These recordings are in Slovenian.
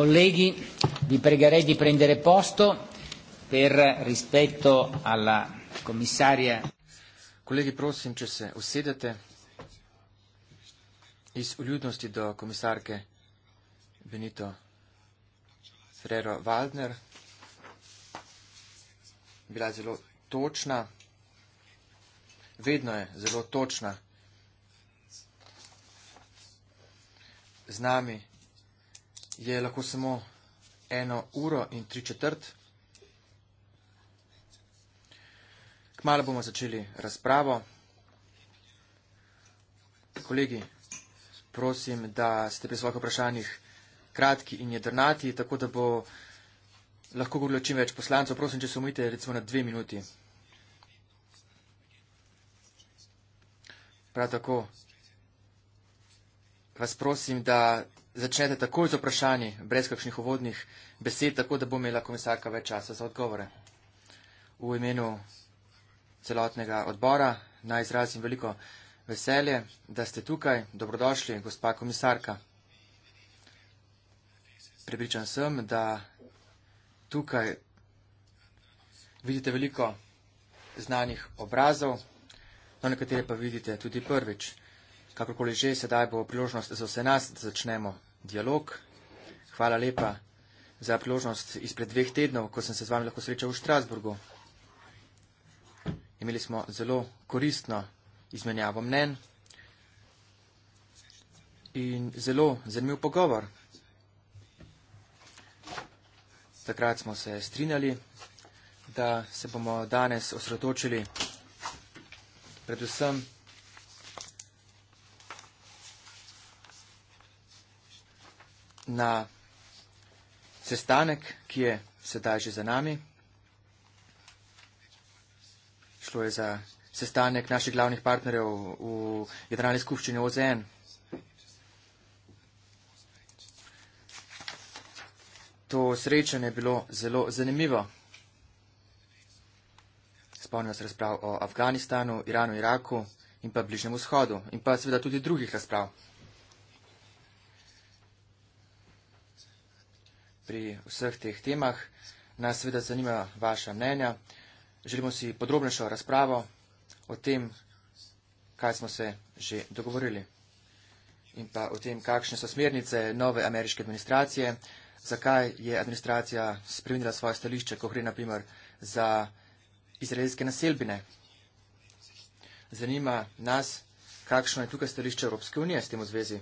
colleghi, vi pregherei di prendere posto per rispetto alla commissaria. Colleghi, prosim, če se usedete. Iz uljudnosti do komisarke Benito Ferrero Waldner. Bila je zelo točna. Vedno je zelo točna. Z nami je lahko samo eno uro in tri četrt. Kmalo bomo začeli razpravo. Kolegi, prosim, da ste pri svojih vprašanjih kratki in jedrnati, tako da bo lahko govorilo čim več poslancov. Prosim, če se umite recimo na dve minuti. Prav tako vas prosim, da začnete takoj z vprašanji, brez kakšnih uvodnih besed, tako da bo imela komisarka več časa za odgovore. V imenu celotnega odbora naj izrazim veliko veselje, da ste tukaj. Dobrodošli, gospa komisarka. Prepričan sem, da tukaj vidite veliko znanih obrazov, na no, nekatere pa vidite tudi prvič. Kakorkoli že, sedaj bo priložnost za vse nas, da začnemo dialog. Hvala lepa za priložnost izpred dveh tednov, ko sem se z vami lahko srečal v Štrasburgu. Imeli smo zelo koristno izmenjavo mnen in zelo zanimiv pogovor. Takrat smo se strinjali, da se bomo danes osredotočili predvsem na sestanek, ki je sedaj že za nami. Šlo je za sestanek naših glavnih partnerjev v Jadranski skupščini OZN. To srečanje je bilo zelo zanimivo. Spomnimo se razprav o Afganistanu, Iranu, Iraku in pa Bližnjem vzhodu in pa seveda tudi drugih razprav. pri vseh teh temah. Nas seveda zanima vaša mnenja. Želimo si podrobnejšo razpravo o tem, kaj smo se že dogovorili in pa o tem, kakšne so smernice nove ameriške administracije, zakaj je administracija spremenila svoje stališče, ko gre naprimer za izraelske naselbine. Zanima nas, kakšno je tukaj stališče Evropske unije s tem v zvezi.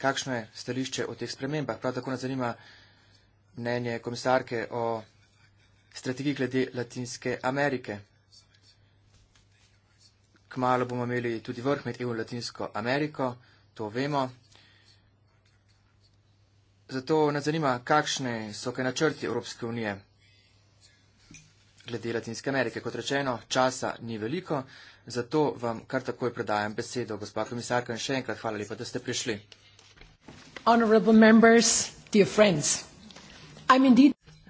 kakšno je stališče o teh spremembah. Prav tako nas zanima mnenje komisarke o strategiji glede Latinske Amerike. Kmalo bomo imeli tudi vrh med EU in Latinsko Ameriko, to vemo. Zato nas zanima, kakšne so kaj načrti Evropske unije glede Latinske Amerike. Kot rečeno, časa ni veliko, zato vam kar takoj predajam besedo, gospod komisarka, in še enkrat hvala lepa, da ste prišli.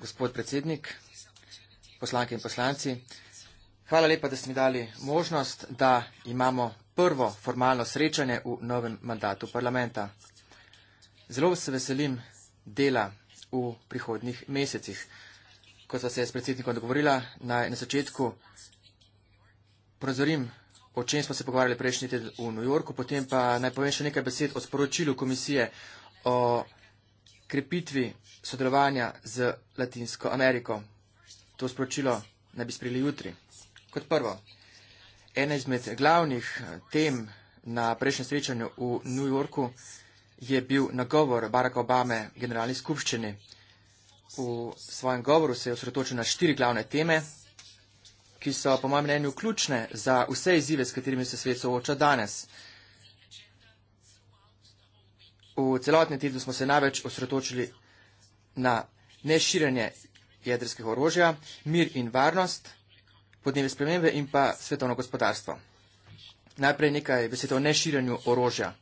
Gospod predsednik, poslanke in poslanci, hvala lepa, da ste mi dali možnost, da imamo prvo formalno srečanje v novem mandatu parlamenta. Zelo se veselim dela v prihodnih mesecih. Kot sva se s predsednikom dogovorila, naj na začetku prozorim o čem smo se pogovarjali prejšnji teden v New Yorku, potem pa naj povem še nekaj besed o sporočilu komisije o krepitvi sodelovanja z Latinsko Ameriko. To sporočilo naj bi sprejeli jutri. Kot prvo, ena izmed glavnih tem na prejšnjem srečanju v New Yorku je bil nagovor Baracka Obame generalni skupščini. V svojem govoru se je osredotočil na štiri glavne teme ki so po mojem mnenju ključne za vse izzive, s katerimi se svet sooča danes. V celotni tednu smo se največ osredotočili na neširjanje jedrskega orožja, mir in varnost, podnebne spremembe in pa svetovno gospodarstvo. Najprej nekaj besed o neširjanju orožja.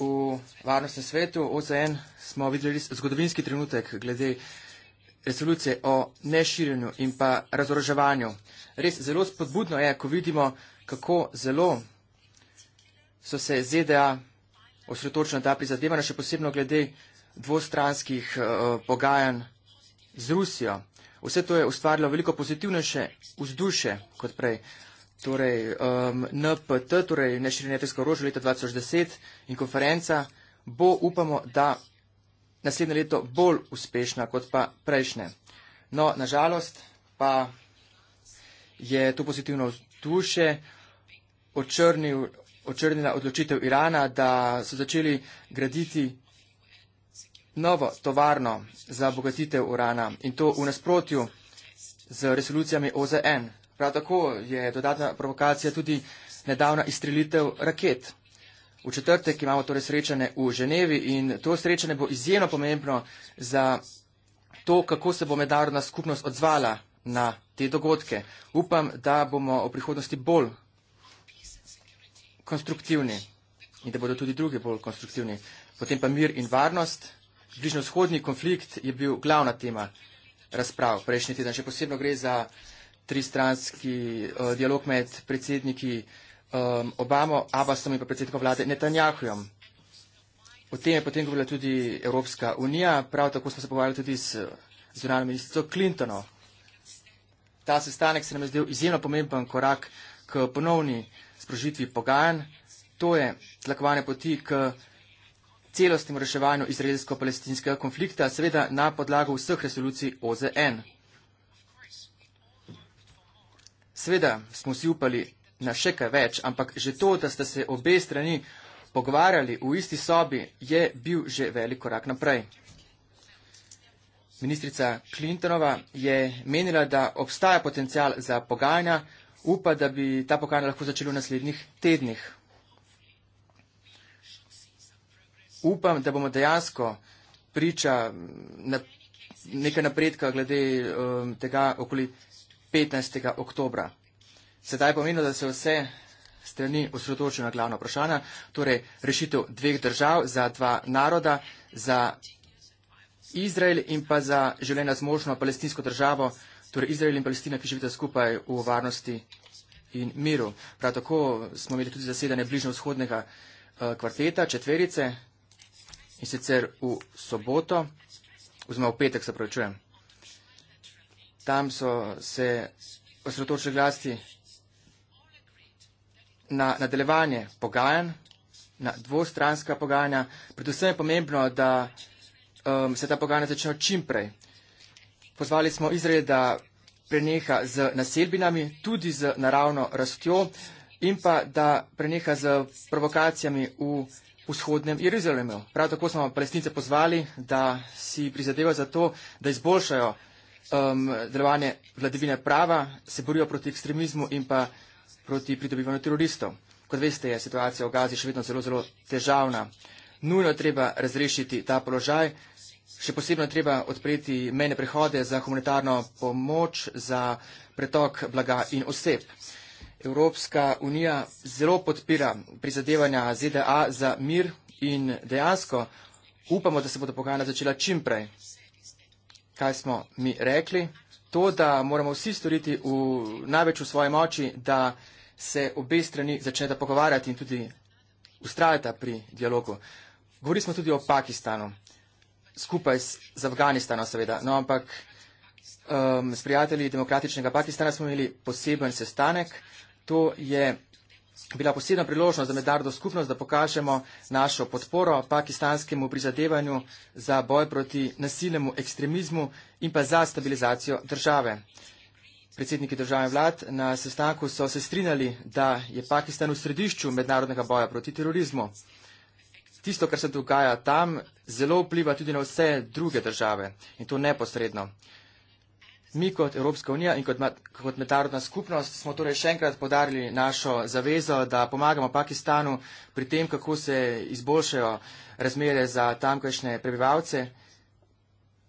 V varnostnem svetu OZN smo videli zgodovinski trenutek glede resolucije o neširjenju in pa razoroževanju. Res zelo spodbudno je, ko vidimo, kako zelo so se ZDA osredotočili na ta prizadevanja, še posebno glede dvostranskih uh, pogajanj z Rusijo. Vse to je ustvarilo veliko pozitivnejše vzdušje kot prej. Torej, um, NPT, torej neširjenje tesko orožja leta 2010 in konferenca bo, upamo, da naslednje leto bolj uspešna kot pa prejšnje. No, nažalost pa je to pozitivno vzdušje očrnil, očrnila odločitev Irana, da so začeli graditi novo tovarno za bogatitev urana in to v nasprotju z resolucijami OZN. Prav tako je dodatna provokacija tudi nedavna izstrelitev raket. V četrtek imamo torej srečanje v Ženevi in to srečanje bo izjemno pomembno za to, kako se bo mednarodna skupnost odzvala na te dogodke. Upam, da bomo v prihodnosti bolj konstruktivni in da bodo tudi drugi bolj konstruktivni. Potem pa mir in varnost. Bližnjo-vzhodni konflikt je bil glavna tema razprav prejšnji teden. Še posebno gre za tristranski uh, dialog med predsedniki uh, um, Obamo, Abbasom in pa predsednikom vlade Netanjahujem. O tem je potem govorila tudi Evropska unija, prav tako smo se pogovarjali tudi z zunanjo ministrico Clintono. Ta sestanek se nam je zdel izjemno pomemben korak k ponovni sprožitvi pogajanj. To je tlakovanje poti k celostnemu reševanju izraelsko-palestinskega konflikta, seveda na podlagu vseh resolucij OZN. Seveda smo si upali na še kaj več, ampak že to, da ste se obe strani pogovarjali v isti sobi, je bil že velik korak naprej. Ministrica Clintonova je menila, da obstaja potencial za pogajanja, upa, da bi ta pogajanja lahko začela v naslednjih tednih. Upam, da bomo dejansko priča na nekaj napredka glede um, tega okoli 15. oktobra. Sedaj pomeni, da se vse strani osredotočijo na glavno vprašanje, torej rešitev dveh držav za dva naroda, za Izrael in pa za življenja zmožno palestinsko državo, torej Izrael in Palestina, ki živita skupaj v varnosti in miru. Prav tako smo imeli tudi zasedanje bližnjo vzhodnega eh, kvarteta, četverice in sicer v soboto, oziroma v petek se pravičujem. Tam so se osredotočili glasti na nadaljevanje pogajanj, na dvostranska pogajanja. Predvsem je pomembno, da um, se ta pogajanja začnejo čimprej. Pozvali smo Izrael, da preneha z naselbinami, tudi z naravno rastjo in pa da preneha z provokacijami v vzhodnem Jeruzalemu. Prav tako smo palestince pozvali, da si prizadeva za to, da izboljšajo um, delovanje vladavine prava, se borijo proti ekstremizmu in pa proti pridobivanju teroristov. Kot veste, je situacija v Gazi še vedno zelo, zelo težavna. Nujno treba razrešiti ta položaj, še posebno treba odpreti mejne prehode za humanitarno pomoč, za pretok blaga in oseb. Evropska unija zelo podpira prizadevanja ZDA za mir in dejansko upamo, da se bodo pogajanja začela čimprej. Kaj smo mi rekli? To, da moramo vsi storiti v, največ v svoji moči, da se obe strani začneta pogovarjati in tudi ustrajata pri dialogu. Govorili smo tudi o Pakistanu, skupaj z, z Afganistanom seveda, no ampak um, s prijatelji demokratičnega Pakistana smo imeli poseben sestanek. To je bila posebna priložnost za mednarodno skupnost, da pokažemo našo podporo pakistanskemu prizadevanju za boj proti nasilnemu ekstremizmu in pa za stabilizacijo države predsedniki držav in vlad na sestanku so se strinjali, da je Pakistan v središču mednarodnega boja proti terorizmu. Tisto, kar se dogaja tam, zelo vpliva tudi na vse druge države in to neposredno. Mi kot Evropska unija in kot, kot mednarodna skupnost smo torej še enkrat podarili našo zavezo, da pomagamo Pakistanu pri tem, kako se izboljšajo razmere za tamkajšnje prebivalce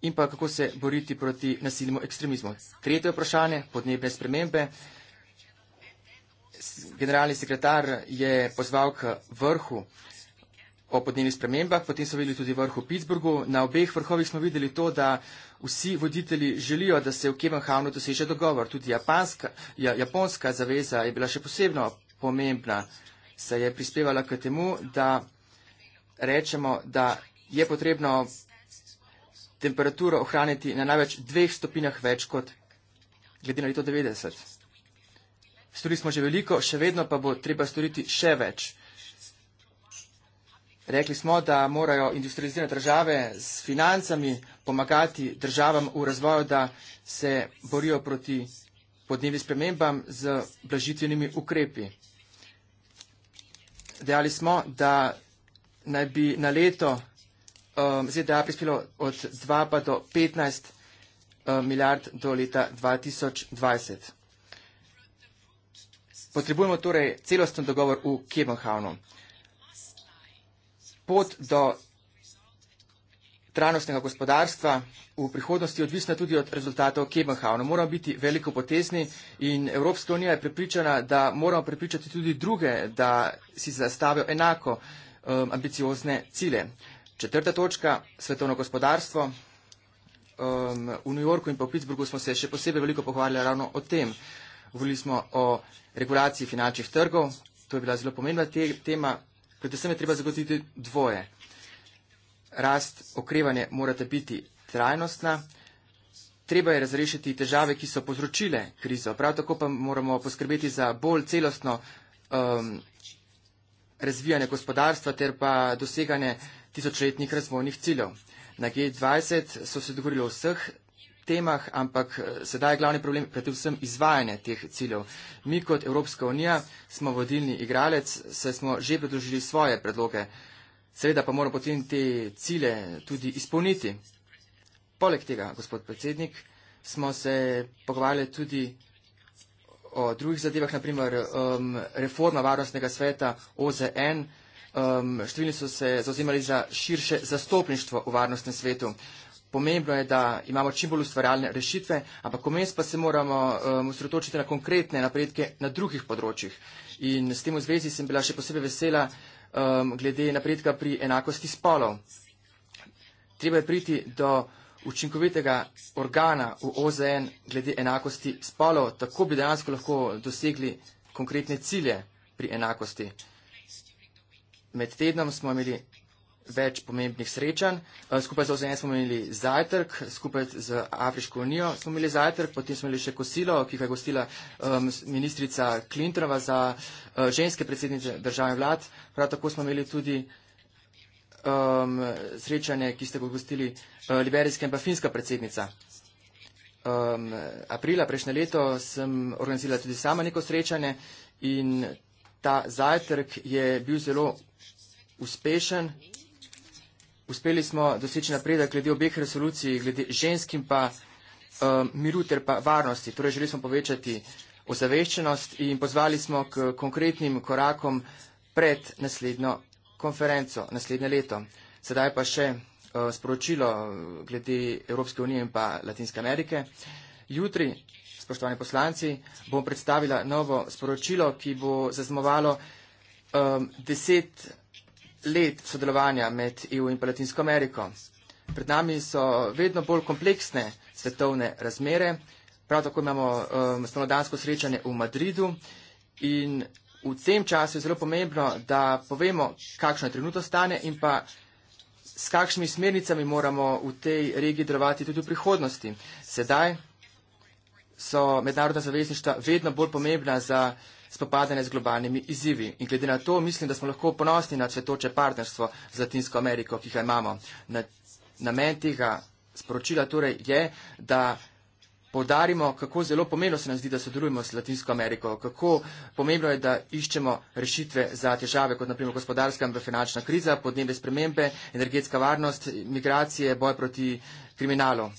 in pa kako se boriti proti nasilnemu ekstremizmu. Tretje vprašanje, podnebne spremembe. Generalni sekretar je pozval k vrhu o podnebnih spremembah, potem so videli tudi vrh v Pittsburghu. Na obeh vrhovih smo videli to, da vsi voditelji želijo, da se v Kevenhavnu doseže dogovor. Tudi japanska, ja, japonska zaveza je bila še posebno pomembna, se je prispevala k temu, da rečemo, da je potrebno temperaturo ohraniti na največ dveh stopinjah več kot glede na leto 90. Storili smo že veliko, še vedno pa bo treba storiti še več. Rekli smo, da morajo industrializirane države s financami pomagati državam v razvoju, da se borijo proti podnebnim spremembam z blažitvenimi ukrepi. Dejali smo, da naj bi na leto um, ZDA prispelo od 2 do 15 um, milijard do leta 2020. Potrebujemo torej celosten dogovor v Kebenhavnu. Pot do trajnostnega gospodarstva v prihodnosti je odvisna tudi od rezultatov Kebenhavna. Moramo biti veliko potezni in Evropska unija je pripričana, da moramo pripričati tudi druge, da si zastavijo enako um, ambiciozne cilje. Četrta točka, svetovno gospodarstvo. Um, v New Yorku in pa v Pittsburghu smo se še posebej veliko pohvaljali ravno o tem. Govorili smo o regulaciji finančnih trgov, to je bila zelo pomembna te tema. Predvsem je treba zagotoviti dvoje. Rast okrevanje morate biti trajnostna. Treba je razrešiti težave, ki so povzročile krizo. Prav tako pa moramo poskrbeti za bolj celostno um, razvijanje gospodarstva ter pa doseganje uh, tisočletnih razvojnih ciljev. Na G20 so se dogovorili o vseh temah, ampak eh, sedaj je glavni problem predvsem izvajanje teh ciljev. Mi kot Evropska unija smo vodilni igralec, saj smo že predložili svoje predloge. Seveda pa moramo potem te cilje tudi izpolniti. Poleg tega, gospod predsednik, smo se pogovarjali tudi o drugih zadevah, naprimer um, reforma varnostnega sveta OZN. Um, številni so se zauzemali za širše zastopništvo v varnostnem svetu. Pomembno je, da imamo čim bolj ustvarjalne rešitve, ampak vmes pa se moramo osredotočiti um, na konkretne napredke na drugih področjih. In s tem v zvezi sem bila še posebej vesela um, glede napredka pri enakosti spolov. Treba je priti do učinkovitega organa v OZN glede enakosti spolov, tako bi dejansko lahko dosegli konkretne cilje pri enakosti med tednom smo imeli več pomembnih srečanj. Eh, skupaj z OZN smo imeli zajtrk, skupaj z Afriško unijo smo imeli zajtrk, potem smo imeli še kosilo, ki ga je gostila um, ministrica Klintrova za uh, ženske predsednice države vlad. Prav tako smo imeli tudi um, srečanje, ki ste ga gostili uh, liberijska in pa finska predsednica. Um, aprila prejšnje leto sem organizirala tudi sama neko srečanje in ta zajtrk je bil zelo uspešen. Uspeli smo doseči napredek glede obeh resolucij, glede ženskim pa um, miru ter pa varnosti. Torej želeli smo povečati ozaveščenost in pozvali smo k konkretnim korakom pred naslednjo konferenco, naslednje leto. Sedaj pa še uh, sporočilo eh, glede Evropske unije in pa Latinske Amerike. Jutri, spoštovani poslanci, bom predstavila novo sporočilo, ki bo zaznamovalo um, deset let sodelovanja med EU in pa Latinsko Ameriko. Pred nami so vedno bolj kompleksne svetovne razmere, prav tako imamo um, spomladansko srečanje v Madridu in v tem času je zelo pomembno, da povemo, kakšno je trenutno stanje in pa s kakšnimi smernicami moramo v tej regiji delovati tudi v prihodnosti. Sedaj so mednarodna zavezništva vedno bolj pomembna za spopadanje z globalnimi izzivi. In glede na to mislim, da smo lahko ponosni na cvetoče partnerstvo z Latinsko Ameriko, ki ga imamo. Na, namen tega sporočila torej je, da podarimo, kako zelo pomembno se nam zdi, da sodelujemo s Latinsko Ameriko, kako pomembno je, da iščemo rešitve za težave, kot naprimer gospodarska in finančna kriza, podnebne spremembe, energetska varnost, migracije, boj proti kriminalu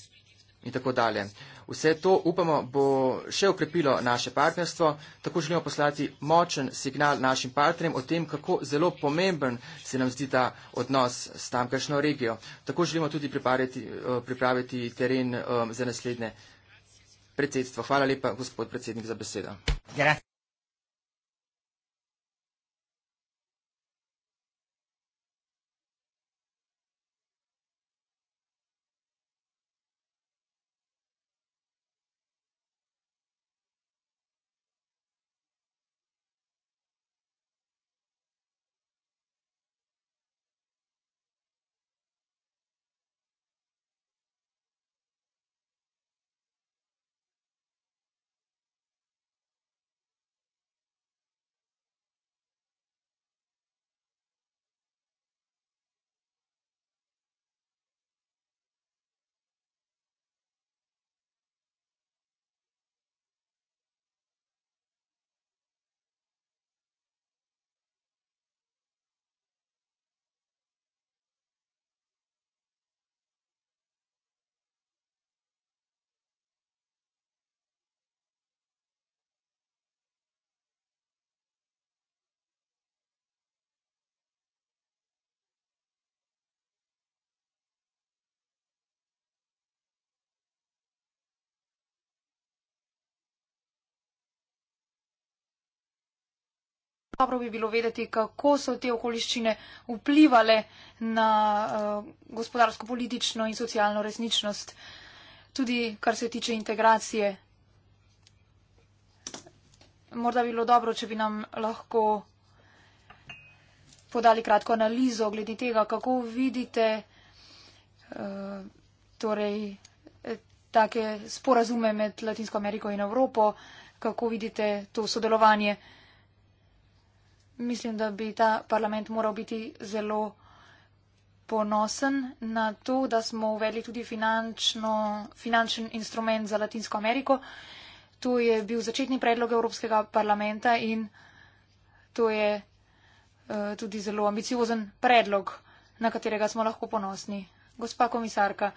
in tako dalje. Vse to, upamo, bo še ukrepilo naše partnerstvo, tako želimo poslati močen signal našim partnerjem o tem, kako zelo pomemben se nam zdi ta odnos s tamkajšnjo regijo. Tako želimo tudi pripraviti, eh, pripraviti teren eh, za naslednje predsedstvo. Hvala lepa, gospod predsednik, za besedo. dobro bi bilo vedeti, kako so te okoliščine vplivale na uh, gospodarsko, politično in socialno resničnost, tudi kar se tiče integracije. Morda bi bilo dobro, če bi nam lahko podali kratko analizo glede tega, kako vidite uh, torej, eh, take sporazume med Latinsko Ameriko in Evropo, kako vidite to sodelovanje. Mislim, da bi ta parlament moral biti zelo ponosen na to, da smo uvedli tudi finančen instrument za Latinsko Ameriko. To je bil začetni predlog Evropskega parlamenta in to je uh, tudi zelo ambiciozen predlog, na katerega smo lahko ponosni. Gospa komisarka.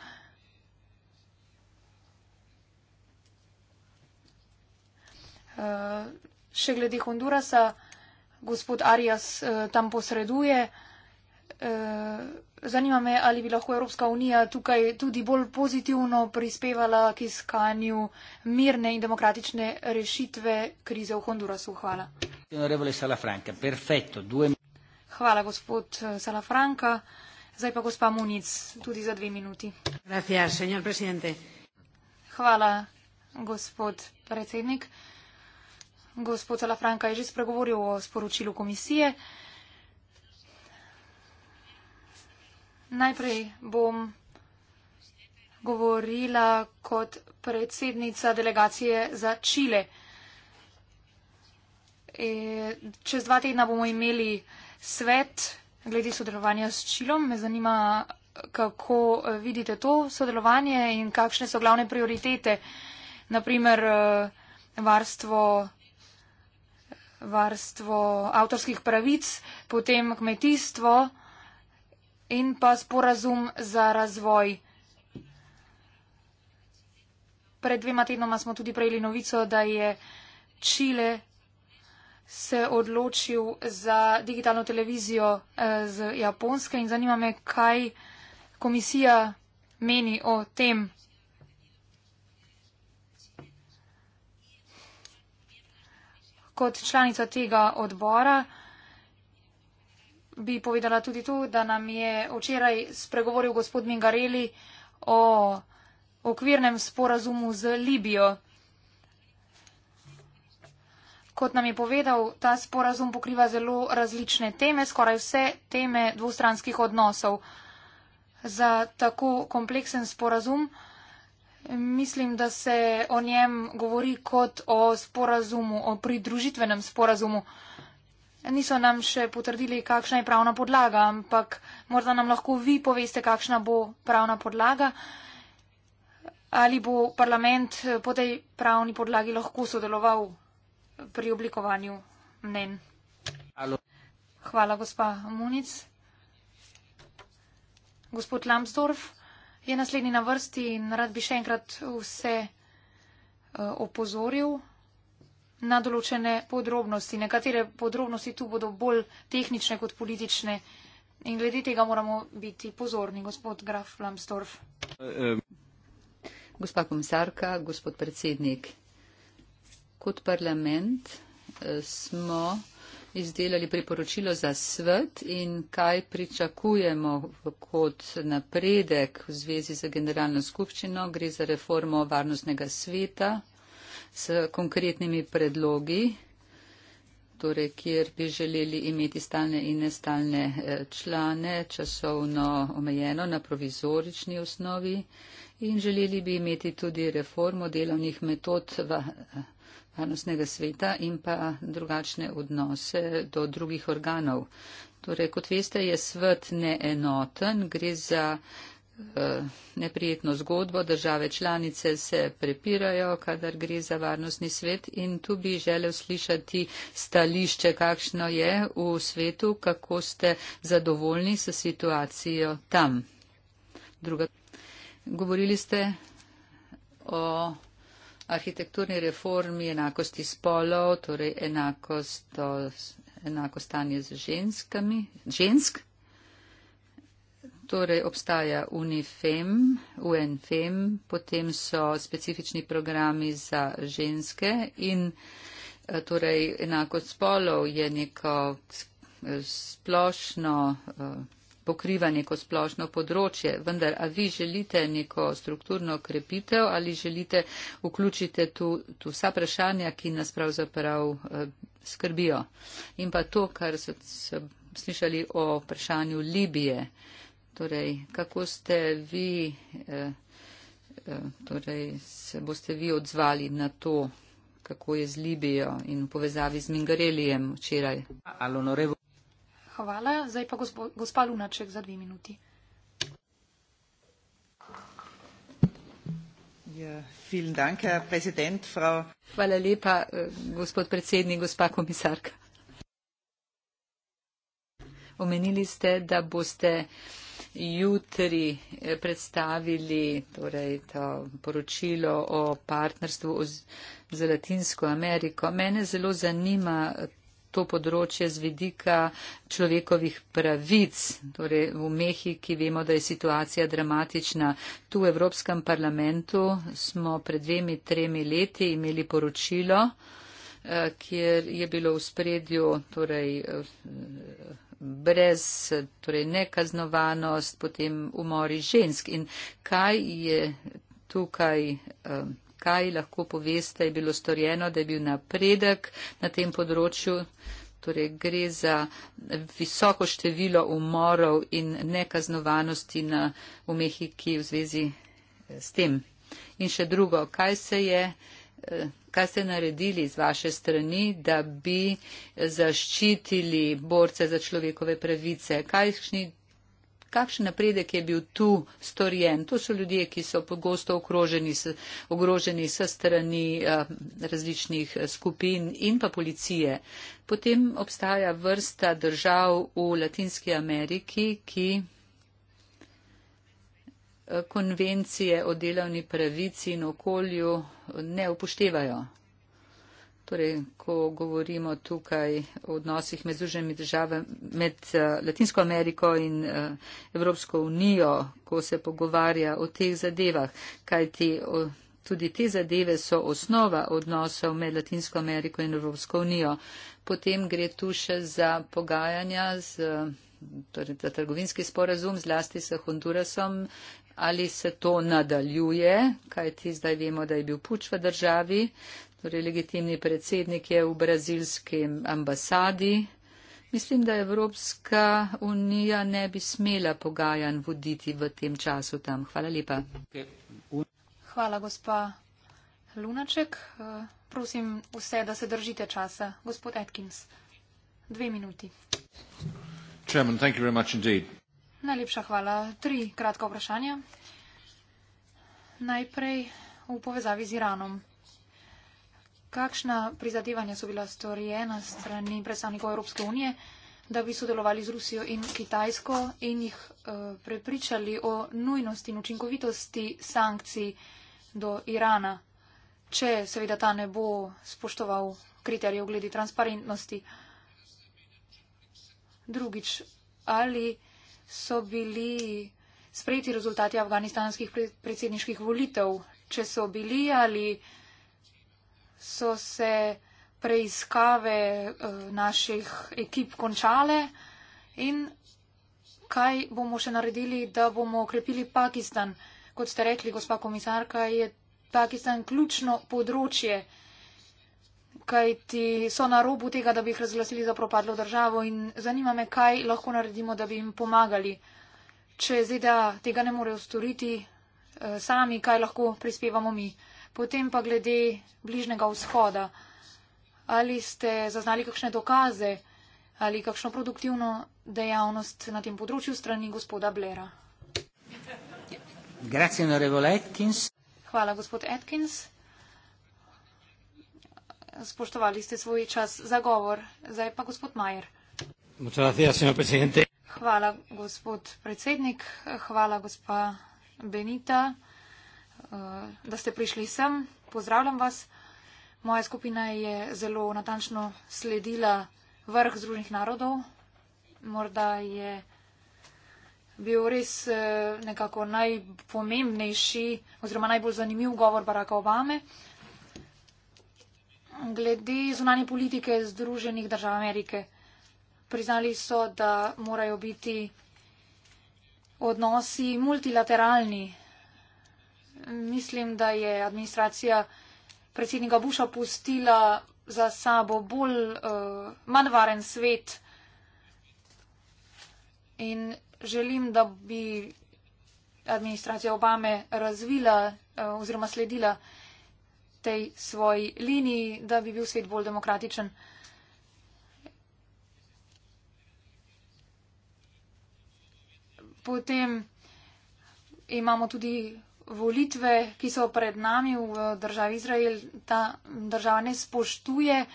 Uh, še glede Hondurasa gospod Arias eh, tam posreduje. Eh, zanima me, ali bi lahko Evropska unija tukaj tudi bolj pozitivno prispevala k iskanju mirne in demokratične rešitve krize v Hondurasu. Hvala. Hvala, gospod eh, Salafranka. Zdaj pa gospa Munic, tudi za dve minuti. Hvala, gospod predsednik. Gospod Salafranka je že spregovoril o sporočilu komisije. Najprej bom govorila kot predsednica delegacije za Čile. E, čez dva tedna bomo imeli svet glede sodelovanja s Čilom. Me zanima, kako e, vidite to sodelovanje in kakšne so glavne prioritete, naprimer e, varstvo varstvo avtorskih pravic, potem kmetijstvo in pa sporazum za razvoj. Pred dvema tednoma smo tudi prejeli novico, da je Čile se odločil za digitalno televizijo eh, z Japonske in zanima me, kaj komisija meni o tem. kot članica tega odbora bi povedala tudi to, da nam je včeraj spregovoril gospod Mingareli o okvirnem sporazumu z Libijo. Kot nam je povedal, ta sporazum pokriva zelo različne teme, skoraj vse teme dvostranskih odnosov. Za tako kompleksen sporazum Mislim, da se o njem govori kot o sporazumu, o pridružitvenem sporazumu. Niso nam še potrdili, kakšna je pravna podlaga, ampak morda nam lahko vi poveste, kakšna bo pravna podlaga. Ali bo parlament eh, po tej pravni podlagi lahko sodeloval pri oblikovanju mnen? Alo. Hvala, gospa Munic. Gospod Lambsdorff je naslednji na vrsti in rad bi še enkrat vse eh, opozoril na določene podrobnosti. Nekatere podrobnosti tu bodo bolj tehnične kot politične in glede tega moramo biti pozorni, gospod Graf Lambsdorff. Eh, gospa komisarka, gospod predsednik, kot parlament eh, smo izdelali priporočilo za svet in kaj pričakujemo kot napredek v zvezi z generalno skupščino. Gre za reformo varnostnega sveta s konkretnimi predlogi, torej kjer bi želeli imeti stalne in nestalne eh, člane, časovno omejeno na provizorični osnovi in želeli bi imeti tudi reformo delovnih metod. V, eh, varnostnega sveta in pa drugačne odnose do drugih organov. Torej, kot veste, je svet neenoten, gre za eh, neprijetno zgodbo, države članice se prepirajo, kadar gre za varnostni svet in tu bi želel slišati stališče, kakšno je v svetu, kako ste zadovoljni s situacijo tam. Druga. Govorili ste o arhitekturni reformi enakosti spolov, torej enakost, enako stanje z ženskami, žensk. Torej obstaja UNIFEM, UNFEM, potem so specifični programi za ženske in e, torej enakost spolov je neko e, splošno e, pokriva neko splošno področje, vendar a vi želite neko strukturno krepitev ali želite vključiti tu, tu vsa vprašanja, ki nas pravzaprav eh, skrbijo. In pa to, kar so, so slišali o vprašanju Libije, torej kako ste vi, eh, eh, torej se boste vi odzvali na to, kako je z Libijo in v povezavi z Mingarelijem včeraj. Al onorevo. Hvala. Zdaj pa gospo, gospa Lunaček za dve minuti. Ja, frau... Hvala lepa, eh, gospod predsednik, gospa komisarka. Omenili ste, da boste jutri eh, predstavili torej, to poročilo o partnerstvu z, z Latinsko Ameriko. Mene zelo zanima to področje z vidika človekovih pravic, torej v Mehiki vemo, da je situacija dramatična. Tu v Evropskem parlamentu smo pred dvemi, tremi leti imeli poročilo, eh, kjer je bilo v spredju torej, eh, brez, torej nekaznovanost, potem umori žensk. In kaj je tukaj? Um, kaj lahko poveste, je bilo storjeno, da je bil napredek na tem področju. Torej, gre za visoko število umorov in nekaznovanosti na umehi, ki v zvezi eh, s tem. In še drugo, kaj se je, eh, kaj ste naredili z vaše strani, da bi zaščitili borce za človekove pravice? Kajšni Kakšen napredek je bil tu storjen? To so ljudje, ki so pogosto ogroženi s strani eh, različnih eh, skupin in pa policije. Potem obstaja vrsta držav v Latinski Ameriki, ki eh, konvencije o delavni pravici in okolju ne upoštevajo. Torej, ko govorimo tukaj o odnosih med Združenimi državami, med uh, Latinsko Ameriko in uh, Evropsko unijo, ko se pogovarja o teh zadevah, kajti o, tudi te zadeve so osnova odnosov med Latinsko Ameriko in Evropsko unijo. Potem gre tu še za pogajanja z. Eh, torej, ta trgovinski sporazum zlasti s Hondurasom ali se to nadaljuje, kaj ti zdaj vemo, da je bil puč v državi, torej legitimni predsednik je v brazilskem ambasadi. Mislim, da Evropska unija ne bi smela pogajan voditi v tem času tam. Hvala lepa. Hvala, gospa Lunaček. Eh, prosim vse, da se držite časa. Gospod Atkins, dve minuti. Chairman, thank you very much indeed. Najlepša hvala. Tri kratka vprašanja. Najprej v povezavi z Iranom. Kakšna prizadevanja so bila storjena strani predstavnikov Evropske unije, da bi sodelovali z Rusijo in Kitajsko in jih eh, prepričali o nujnosti in učinkovitosti sankcij do Irana, če seveda ta ne bo spoštoval kriterijev glede transparentnosti? Drugič, ali so bili sprejeti rezultati afganistanskih predsedniških volitev, če so bili ali so se preiskave eh, naših ekip končale in kaj bomo še naredili, da bomo okrepili Pakistan. Kot ste rekli, gospa komisarka, je Pakistan ključno področje kaj ti so na robu tega, da bi jih razglasili za propadlo državo in zanima me, kaj lahko naredimo, da bi jim pomagali. Če ZDA tega ne morejo storiti eh, sami, kaj lahko prispevamo mi. Potem pa glede bližnjega vzhoda. Ali ste zaznali kakšne dokaze ali kakšno produktivno dejavnost na tem področju strani gospoda Blera? Hvala, gospod Atkins spoštovali ste svoj čas za govor. Zdaj pa gospod Majer. Hvala, gospod predsednik. Hvala, gospa Benita, eh, da ste prišli sem. Pozdravljam vas. Moja skupina je zelo natančno sledila vrh Združenih narodov. Morda je bil res eh, nekako najpomembnejši oziroma najbolj zanimiv govor Baracka Obame glede zunanje politike Združenih držav Amerike. Priznali so, da morajo biti odnosi multilateralni. Mislim, da je administracija predsednika Busha pustila za sabo bolj uh, eh, manjvaren svet in želim, da bi administracija Obame razvila uh, oziroma sledila uh, tej svoji liniji, da bi bil svet bolj demokratičen. Potem imamo tudi volitve, ki so pred nami v državi Izrael. Ta država ne spoštuje eh,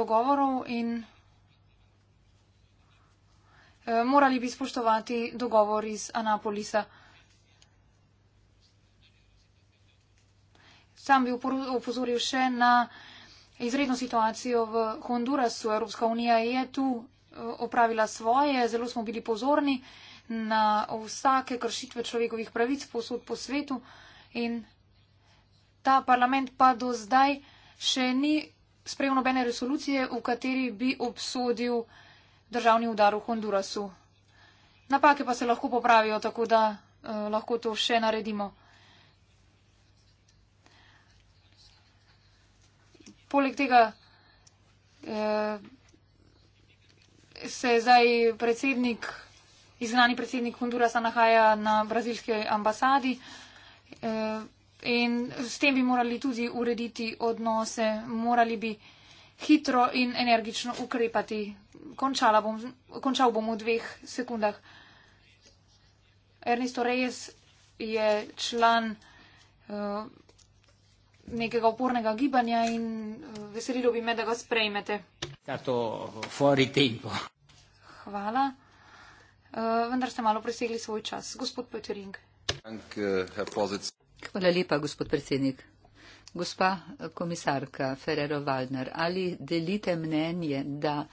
dogovorov in eh, morali bi spoštovati dogovor iz Anapolisa. Sam bi upozoril še na izredno situacijo v Hondurasu. Evropska unija je tu e, opravila svoje, zelo smo bili pozorni na vsake kršitve človekovih pravic posod po svetu in ta parlament pa do zdaj še ni sprejel nobene resolucije, v kateri bi obsodil državni udar v Hondurasu. Napake pa se lahko popravijo, tako da eh, lahko to še naredimo. poleg tega eh, se zdaj predsednik, izgnani predsednik Hondurasa nahaja na brazilski ambasadi eh, in s tem bi morali tudi urediti odnose, morali bi hitro in energično ukrepati. Bom, končal bom v dveh sekundah. Ernesto Reyes je član. Eh, nekega opornega gibanja in eh, veselilo bi me, da ga sprejmete. Hvala. Eh, vendar ste malo presegli svoj čas. Gospod Petering. Eh, Hvala lepa, gospod predsednik. Gospa komisarka Ferrero Waldner, ali delite mnenje, da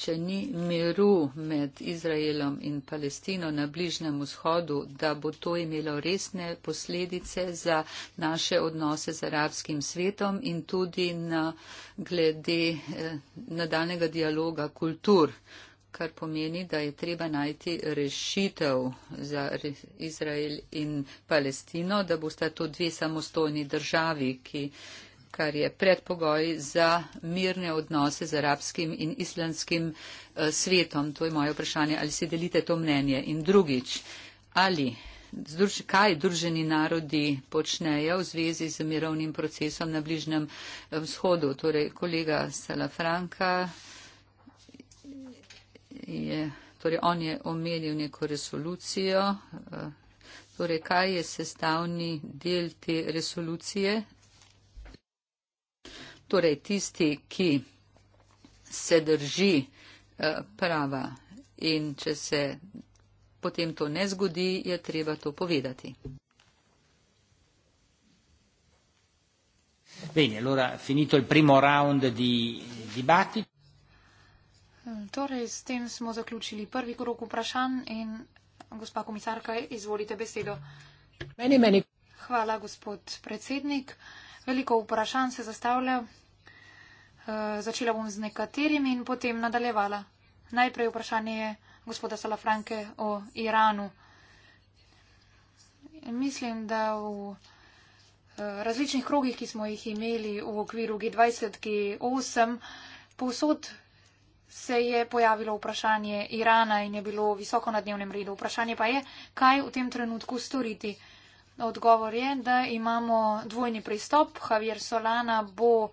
če ni miru med Izraelom in Palestino na Bližnem vzhodu, da bo to imelo resne posledice za naše odnose z arabskim svetom in tudi na glede eh, nadaljnega dialoga kultur, kar pomeni, da je treba najti rešitev za Izrael in Palestino, da bosta to dve samostojni državi, ki kar je predpogoj za mirne odnose z arabskim in islamskim eh, svetom. To je moje vprašanje, ali si delite to mnenje. In drugič, ali, kaj druženi narodi počnejo v zvezi z mirovnim procesom na Bližnem eh, vzhodu? Torej, kolega Salafranka je. Torej, on je omenil neko resolucijo. Eh, torej, kaj je sestavni del te resolucije? torej tisti, ki se drži eh, prava in če se potem to ne zgodi, je treba to povedati. Bene, allora finito il primo round di dibattito. Torej, s tem smo zaključili prvi krok vprašanj in gospa komisarka, izvolite besedo. Meni, meni. Hvala, gospod predsednik. Veliko vprašanj se zastavlja. Eh, začela bom z nekaterimi in potem nadaljevala. Najprej vprašanje je gospoda Salafranke o Iranu. Mislim, da v eh, različnih krogih, ki smo jih imeli v okviru G20, G8, povsod se je pojavilo vprašanje Irana in je bilo visoko na dnevnem redu. Vprašanje pa je, kaj v tem trenutku storiti. Odgovor je, da imamo dvojni pristop. Javier Solana bo uh,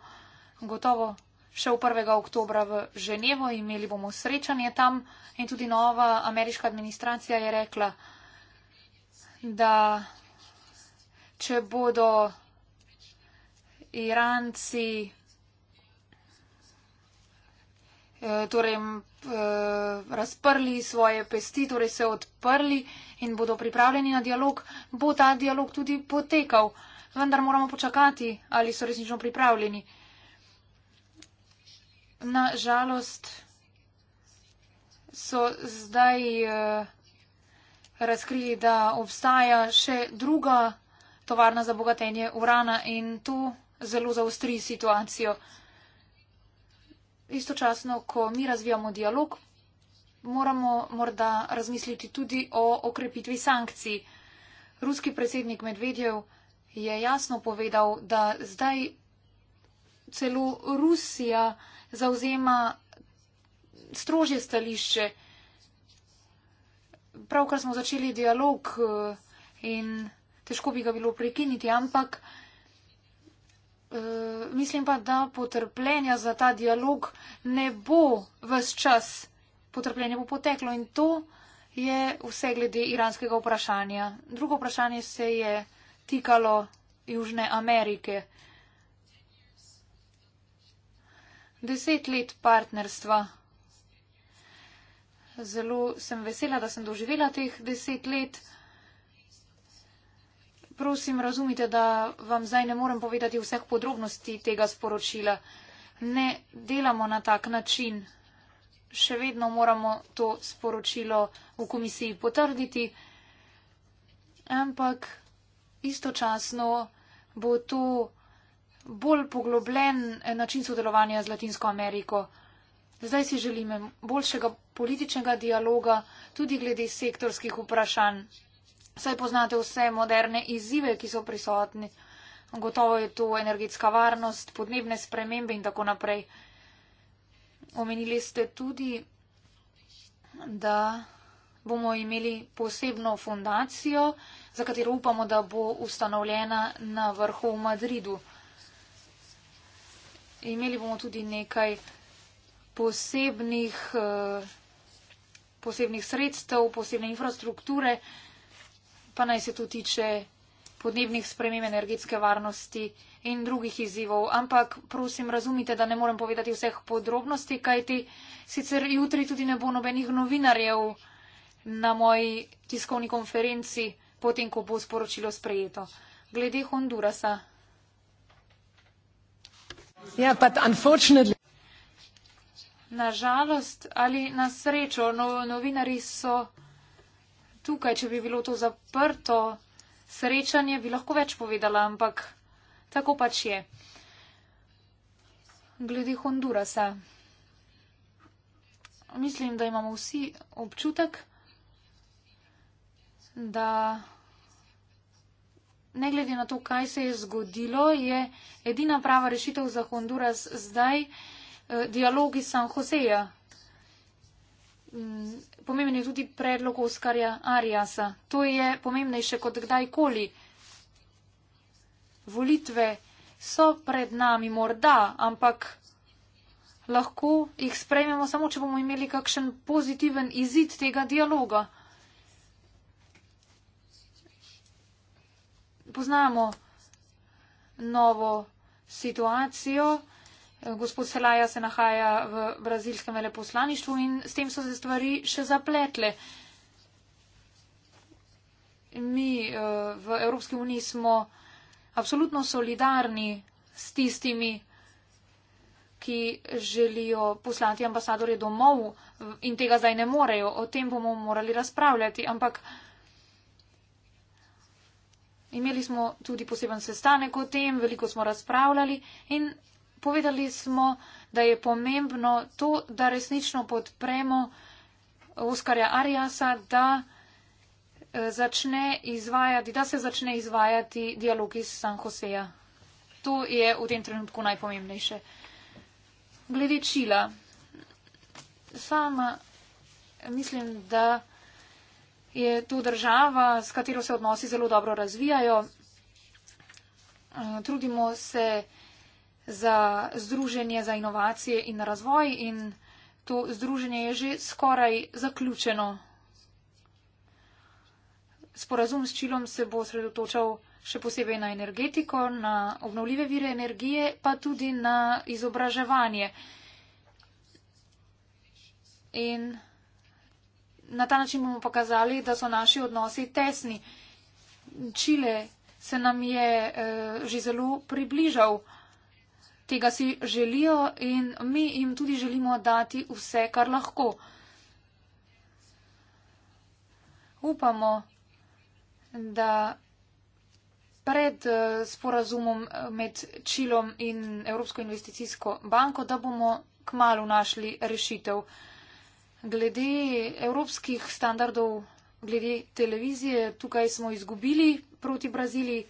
gotovo še v 1. oktobra v Ženevo, imeli bomo srečanje tam in tudi nova ameriška administracija je rekla, da če bodo Iranci, eh, torej eh, razprli svoje pesti, torej se odprli in bodo pripravljeni na dialog, bo ta dialog tudi potekal. Vendar moramo počakati, ali so resnično pripravljeni. Na žalost so zdaj eh, razkrili, da obstaja še druga tovarna za bogatenje urana in to zelo zaostri situacijo. Istočasno, ko mi razvijamo dialog, moramo morda razmisliti tudi o okrepitvi sankcij. Ruski predsednik Medvedjev je jasno povedal, da zdaj celo Rusija zauzema strožje stališče. Pravkar smo začeli dialog eh, in težko bi ga bilo prekiniti, ampak eh, mislim pa, da potrpljenja za ta dialog ne bo vse čas. Potrpljenje bo poteklo in to je vse glede iranskega vprašanja. Drugo vprašanje se je tikalo Južne Amerike. deset let partnerstva. Zelo sem vesela, da sem doživela teh deset let. Prosim, razumite, da vam zdaj ne morem povedati vseh podrobnosti tega sporočila. Ne delamo na tak način. Še vedno moramo to sporočilo v komisiji potrditi, ampak istočasno bo to bolj poglobljen način sodelovanja z Latinsko Ameriko. Zdaj si želim boljšega političnega dialoga tudi glede sektorskih vprašanj. Saj poznate vse moderne izzive, ki so prisotni. Gotovo je to energetska varnost, podnebne spremembe in tako naprej. Omenili ste tudi, da bomo imeli posebno fundacijo, za katero upamo, da bo ustanovljena na vrhu v Madridu. Imeli bomo tudi nekaj posebnih, eh, posebnih sredstev, posebne infrastrukture, pa naj se to tiče podnebnih sprememb, energetske varnosti in drugih izzivov. Ampak prosim, razumite, da ne morem povedati vseh podrobnosti, kajti sicer jutri tudi ne bo nobenih novinarjev na moji tiskovni konferenci, potem ko bo sporočilo sprejeto. Glede Hondurasa. Yeah, but unfortunately. Nažalost ali na srečo, no, novinari so tukaj, če bi bilo to zaprto srečanje, bi lahko več povedala, ampak tako pač je. Glede Hondurasa. Mislim, da imamo vsi občutek, da ne glede na to, kaj se je zgodilo, je edina prava rešitev za Honduras zdaj eh, dialogi San Joseja. Mm, pomemben je tudi predlog Oskarja Arijasa. To je pomembnejše kot kdajkoli. Volitve so pred nami morda, ampak lahko jih sprejmemo samo, če bomo imeli kakšen pozitiven izid tega dialoga. poznamo novo situacijo. Gospod Selaja se nahaja v brazilskem veleposlaništvu in s tem so se stvari še zapletle. Mi eh, v Evropski uniji smo absolutno solidarni s tistimi, ki želijo poslati ambasadore domov in tega zdaj ne morejo. O tem bomo morali razpravljati, ampak Imeli smo tudi poseben sestanek o tem, veliko smo razpravljali in povedali smo, da je pomembno to, da resnično podpremo Oskarja Arjasa, da, eh, začne izvajati, da se začne izvajati dialog iz San Joseja. To je v tem trenutku najpomembnejše. Glede Čila, sama mislim, da je tu država, s katero se odnosi zelo dobro razvijajo. Eh, trudimo se za združenje za inovacije in razvoj in to združenje je že skoraj zaključeno. Sporazum s Čilom se bo sredotočal še posebej na energetiko, na obnovljive vire energije, pa tudi na izobraževanje. In na ta način bomo pokazali, da so naši odnosi tesni. Čile se nam je uh, že zelo približal. Tega si želijo in mi jim tudi želimo dati vse, kar lahko. Upamo, da pred eh, sporazumom eh, med Čilom in Evropsko investicijsko banko, da bomo k malu našli rešitev glede evropskih standardov, glede televizije, tukaj smo izgubili proti Braziliji.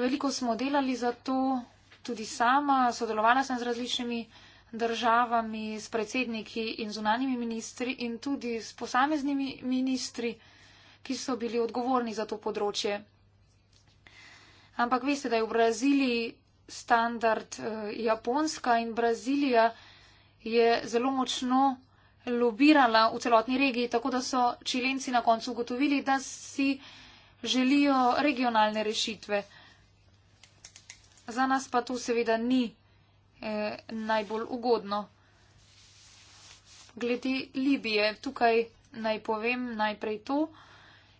Veliko smo delali za to, tudi sama, sodelovala sem z različnimi državami, s predsedniki in zunanimi ministri in tudi s posameznimi ministri, ki so bili odgovorni za to področje. Ampak veste, da je v Braziliji standard eh, Japonska in Brazilija je zelo močno lobirala v celotni regiji, tako da so čilenci na koncu ugotovili, da si želijo regionalne rešitve. Za nas pa to seveda ni eh, najbolj ugodno. Glede Libije, tukaj naj povem najprej to,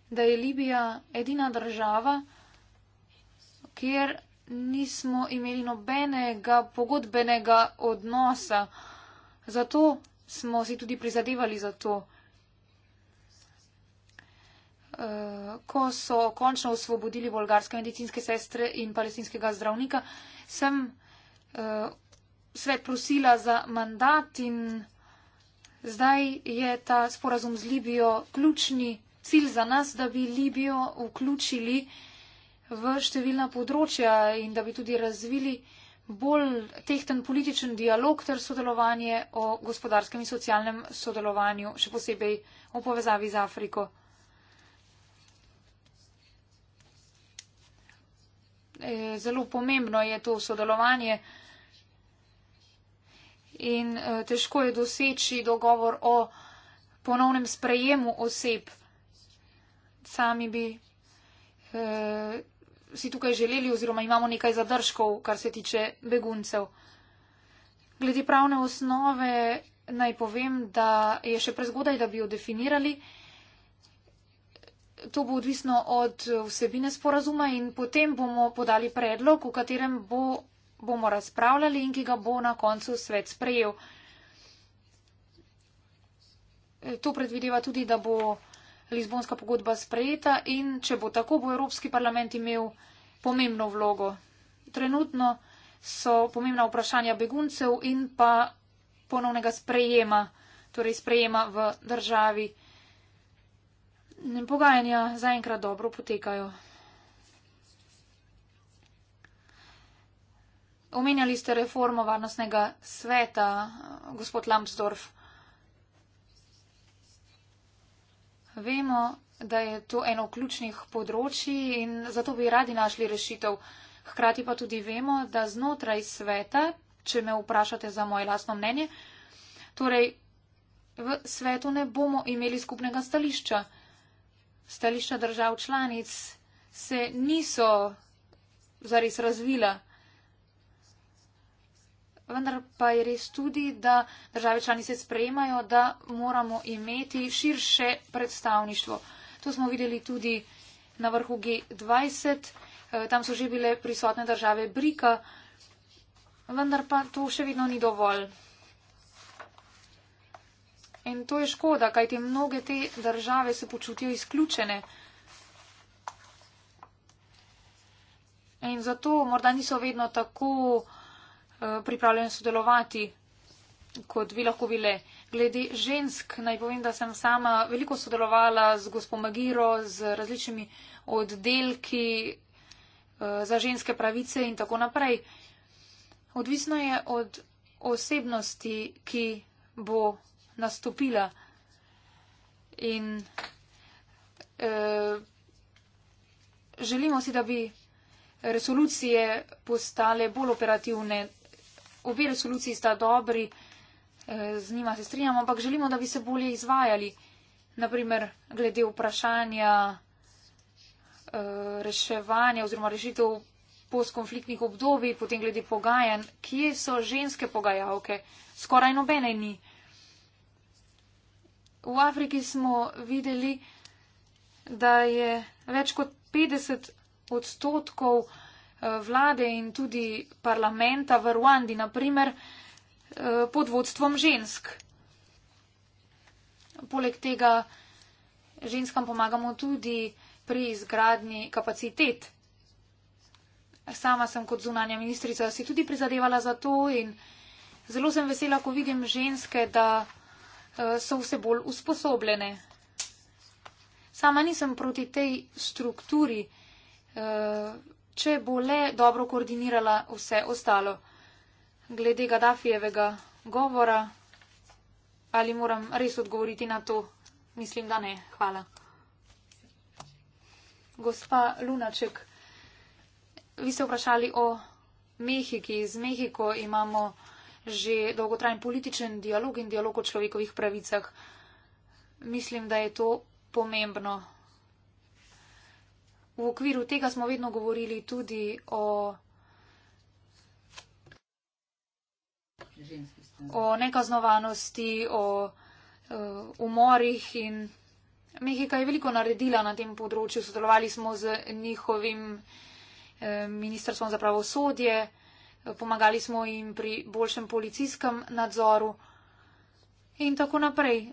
da je Libija edina država, kjer nismo imeli nobenega pogodbenega odnosa. Zato smo si tudi prizadevali za to. Eh, ko so končno osvobodili bolgarske medicinske sestre in palestinskega zdravnika, sem eh, svet prosila za mandat in zdaj je ta sporazum z Libijo ključni cilj za nas, da bi Libijo vključili v številna področja in da bi tudi razvili bolj tehten političen dialog ter sodelovanje o gospodarskem in socialnem sodelovanju, še posebej v povezavi z Afriko. E, zelo pomembno je to sodelovanje in e, težko je doseči dogovor o ponovnem sprejemu oseb. Sami bi e, si tukaj želeli oziroma imamo nekaj zadržkov, kar se tiče beguncev. Glede pravne osnove naj povem, da je še prezgodaj, da bi jo definirali. To bo odvisno od vsebine sporazuma in potem bomo podali predlog, o katerem bo, bomo razpravljali in ki ga bo na koncu svet sprejel. To predvideva tudi, da bo. Lizbonska pogodba sprejeta in če bo tako, bo Evropski parlament imel pomembno vlogo. Trenutno so pomembna vprašanja beguncev in pa ponovnega sprejema, torej sprejema v državi. Pogajanja zaenkrat dobro potekajo. Omenjali ste reformo varnostnega sveta, gospod Lambsdorff. Vemo, da je to eno ključnih področji in zato bi radi našli rešitev. Hkrati pa tudi vemo, da znotraj sveta, če me vprašate za moje lastno mnenje, torej v svetu ne bomo imeli skupnega stališča. Stališča držav članic se niso zares razvila vendar pa je res tudi, da države članice sprejemajo, da moramo imeti širše predstavništvo. To smo videli tudi na vrhu G20, eh, tam so že bile prisotne države Brika, vendar pa to še vedno ni dovolj. In to je škoda, kajti mnoge te države se počutijo izključene. In zato morda niso vedno tako Eh, pripravljen sodelovati, kot bi lahko bile. Glede žensk, naj povem, da sem sama veliko sodelovala z gospo Magiro, z različnimi oddelki eh, za ženske pravice in tako naprej. Odvisno je od osebnosti, ki bo nastopila. In eh, želimo si, da bi resolucije postale bolj operativne, obe resoluciji sta dobri, eh, z njima se strinjamo, ampak želimo, da bi se bolje izvajali. Naprimer, glede vprašanja eh, reševanja oziroma rešitev postkonfliktnih obdobij, potem glede pogajanj, kje so ženske pogajalke. Skoraj nobene ni. V Afriki smo videli, da je več kot 50 odstotkov vlade in tudi parlamenta v Ruandi, naprimer eh, pod vodstvom žensk. Poleg tega ženskam pomagamo tudi pri izgradnji kapacitet. Sama sem kot zunanja ministrica si tudi prizadevala za to in zelo sem vesela, ko vidim ženske, da eh, so vse bolj usposobljene. Sama nisem proti tej strukturi eh, če bo le dobro koordinirala vse ostalo. Glede Gaddafijevega govora, ali moram res odgovoriti na to? Mislim, da ne. Hvala. Gospa Lunaček, vi ste vprašali o Mehiki. Z Mehiko imamo že dolgotrajen političen dialog in dialog o človekovih pravicah. Mislim, da je to pomembno v okviru tega smo vedno govorili tudi o, o nekaznovanosti, o uh, umorih in Mehika je veliko naredila na tem področju. Sodelovali smo z njihovim eh, ministrstvom za pravosodje, eh, pomagali smo jim pri boljšem policijskem nadzoru in tako naprej.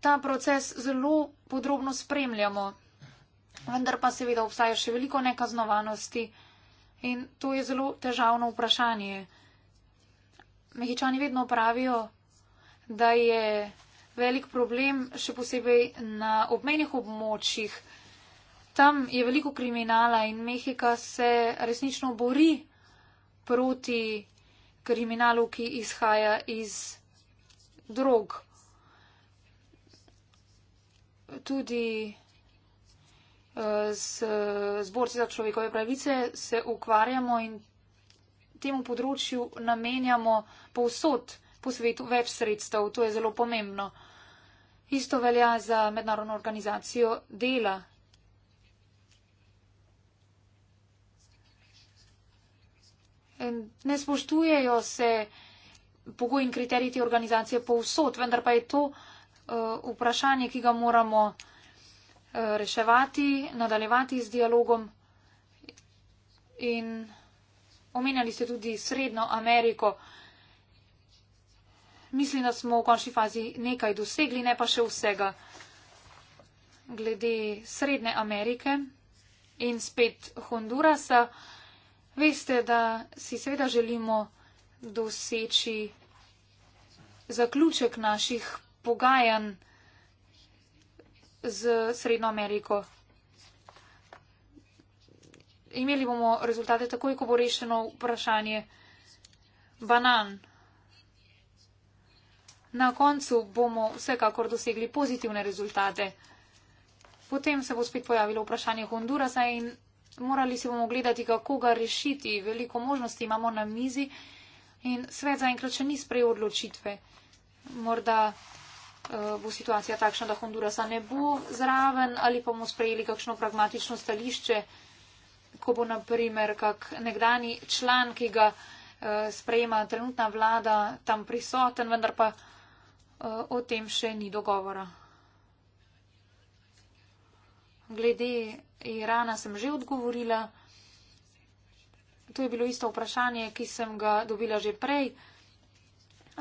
Ta proces zelo podrobno spremljamo vendar pa seveda obstaja še veliko nekaznovanosti in to je zelo težavno vprašanje. Mehičani vedno pravijo, da je velik problem, še posebej na obmejnih območjih. Tam je veliko kriminala in Mehika se resnično bori proti kriminalu, ki izhaja iz drog. Tudi z, z borci za človekove pravice se ukvarjamo in temu področju namenjamo povsod po svetu več sredstev. To je zelo pomembno. Isto velja za mednarodno organizacijo dela. Ne spoštujejo se pogoji in kriteriji te organizacije povsod, vendar pa je to uh, vprašanje, ki ga moramo uh, reševati, nadaljevati z dialogom. In omenjali ste tudi Srednjo Ameriko. Mislim, da smo v končni fazi nekaj dosegli, ne pa še vsega. Glede Srednje Amerike in spet Hondurasa, veste, da si seveda želimo doseči zaključek naših pogajanj z Srednjo Ameriko. Imeli bomo rezultate takoj, ko bo rešeno vprašanje banan. Na koncu bomo vsekakor dosegli pozitivne rezultate. Potem se bo spet pojavilo vprašanje Hondurasa in morali si bomo gledati, kako ga rešiti. Veliko možnosti imamo na mizi in svet zaenkrat še ni sprejel odločitve. Morda bo situacija takšna, da Hondurasa ne bo zraven ali pa bomo sprejeli kakšno pragmatično stališče, ko bo naprimer kak nekdani član, ki ga eh, sprejema trenutna vlada, tam prisoten, vendar pa eh, o tem še ni dogovora. Glede Irana sem že odgovorila. To je bilo isto vprašanje, ki sem ga dobila že prej.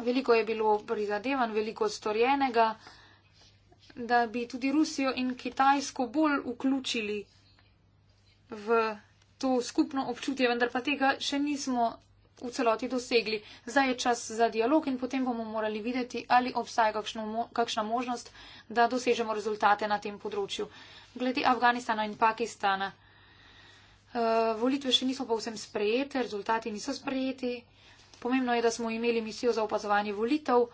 Veliko je bilo prizadevan, veliko storjenega, da bi tudi Rusijo in Kitajsko bolj vključili v to skupno občutje, vendar pa tega še nismo v celoti dosegli. Zdaj je čas za dialog in potem bomo morali videti, ali obstaja kakšno, kakšna možnost, da dosežemo rezultate na tem področju. Glede Afganistana in Pakistana. Uh, volitve še niso povsem sprejete, rezultati niso sprejeti. Pomembno je, da smo imeli misijo za opazovanje volitev.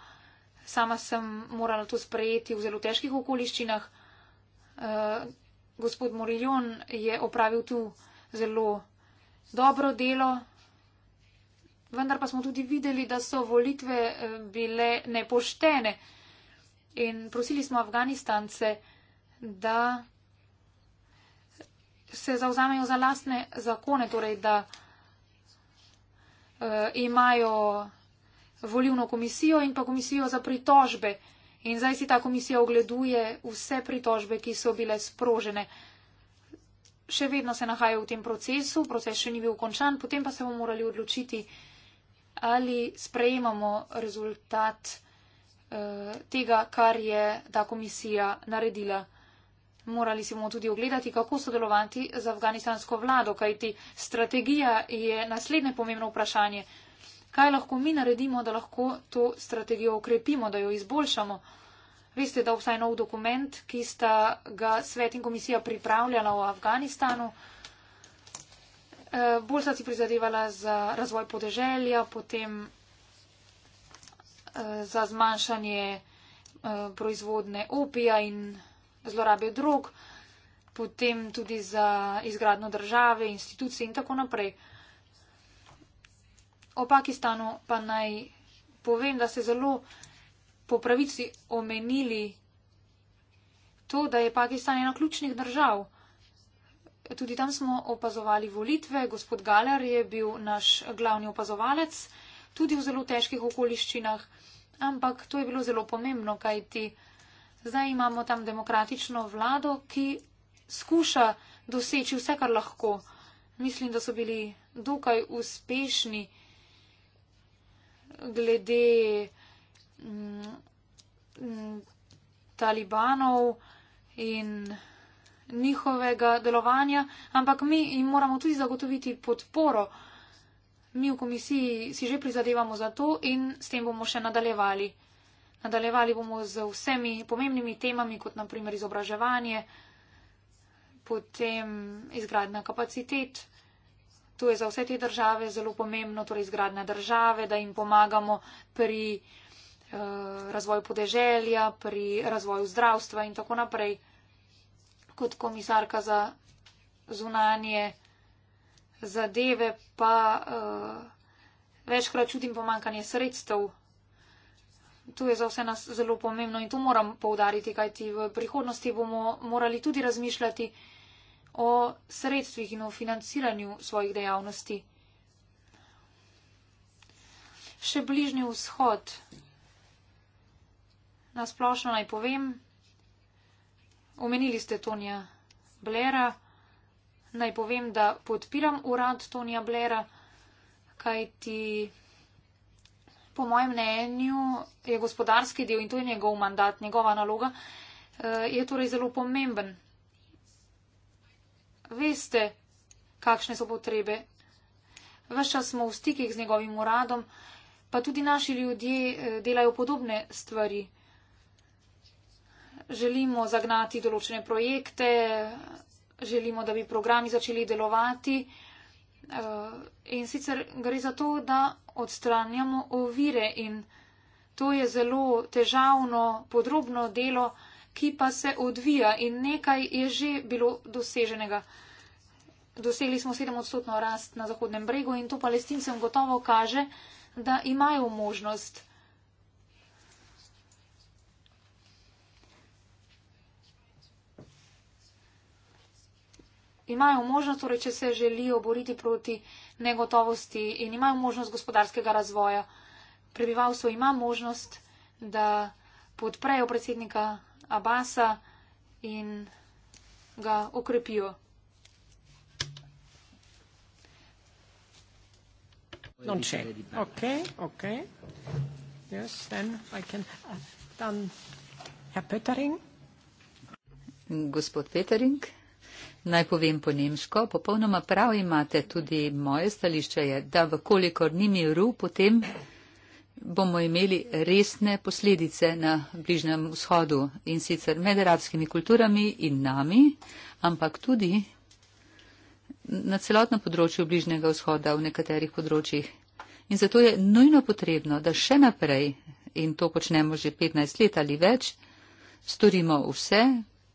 Sama sem morala to sprejeti v zelo težkih okoliščinah. E, gospod Morillon je opravil tu zelo dobro delo, vendar pa smo tudi videli, da so volitve eh, bile nepoštene. In prosili smo Afganistance, da se zauzamejo za lastne zakone, torej da uh, imajo volivno komisijo in pa komisijo za pritožbe. In zdaj si ta komisija ogleduje vse pritožbe, ki so bile sprožene. Še vedno se nahajajo v tem procesu, proces še ni bil končan, potem pa se bomo morali odločiti, ali sprejemamo rezultat uh, tega, kar je ta komisija naredila. Morali si bomo tudi ogledati, kako sodelovati z afganistansko vlado, kajti strategija je naslednje pomembno vprašanje. Kaj lahko mi naredimo, da lahko to strategijo okrepimo, da jo izboljšamo? Veste, da obstaja nov dokument, ki sta ga svet in komisija pripravljala v Afganistanu. E, bolj sta si prizadevala za razvoj podeželja, potem e, za zmanjšanje e, proizvodne opija in zlorabe drog, potem tudi za izgradno države, institucije in tako naprej. O Pakistanu pa naj povem, da ste zelo po pravici omenili to, da je Pakistan ena ključnih držav. Tudi tam smo opazovali volitve, gospod Galer je bil naš glavni opazovalec, tudi v zelo težkih okoliščinah, ampak to je bilo zelo pomembno, kajti. Zdaj imamo tam demokratično vlado, ki skuša doseči vse, kar lahko. Mislim, da so bili dokaj uspešni glede m, mm, m, mm, talibanov in njihovega delovanja, ampak mi jim moramo tudi zagotoviti podporo. Mi v komisiji si že prizadevamo za to in s tem bomo še nadaljevali. Nadaljevali bomo z vsemi pomembnimi temami, kot naprimer izobraževanje, potem izgradna kapacitet. To je za vse te države zelo pomembno, torej izgradna države, da jim pomagamo pri eh, razvoju podeželja, pri razvoju zdravstva in tako naprej. Kot komisarka za zunanje zadeve pa uh, večkrat čutim pomankanje sredstev Tu je za vse nas zelo pomembno in to moram povdariti, kajti v prihodnosti bomo morali tudi razmišljati o sredstvih in o financiranju svojih dejavnosti. Še bližnji vzhod. Nasplošno naj povem, omenili ste Tonija Blera, naj povem, da podpiram urad Tonija Blera, kajti po mojem mnenju, je gospodarski del in to je njegov mandat, njegova naloga, eh, je torej zelo pomemben. Veste, kakšne so potrebe. Ves čas smo v stikih z njegovim uradom, pa tudi naši ljudje eh, delajo podobne stvari. Želimo zagnati določene projekte, želimo, da bi programi začeli delovati. Eh, in sicer gre za to, da odstranjamo ovire in to je zelo težavno, podrobno delo, ki pa se odvija in nekaj je že bilo doseženega. Doseli smo 7-odstotno rast na Zahodnem bregu in to palestincem gotovo kaže, da imajo možnost imajo možnost, torej, če se želijo boriti proti negotovosti in imajo možnost gospodarskega razvoja, prebivalstvo ima možnost, da podprejo predsednika Abasa in ga okrepijo. Non c'è. Ok, ok. Yes, then I can. Uh, then, Herr Petering. Gospod Petering. Naj povem po nemško, popolnoma prav imate, tudi moje stališče je, da vkolikor ni miru, potem bomo imeli resne posledice na Bližnem vzhodu in sicer med arabskimi kulturami in nami, ampak tudi na celotnem področju Bližnjega vzhoda v nekaterih področjih. In zato je nujno potrebno, da še naprej, in to počnemo že 15 let ali več, storimo vse,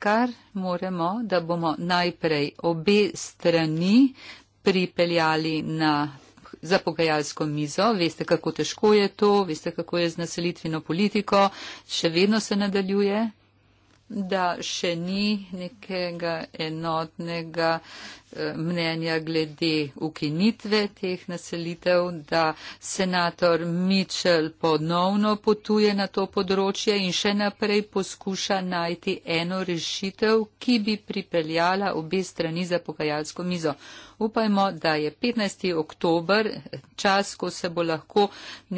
kar moremo, da bomo najprej obe strani pripeljali na, za pogajalsko mizo. Veste, kako težko je to, veste, kako je z naselitveno politiko, še vedno se nadaljuje, da še ni nekega enotnega mnenja glede ukinitve teh naselitev, da senator Mitchell ponovno potuje na to področje in še naprej poskuša najti eno rešitev, ki bi pripeljala obe strani za pogajalsko mizo. Upajmo, da je 15. oktober čas, ko se bo lahko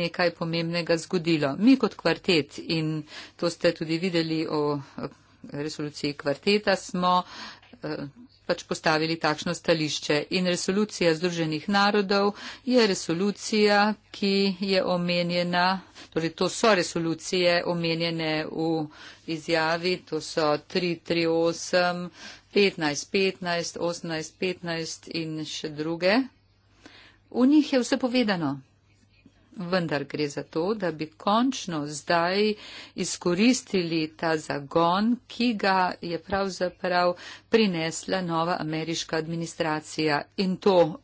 nekaj pomembnega zgodilo. Mi kot kvartet in to ste tudi videli o resoluciji kvarteta smo eh, pač postavili takšno stališče. In resolucija Združenih narodov je resolucija, ki je omenjena, torej to so resolucije omenjene v izjavi, to so 338, 1515, 1815 in še druge. V njih je vse povedano vendar gre za to, da bi končno zdaj izkoristili ta zagon, ki ga je pravzaprav prinesla nova ameriška administracija in to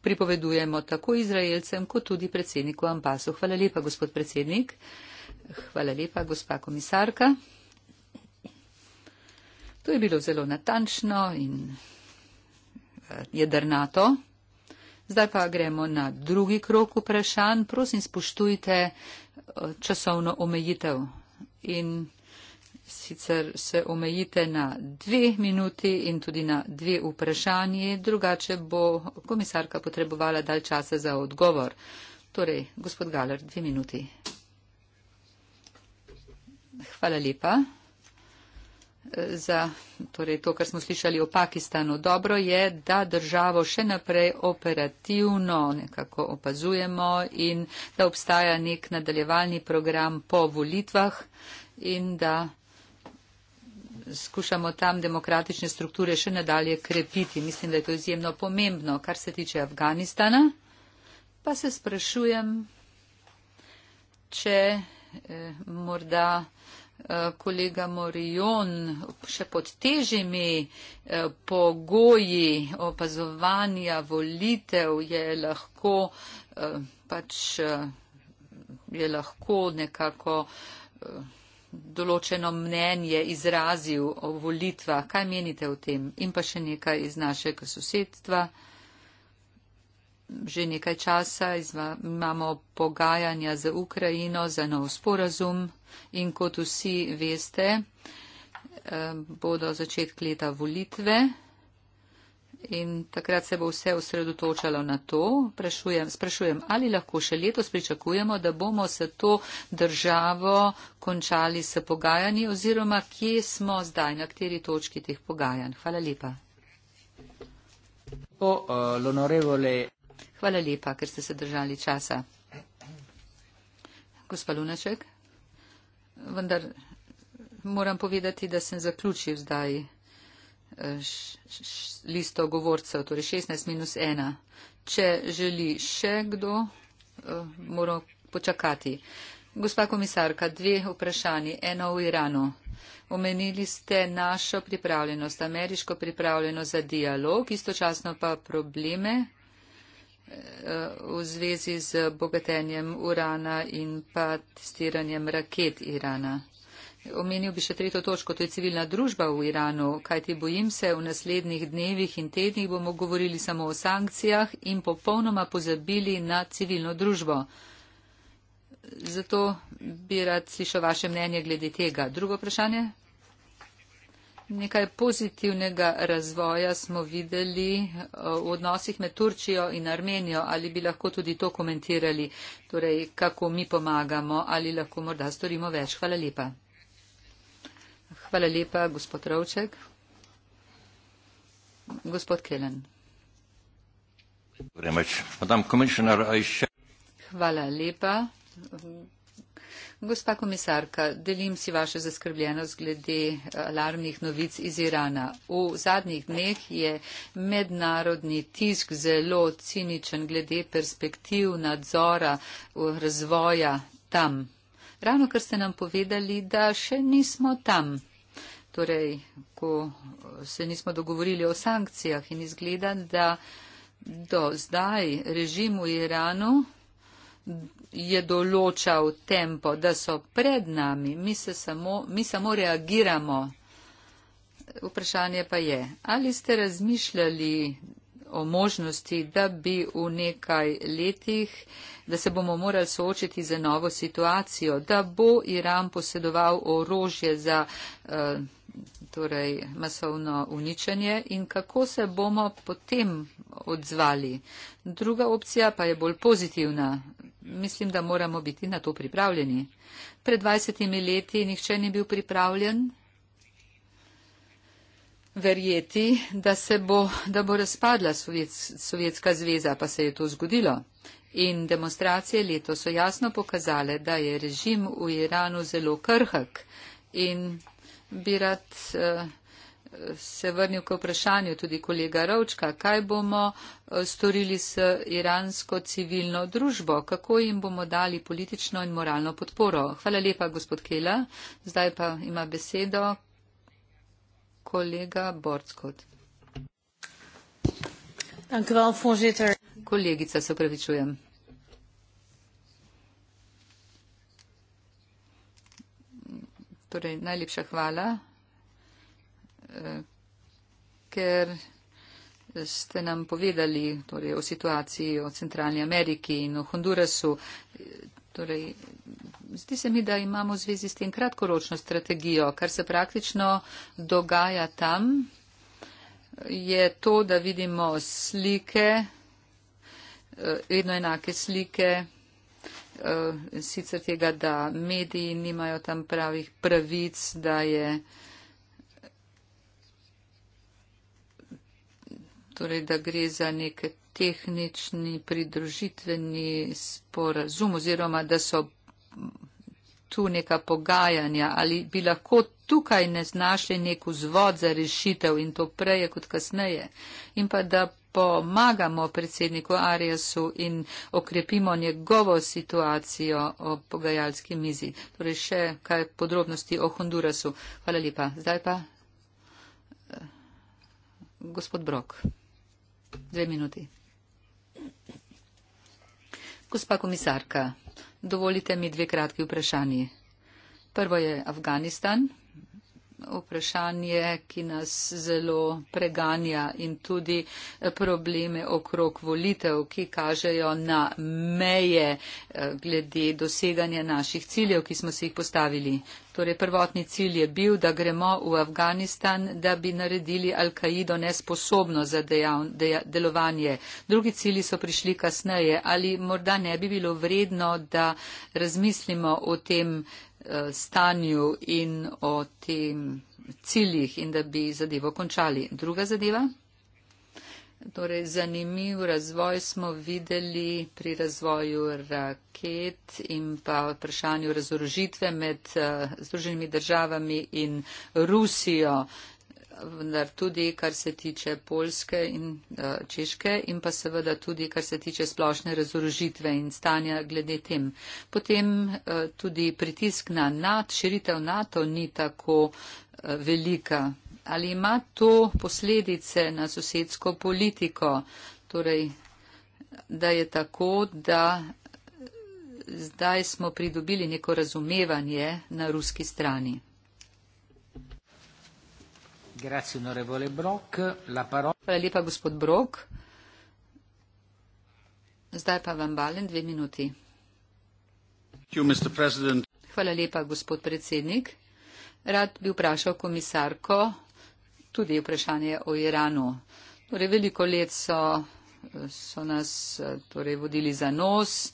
pripovedujemo tako Izraelcem, kot tudi predsedniku Ambasu. Hvala lepa, gospod predsednik. Hvala lepa, gospa komisarka. To je bilo zelo natančno in eh, jedrnato. Zdaj pa gremo na drugi krok vprašanj. Prosim, spoštujte eh, časovno omejitev in sicer se omejite na dve minuti in tudi na dve vprašanje, drugače bo komisarka potrebovala dalj časa za odgovor. Torej, gospod Galer, dve minuti. Hvala lepa za torej to, kar smo slišali o Pakistanu. Dobro je, da državo še naprej operativno nekako opazujemo in da obstaja nek nadaljevalni program po volitvah in da skušamo tam demokratične strukture še nadalje krepiti. Mislim, da je to izjemno pomembno, kar se tiče Afganistana. Pa se sprašujem, če eh, morda. Eh, Eh, kolega Morion še pod težjimi eh, pogoji opazovanja volitev je lahko, eh, pač, je lahko nekako določeno mnenje izrazil o volitvah. Kaj menite o tem? In pa še nekaj iz našega sosedstva že nekaj časa izva, imamo pogajanja z Ukrajino za nov sporazum in kot vsi veste, eh, bodo začet leta volitve in takrat se bo vse osredotočalo na to. Prašujem, sprašujem, ali lahko še letos pričakujemo, da bomo se to državo končali s pogajanji oziroma kje smo zdaj, na kateri točki teh pogajanj. Hvala lepa. Oh, uh, Hvala lepa, ker ste se držali časa. Gospa Lunaček, vendar moram povedati, da sem zaključil zdaj eh, listo govorcev, torej 16 minus 1. Če želi še kdo, eh, mora počakati. Gospa komisarka, dve vprašanje. Eno v Iranu. Omenili ste našo pripravljenost, ameriško pripravljenost za dialog, istočasno pa probleme, Eh, v zvezi z bogatenjem urana in pa testiranjem raket Irana. Omenil bi še tretjo točko, to je civilna družba v Iranu, kajti bojim se, v naslednjih dnevih in tednih bomo govorili samo o sankcijah in popolnoma pozabili na civilno družbo. Zato bi rad slišal vaše mnenje glede tega. Drugo vprašanje? Nekaj pozitivnega razvoja smo videli eh, v odnosih med Turčijo in Armenijo. Ali bi lahko tudi to komentirali, torej kako mi pomagamo, ali lahko morda storimo več? Hvala lepa. Hvala lepa, gospod Rovček. Gospod Kelen. Hvala lepa. Gospa komisarka, delim si vaše zaskrbljenost glede eh, alarmnih novic iz Irana. V zadnjih dneh je mednarodni tisk zelo ciničen glede perspektiv nadzora eh, razvoja tam. Ravno kar ste nam povedali, da še nismo tam. Torej, ko eh, se nismo dogovorili o sankcijah in izgleda, da do zdaj režim v Iranu je določal tempo, da so pred nami, mi, samo, mi samo reagiramo. Vprašanje pa je, ali ste razmišljali o možnosti, da bi v nekaj letih, da se bomo morali soočiti za novo situacijo, da bo Iran posedoval orožje za eh, torej, masovno uničenje in kako se bomo potem odzvali. Druga opcija pa je bolj pozitivna mislim, da moramo biti na to pripravljeni. Pred 20 leti nihče ni bil pripravljen verjeti, da, bo, da bo razpadla Sovjet, Sovjetska zveza, pa se je to zgodilo. In demonstracije leto so jasno pokazale, da je režim v Iranu zelo krhk in bi rad. Uh, se vrnil k vprašanju tudi kolega Ravčka, kaj bomo eh, storili s iransko civilno družbo, kako jim bomo dali politično in moralno podporo. Hvala lepa, gospod Kela. Zdaj pa ima besedo kolega Borckot. Kolegica, se pravičujem. Torej, najlepša hvala Eh, ker ste nam povedali torej, o situaciji o Centralni Ameriki in o Hondurasu. Torej, zdi se mi, da imamo v zvezi s tem kratkoročno strategijo, kar se praktično dogaja tam, je to, da vidimo slike, eh, vedno enake slike, eh, sicer tega, da mediji nimajo tam pravih pravic, da je. torej da gre za nek tehnični pridružitveni sporazum oziroma da so tu neka pogajanja ali bi lahko tukaj ne znašli nek vzvod za rešitev in to preje kot kasneje. In pa da pomagamo predsedniku Ariasu in okrepimo njegovo situacijo o pogajalski mizi. Torej še kaj podrobnosti o Hondurasu. Hvala lepa. Zdaj pa eh, gospod Brok. Dve minuti. Gospa komisarka, dovolite mi dve kratki vprašanji. Prvo je Afganistan, vprašanje, ki nas zelo preganja in tudi probleme okrog volitev, ki kažejo na meje eh, glede doseganja naših ciljev, ki smo si jih postavili. Torej, prvotni cilj je bil, da gremo v Afganistan, da bi naredili Al-Kaido nesposobno za dejav, deja, delovanje. Drugi cilji so prišli kasneje. Ali morda ne bi bilo vredno, da razmislimo o tem, Eh, stanju in o tem ciljih in da bi zadevo končali. Druga zadeva. Torej, zanimiv razvoj smo videli pri razvoju raket in pa vprašanju razorožitve med eh, Združenimi državami in Rusijo vendar tudi kar se tiče Polske in eh, Češke in pa seveda tudi kar se tiče splošne razorožitve in stanja glede tem. Potem eh, tudi pritisk na NATO, širitev NATO ni tako eh, velika. Ali ima to posledice na sosedsko politiko, torej, da je tako, da zdaj smo pridobili neko razumevanje na ruski strani? Grazie onorevole Brock. La parola... Hvala lepa, gospod Brok. Zdaj pa vam balen dve minuti. Hvala lepa, gospod predsednik. Rad bi vprašal komisarko tudi vprašanje o Iranu. Torej, veliko let so, so nas torej, vodili za nos,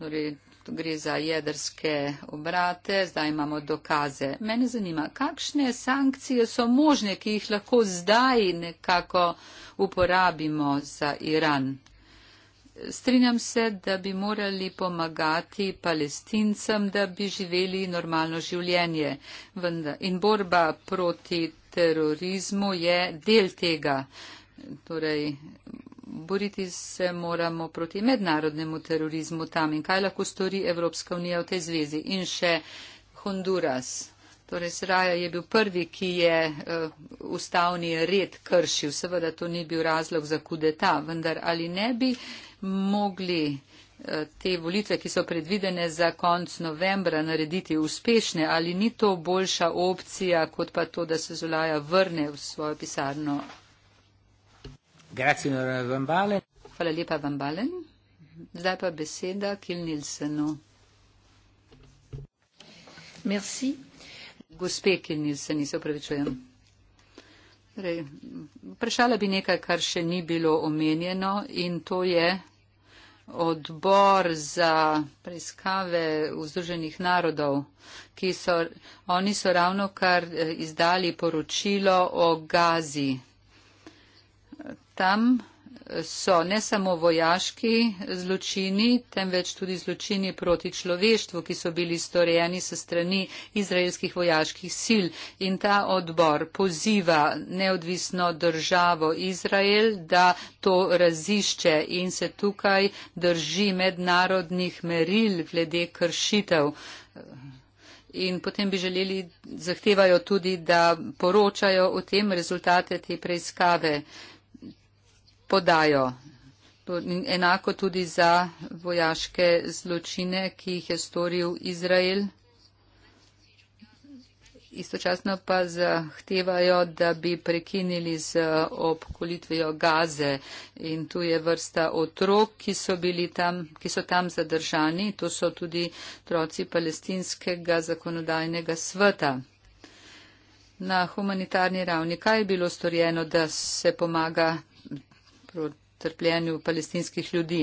torej, gre za jedrske obrate, zdaj imamo dokaze. Mene zanima, kakšne sankcije so možne, ki jih lahko zdaj nekako uporabimo za Iran? Strinjam se, da bi morali pomagati palestincem, da bi živeli normalno življenje. In borba proti terorizmu je del tega. Torej, boriti se moramo proti mednarodnemu terorizmu tam in kaj lahko stori Evropska unija v tej zvezi. In še Honduras. Torej, Sraja je bil prvi, ki je uh, ustavni red kršil. Seveda to ni bil razlog za kudeta, vendar ali ne bi mogli eh, te volitve, ki so predvidene za konc novembra, narediti uspešne, ali ni to boljša opcija, kot pa to, da se Zulaja vrne v svojo pisarno Grazie, Van Balen. Hvala lepa, Van Balen. Zdaj pa beseda Kil Nilsenu. Merci. Gospe Kil Nilsen, se upravičujem. Torej, vprašala bi nekaj, kar še ni bilo omenjeno in to je odbor za preiskave vzdruženih narodov, ki so, oni so ravno kar eh, izdali poročilo o Gazi tam eh, so ne samo vojaški zločini, temveč tudi zločini proti človeštvu, ki so bili storjeni se strani izraelskih vojaških sil. In ta odbor poziva neodvisno državo Izrael, da to razišče in se tukaj drži mednarodnih meril glede kršitev. In potem bi želeli, zahtevajo tudi, da poročajo o tem rezultate te preiskave podajo. Enako tudi za vojaške zločine, ki jih je storil Izrael. Istočasno pa zahtevajo, da bi prekinili z obkolitvijo gaze in tu je vrsta otrok, ki so, tam, ki so tam zadržani. To so tudi otroci palestinskega zakonodajnega sveta. Na humanitarni ravni, kaj je bilo storjeno, da se pomaga trpljenju palestinskih ljudi.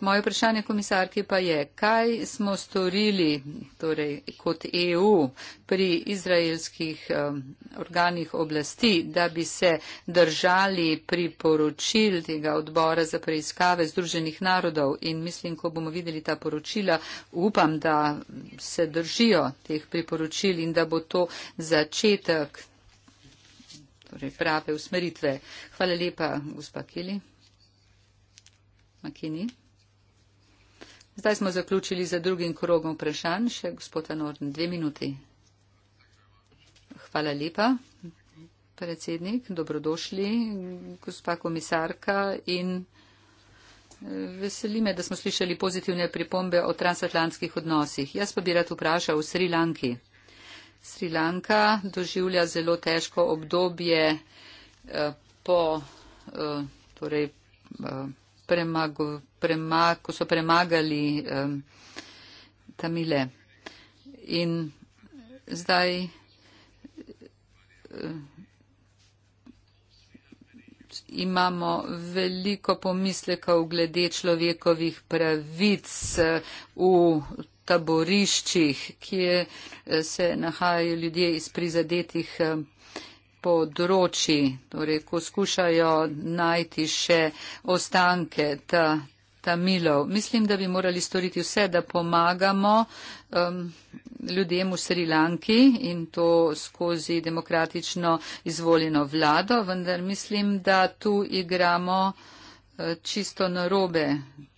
Moje vprašanje komisarki pa je, kaj smo storili torej, kot EU pri izraelskih um, organih oblasti, da bi se držali pri poročil tega odbora za preiskave Združenih narodov in mislim, ko bomo videli ta poročila, upam, da se držijo teh priporočil in da bo to začetek torej prave usmeritve. Hvala lepa, gospa Kili. Makini. Zdaj smo zaključili za drugim krogom vprašanj. Še gospod Anorn, dve minuti. Hvala lepa, predsednik. Dobrodošli, gospa komisarka. In eh, veseli me, da smo slišali pozitivne pripombe o transatlantskih odnosih. Jaz pa bi rad vprašal v Sri Lanki. Srilanka doživlja zelo težko obdobje eh, po, eh, torej, eh, premago, prema, ko so premagali Tamile. In zdaj imamo veliko pomislekov glede človekovih pravic v taboriščih, kjer eh, se nahajajo ljudje iz prizadetih eh, področji, torej, ko skušajo najti še ostanke ta, ta milov. Mislim, da bi morali storiti vse, da pomagamo um, ljudem v Srilanki in to skozi demokratično izvoljeno vlado, vendar mislim, da tu igramo uh, čisto narobe,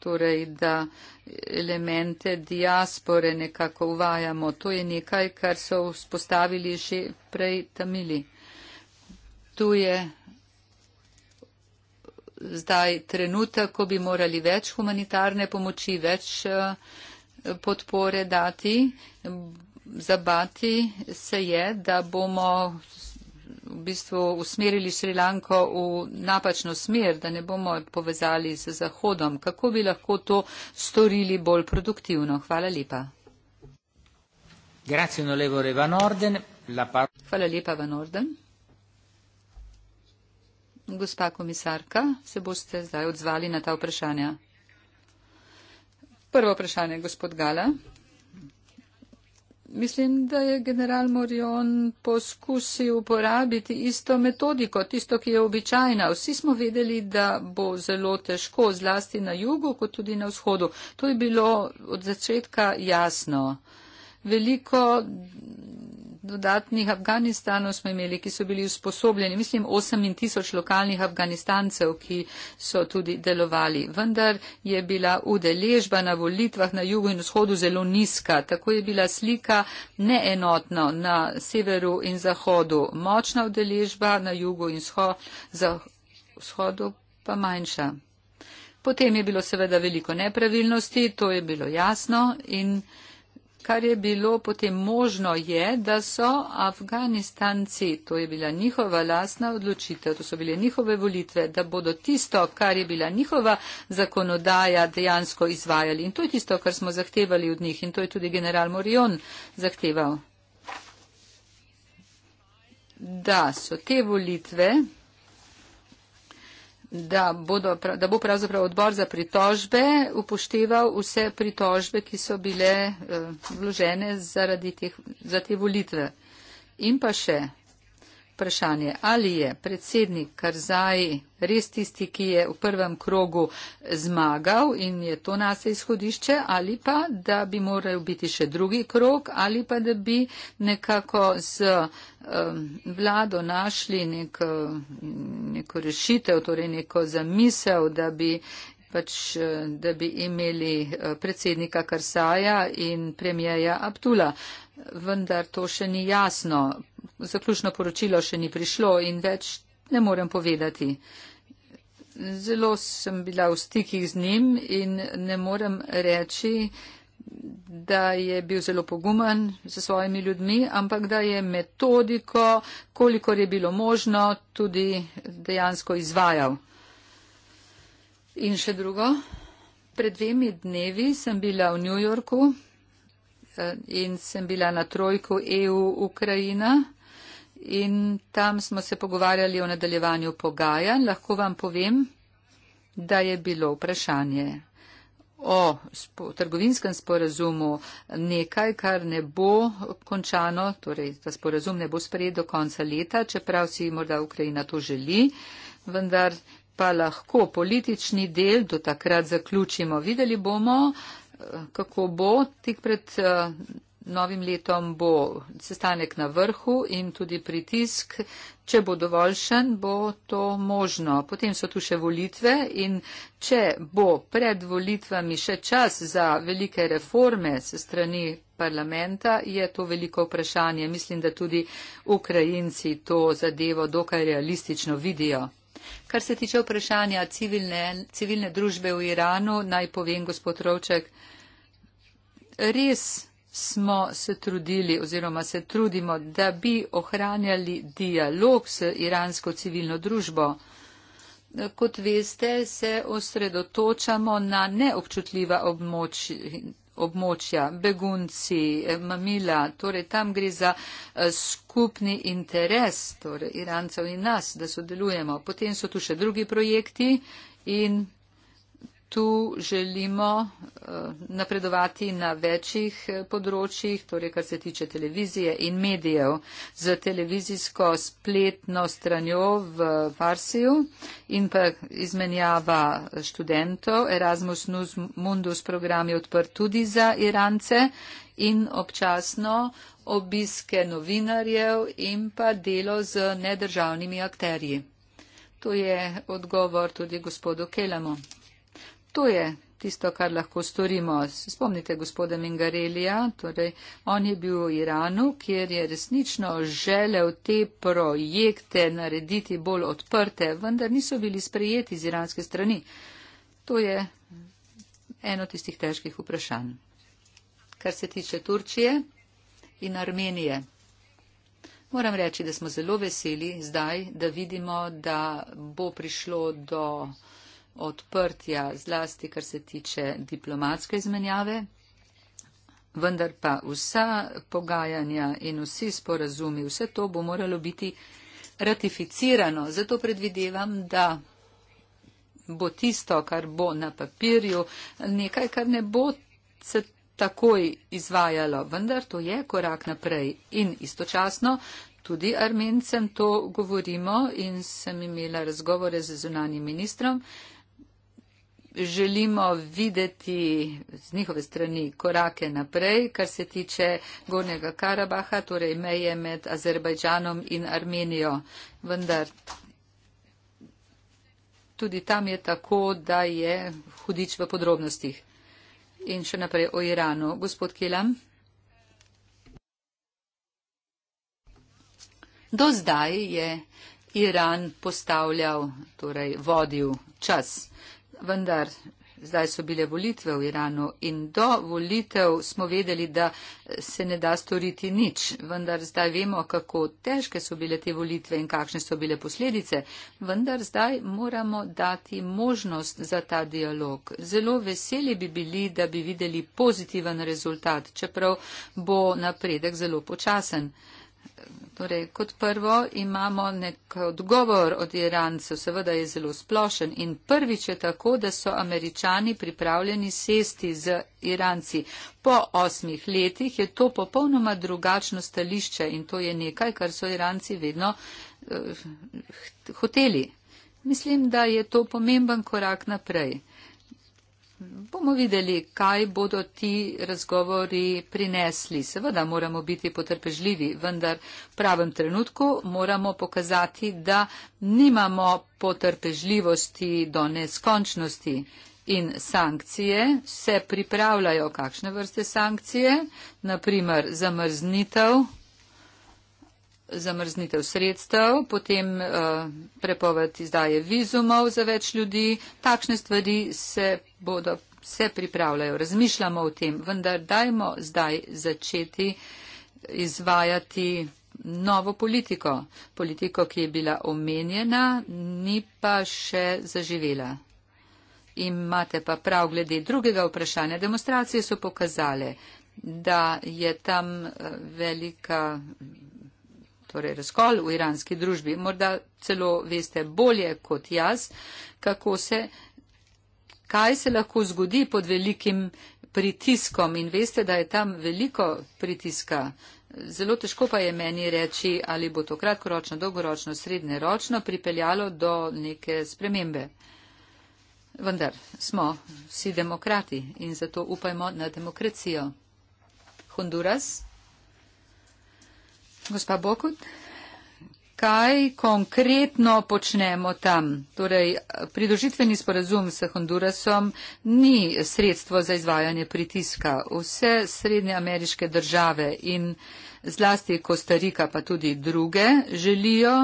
torej, da uh, elemente diaspore nekako uvajamo. To je nekaj, kar so vzpostavili že prej Tamili. Tu je zdaj trenutek, ko bi morali več humanitarne pomoči, več eh, podpore dati. Zabati se je, da bomo v bistvu usmerili Šrilanko v napačno smer, da ne bomo povezali z Zahodom. Kako bi lahko to storili bolj produktivno? Hvala lepa. Hvala lepa, Van Orden. Gospa komisarka, se boste zdaj odzvali na ta vprašanja. Prvo vprašanje, gospod Gala mislim, da je general Morion poskusil uporabiti isto metodiko, tisto, ki je običajna. Vsi smo vedeli, da bo zelo težko, zlasti na jugu, kot tudi na vzhodu. To je bilo od začetka jasno. Veliko dodatnih Afganistanov smo imeli, ki so bili usposobljeni, mislim, 8 tisoč lokalnih Afganistancev, ki so tudi delovali. Vendar je bila udeležba na volitvah na jugu in vzhodu zelo nizka. Tako je bila slika neenotna na severu in zahodu. Močna udeležba na jugu in vzhodu pa manjša. Potem je bilo seveda veliko nepravilnosti, to je bilo jasno in kar je bilo potem možno, je, da so Afganistanci, to je bila njihova lasna odločitev, to so bile njihove volitve, da bodo tisto, kar je bila njihova zakonodaja, dejansko izvajali. In to je tisto, kar smo zahtevali od njih in to je tudi general Morion zahteval. Da so te volitve da, bodo, da bo pravzaprav odbor za pritožbe upošteval vse pritožbe, ki so bile eh, vložene zaradi teh, za te volitve. In pa še, vprašanje, ali je predsednik Karzaji res tisti, ki je v prvem krogu zmagal in je to nase izhodišče, ali pa da bi moral biti še drugi krog, ali pa da bi nekako z um, vlado našli nek, neko rešitev, torej neko zamisel, da bi. Pač, da bi imeli eh, predsednika Karsaja in premijeja Abdula. Uh, vendar to še ni jasno. Zaključno poročilo še ni prišlo in več ne morem povedati. Zelo sem bila v stikih z njim in ne morem reči, da je bil zelo pogumen za svojimi ljudmi, ampak da je metodiko, kolikor je bilo možno, tudi dejansko izvajal. In še drugo, pred dvemi dnevi sem bila v New Yorku in sem bila na trojku EU-Ukrajina in tam smo se pogovarjali o nadaljevanju pogajanj. Lahko vam povem, da je bilo vprašanje o trgovinskem sporazumu nekaj, kar ne bo končano, torej ta sporazum ne bo sprejet do konca leta, čeprav si morda Ukrajina to želi, vendar pa lahko politični del do takrat zaključimo. Videli bomo, kako bo tik pred eh, novim letom, bo sestanek na vrhu in tudi pritisk. Če bo dovoljšen, bo to možno. Potem so tu še volitve in če bo pred volitvami še čas za velike reforme se strani parlamenta, je to veliko vprašanje. Mislim, da tudi Ukrajinci to zadevo dokaj realistično vidijo. Kar se tiče vprašanja civilne, civilne družbe v Iranu, naj povem, gospod Rovček, res smo se trudili oziroma se trudimo, da bi ohranjali dialog s iransko civilno družbo. Kot veste, se osredotočamo na neobčutljiva območja območja, begunci, eh, mamila, torej tam gre za eh, skupni interes torej, Irancev in nas, da sodelujemo. Potem so tu še drugi projekti in tu želimo eh, napredovati na večjih eh, področjih, torej kar se tiče televizije in medijev z televizijsko spletno stranjo v Varsiju in pa izmenjava študentov. Erasmus Nus Mundus program je odprt tudi za Irance in občasno obiske novinarjev in pa delo z nedržavnimi akterji. To je odgovor tudi gospodu Kelemu. To je tisto, kar lahko storimo. Spomnite gospoda Mingarelija, torej on je bil v Iranu, kjer je resnično želel te projekte narediti bolj odprte, vendar niso bili sprejeti z iranske strani. To je eno tistih težkih vprašanj. Kar se tiče Turčije in Armenije. Moram reči, da smo zelo veseli zdaj, da vidimo, da bo prišlo do odprtja, zlasti kar se tiče diplomatske izmenjave, vendar pa vsa pogajanja in vsi sporazumi, vse to bo moralo biti ratificirano. Zato predvidevam, da bo tisto, kar bo na papirju, nekaj, kar ne bo se takoj izvajalo, vendar to je korak naprej in istočasno. Tudi armencem to govorimo in sem imela razgovore z zunanim ministrom, želimo videti z njihove strani korake naprej, kar se tiče Gornjega Karabaha, torej meje med Azerbajdžanom in Armenijo. Vendar tudi tam je tako, da je hudič v podrobnostih. In še naprej o Iranu. Gospod Kilam. Do zdaj je Iran postavljal, torej vodil čas. Uh, vendar zdaj so bile volitve v Iranu in do volitev smo vedeli, da se ne da storiti nič, vendar zdaj vemo, kako težke so bile te volitve in kakšne so bile posledice, vendar zdaj moramo dati možnost za ta dialog. Zelo veseli bi bili, da bi videli pozitiven rezultat, čeprav bo napredek zelo počasen. Torej, kot prvo imamo nek odgovor od Irancev, seveda je zelo splošen in prvič je tako, da so američani pripravljeni sesti z Iranci. Po osmih letih je to popolnoma drugačno stališče in to je nekaj, kar so Iranci vedno uh, eh, hoteli. Mislim, da je to pomemben korak naprej bomo videli, kaj bodo ti razgovori prinesli. Seveda moramo biti potrpežljivi, vendar v pravem trenutku moramo pokazati, da nimamo potrpežljivosti do neskončnosti. In sankcije se pripravljajo, kakšne vrste sankcije, naprimer zamrznitev zamrznitev sredstev, potem eh, prepoved izdaje vizumov za več ljudi. Takšne stvari se bodo, se pripravljajo, razmišljamo o tem, vendar dajmo zdaj začeti izvajati novo politiko. Politiko, ki je bila omenjena, ni pa še zaživela. Imate pa prav glede drugega vprašanja. Demonstracije so pokazale, da je tam eh, velika torej razkol v iranski družbi. Morda celo veste bolje kot jaz, kako se, kaj se lahko zgodi pod velikim pritiskom in veste, da je tam veliko pritiska. Zelo težko pa je meni reči, ali bo to kratkoročno, dolgoročno, srednjeročno pripeljalo do neke spremembe. Vendar smo vsi demokrati in zato upajmo na demokracijo. Honduras. Gospa Bokut, kaj konkretno počnemo tam? Torej, pridružitveni sporazum s Hondurasom ni sredstvo za izvajanje pritiska. Vse srednje ameriške države in zlasti Kostarika pa tudi druge želijo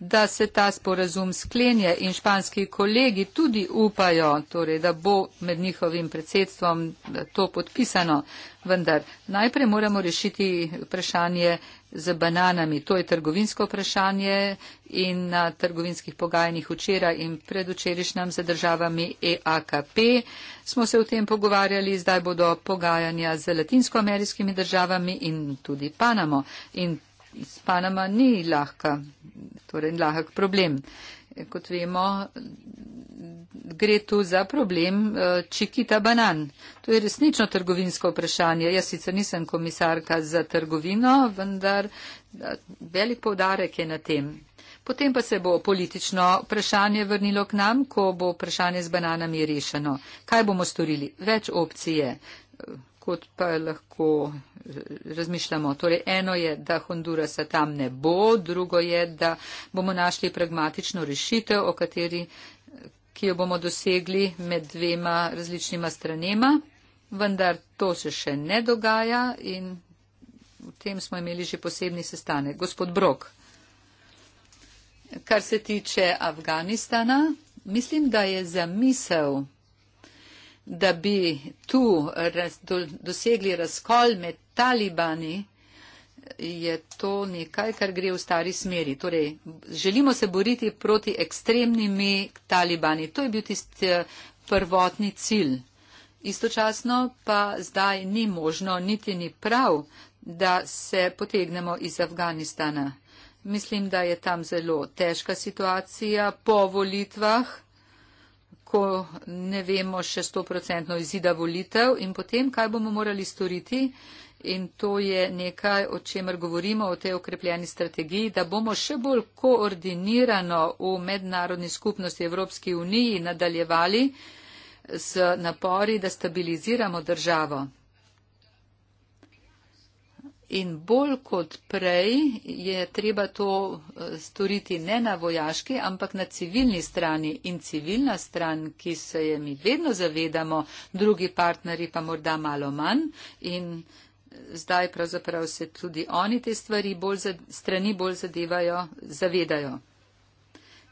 da se ta sporazum sklenje in španski kolegi tudi upajo, torej, da bo med njihovim predsedstvom to podpisano. Vendar najprej moramo rešiti vprašanje z bananami. To je trgovinsko vprašanje in na trgovinskih pogajanjih včeraj in predvčerajšnjem z državami EAKP smo se o tem pogovarjali. Zdaj bodo pogajanja z latinskoameriškimi državami in tudi Panamo. In s Panama ni lahka, torej lahek problem. Kot vemo, gre tu za problem eh, čikita banan. To je resnično trgovinsko vprašanje. Jaz sicer nisem komisarka za trgovino, vendar velik povdarek je na tem. Potem pa se bo politično vprašanje vrnilo k nam, ko bo vprašanje z bananami rešeno. Kaj bomo storili? Več opcije, eh, kot pa lahko razmišljamo. Torej, eno je, da Hondurasa tam ne bo, drugo je, da bomo našli pragmatično rešitev, o kateri ki jo bomo dosegli med dvema različnima stranema, vendar to se še ne dogaja in v tem smo imeli že posebni sestanek. Gospod Brok, kar se tiče Afganistana, mislim, da je zamisel da bi tu raz, do, dosegli razkol med talibani, je to nekaj, kar gre v stari smeri. Torej, želimo se boriti proti ekstremnimi talibani. To je bil tisti prvotni cilj. Istočasno pa zdaj ni možno, niti ni prav, da se potegnemo iz Afganistana. Mislim, da je tam zelo težka situacija po volitvah ko ne vemo še stoprocentno izida volitev in potem, kaj bomo morali storiti. In to je nekaj, o čemer govorimo, o tej okrepljeni strategiji, da bomo še bolj koordinirano v mednarodni skupnosti Evropski uniji nadaljevali z napori, da stabiliziramo državo in bolj kot prej je treba to eh, storiti ne na vojaški, ampak na civilni strani in civilna stran, ki se je mi vedno zavedamo, drugi partneri pa morda malo manj in eh, zdaj pravzaprav se tudi oni te stvari bolj za, strani bolj zadevajo, zavedajo.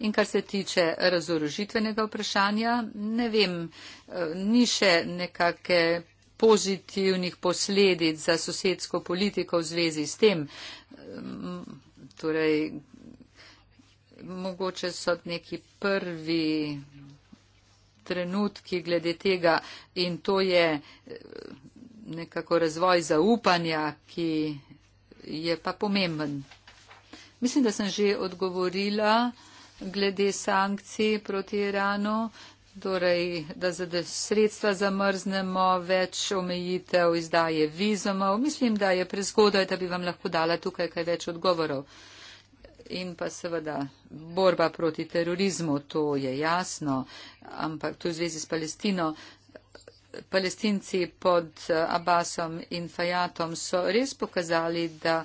In kar se tiče razorožitvenega vprašanja, ne vem, eh, ni še nekake pozitivnih posledic za sosedsko politiko v zvezi s tem. Ehm, torej, mogoče so neki prvi trenutki glede tega in to je ehm, nekako razvoj zaupanja, ki je pa pomemben. Mislim, da sem že odgovorila glede sankcij proti Iranu torej, da za sredstva zamrznemo, več omejitev izdaje vizumov. Mislim, da je prezgodaj, da bi vam lahko dala tukaj kaj več odgovorov. In pa seveda borba proti terorizmu, to je jasno, ampak tu v zvezi s Palestino. Palestinci pod eh, Abbasom in Fajatom so res pokazali, da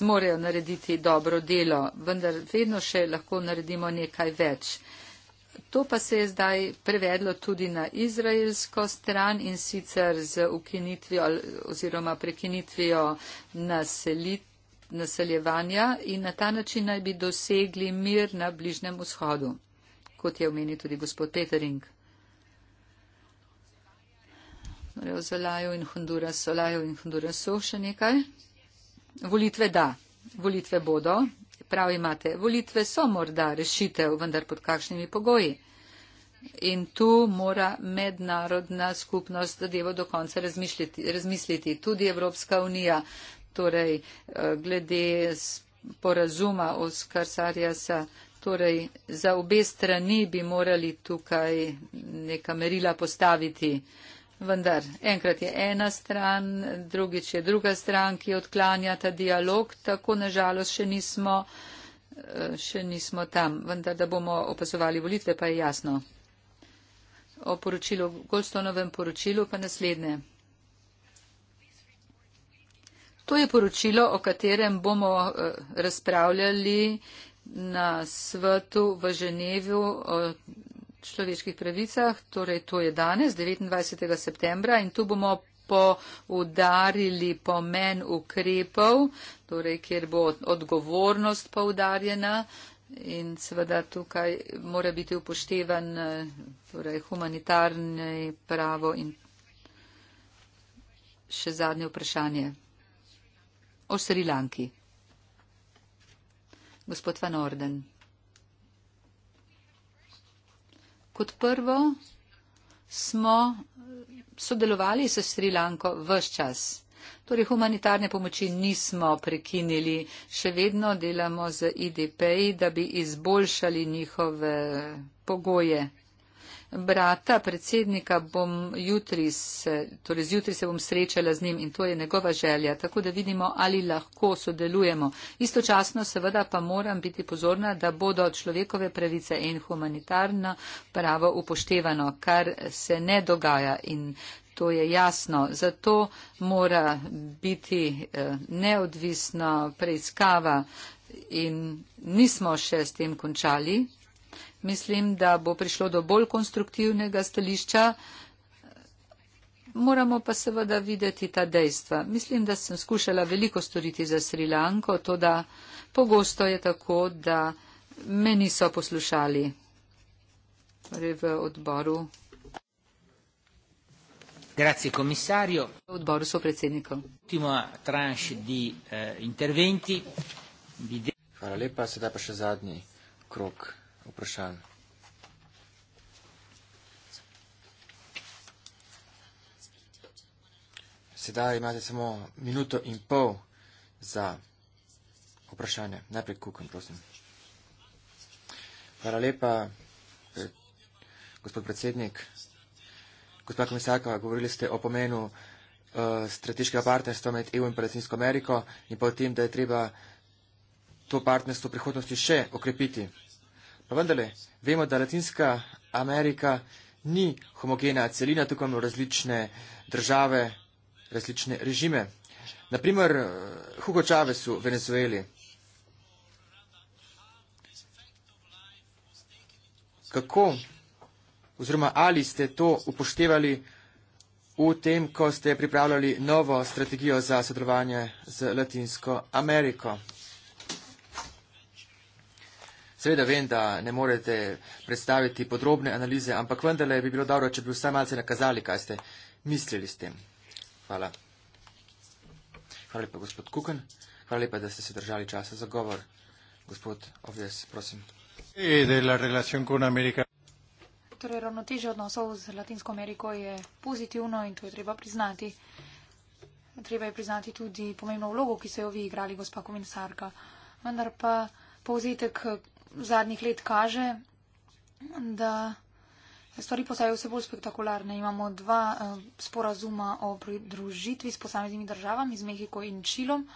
zmorejo narediti dobro delo, vendar vedno še lahko naredimo nekaj več. To pa se je zdaj prevedlo tudi na izraelsko stran in sicer z ukinitvijo oziroma prekinitvijo naselit naseljevanja in na ta način naj bi dosegli mir na Bližnem vzhodu, kot je omenil tudi gospod Petering. Torej, volitve da, volitve bodo, prav imate, volitve so morda rešitev, vendar pod kakšnimi pogoji. In tu mora mednarodna skupnost zadevo do konca razmisliti, razmisliti, tudi Evropska unija, torej eh, glede porazuma Oskar Sarjasa, torej za obe strani bi morali tukaj neka merila postaviti vendar enkrat je ena stran, drugič je druga stran, ki odklanja ta dialog, tako nažalost še nismo, eh, še nismo tam. Vendar, da bomo opazovali volitve, pa je jasno. O poročilu, Goldstonovem poročilu pa naslednje. To je poročilo, o katerem bomo eh, razpravljali na svetu v Ženevu človeških pravicah, torej to je danes, 29. septembra in tu bomo poudarili pomen ukrepov, torej kjer bo odgovornost poudarjena in seveda tukaj mora biti upoštevan eh, torej, humanitarno pravo in še zadnje vprašanje o Sri Lanki. Gospod Van Orden. Kot prvo smo sodelovali s Srilanko vse čas. Torej, humanitarne pomoči nismo prekinili, še vedno delamo z IDP, da bi izboljšali njihove pogoje brata predsednika bom jutri, se, torej zjutraj se bom srečala z njim in to je njegova želja, tako da vidimo, ali lahko sodelujemo. Istočasno seveda pa moram biti pozorna, da bodo človekove pravice in humanitarno pravo upoštevano, kar se ne dogaja in to je jasno. Zato mora biti eh, neodvisna preiskava in nismo še s tem končali mislim, da bo prišlo do bolj konstruktivnega stališča. Moramo pa seveda videti ta dejstva. Mislim, da sem skušala veliko storiti za Sri Lanko, to da pogosto je tako, da me niso poslušali torej v odboru. Grazie komisarju. V odboru so predsednikom. Ultima tranš di eh, interventi. Hvala lepa, sedaj pa še zadnji krok vprašanj. Sedaj imate samo minuto in pol za vprašanje. Najprej kukam, prosim. Hvala lepa, eh, gospod predsednik. Gospod komisarka, govorili ste o pomenu uh, strateškega partnerstva med EU in Palestinsko Ameriko in pa o tem, da je treba to partnerstvo v prihodnosti še okrepiti. Pa vendarle, vemo, da Latinska Amerika ni homogena celina, tukaj imamo različne države, različne režime. Naprimer, eh, Hugo Chavez v Venezueli. Kako oziroma ali ste to upoštevali v tem, ko ste pripravljali novo strategijo za sodelovanje z Latinsko Ameriko? Seveda vem, da ne morete predstaviti podrobne analize, ampak vendarle bi bilo dobro, če bi vsaj malce nakazali, kaj ste mislili s tem. Hvala. Hvala lepa, gospod Kuken. Hvala lepa, da ste se držali časa za govor. Gospod Ovjes, prosim. Torej, ravnotežje odnosov z Latinsko Ameriko je pozitivno in to je treba priznati. Treba je priznati tudi pomembno vlogo, ki so jo vi igrali, gospa komisarka. Vendar pa povzetek zadnjih let kaže, da stvari postajajo vse bolj spektakularne. Imamo dva uh, sporazuma o pridružitvi s posameznimi državami, z Mehiko in Čilom,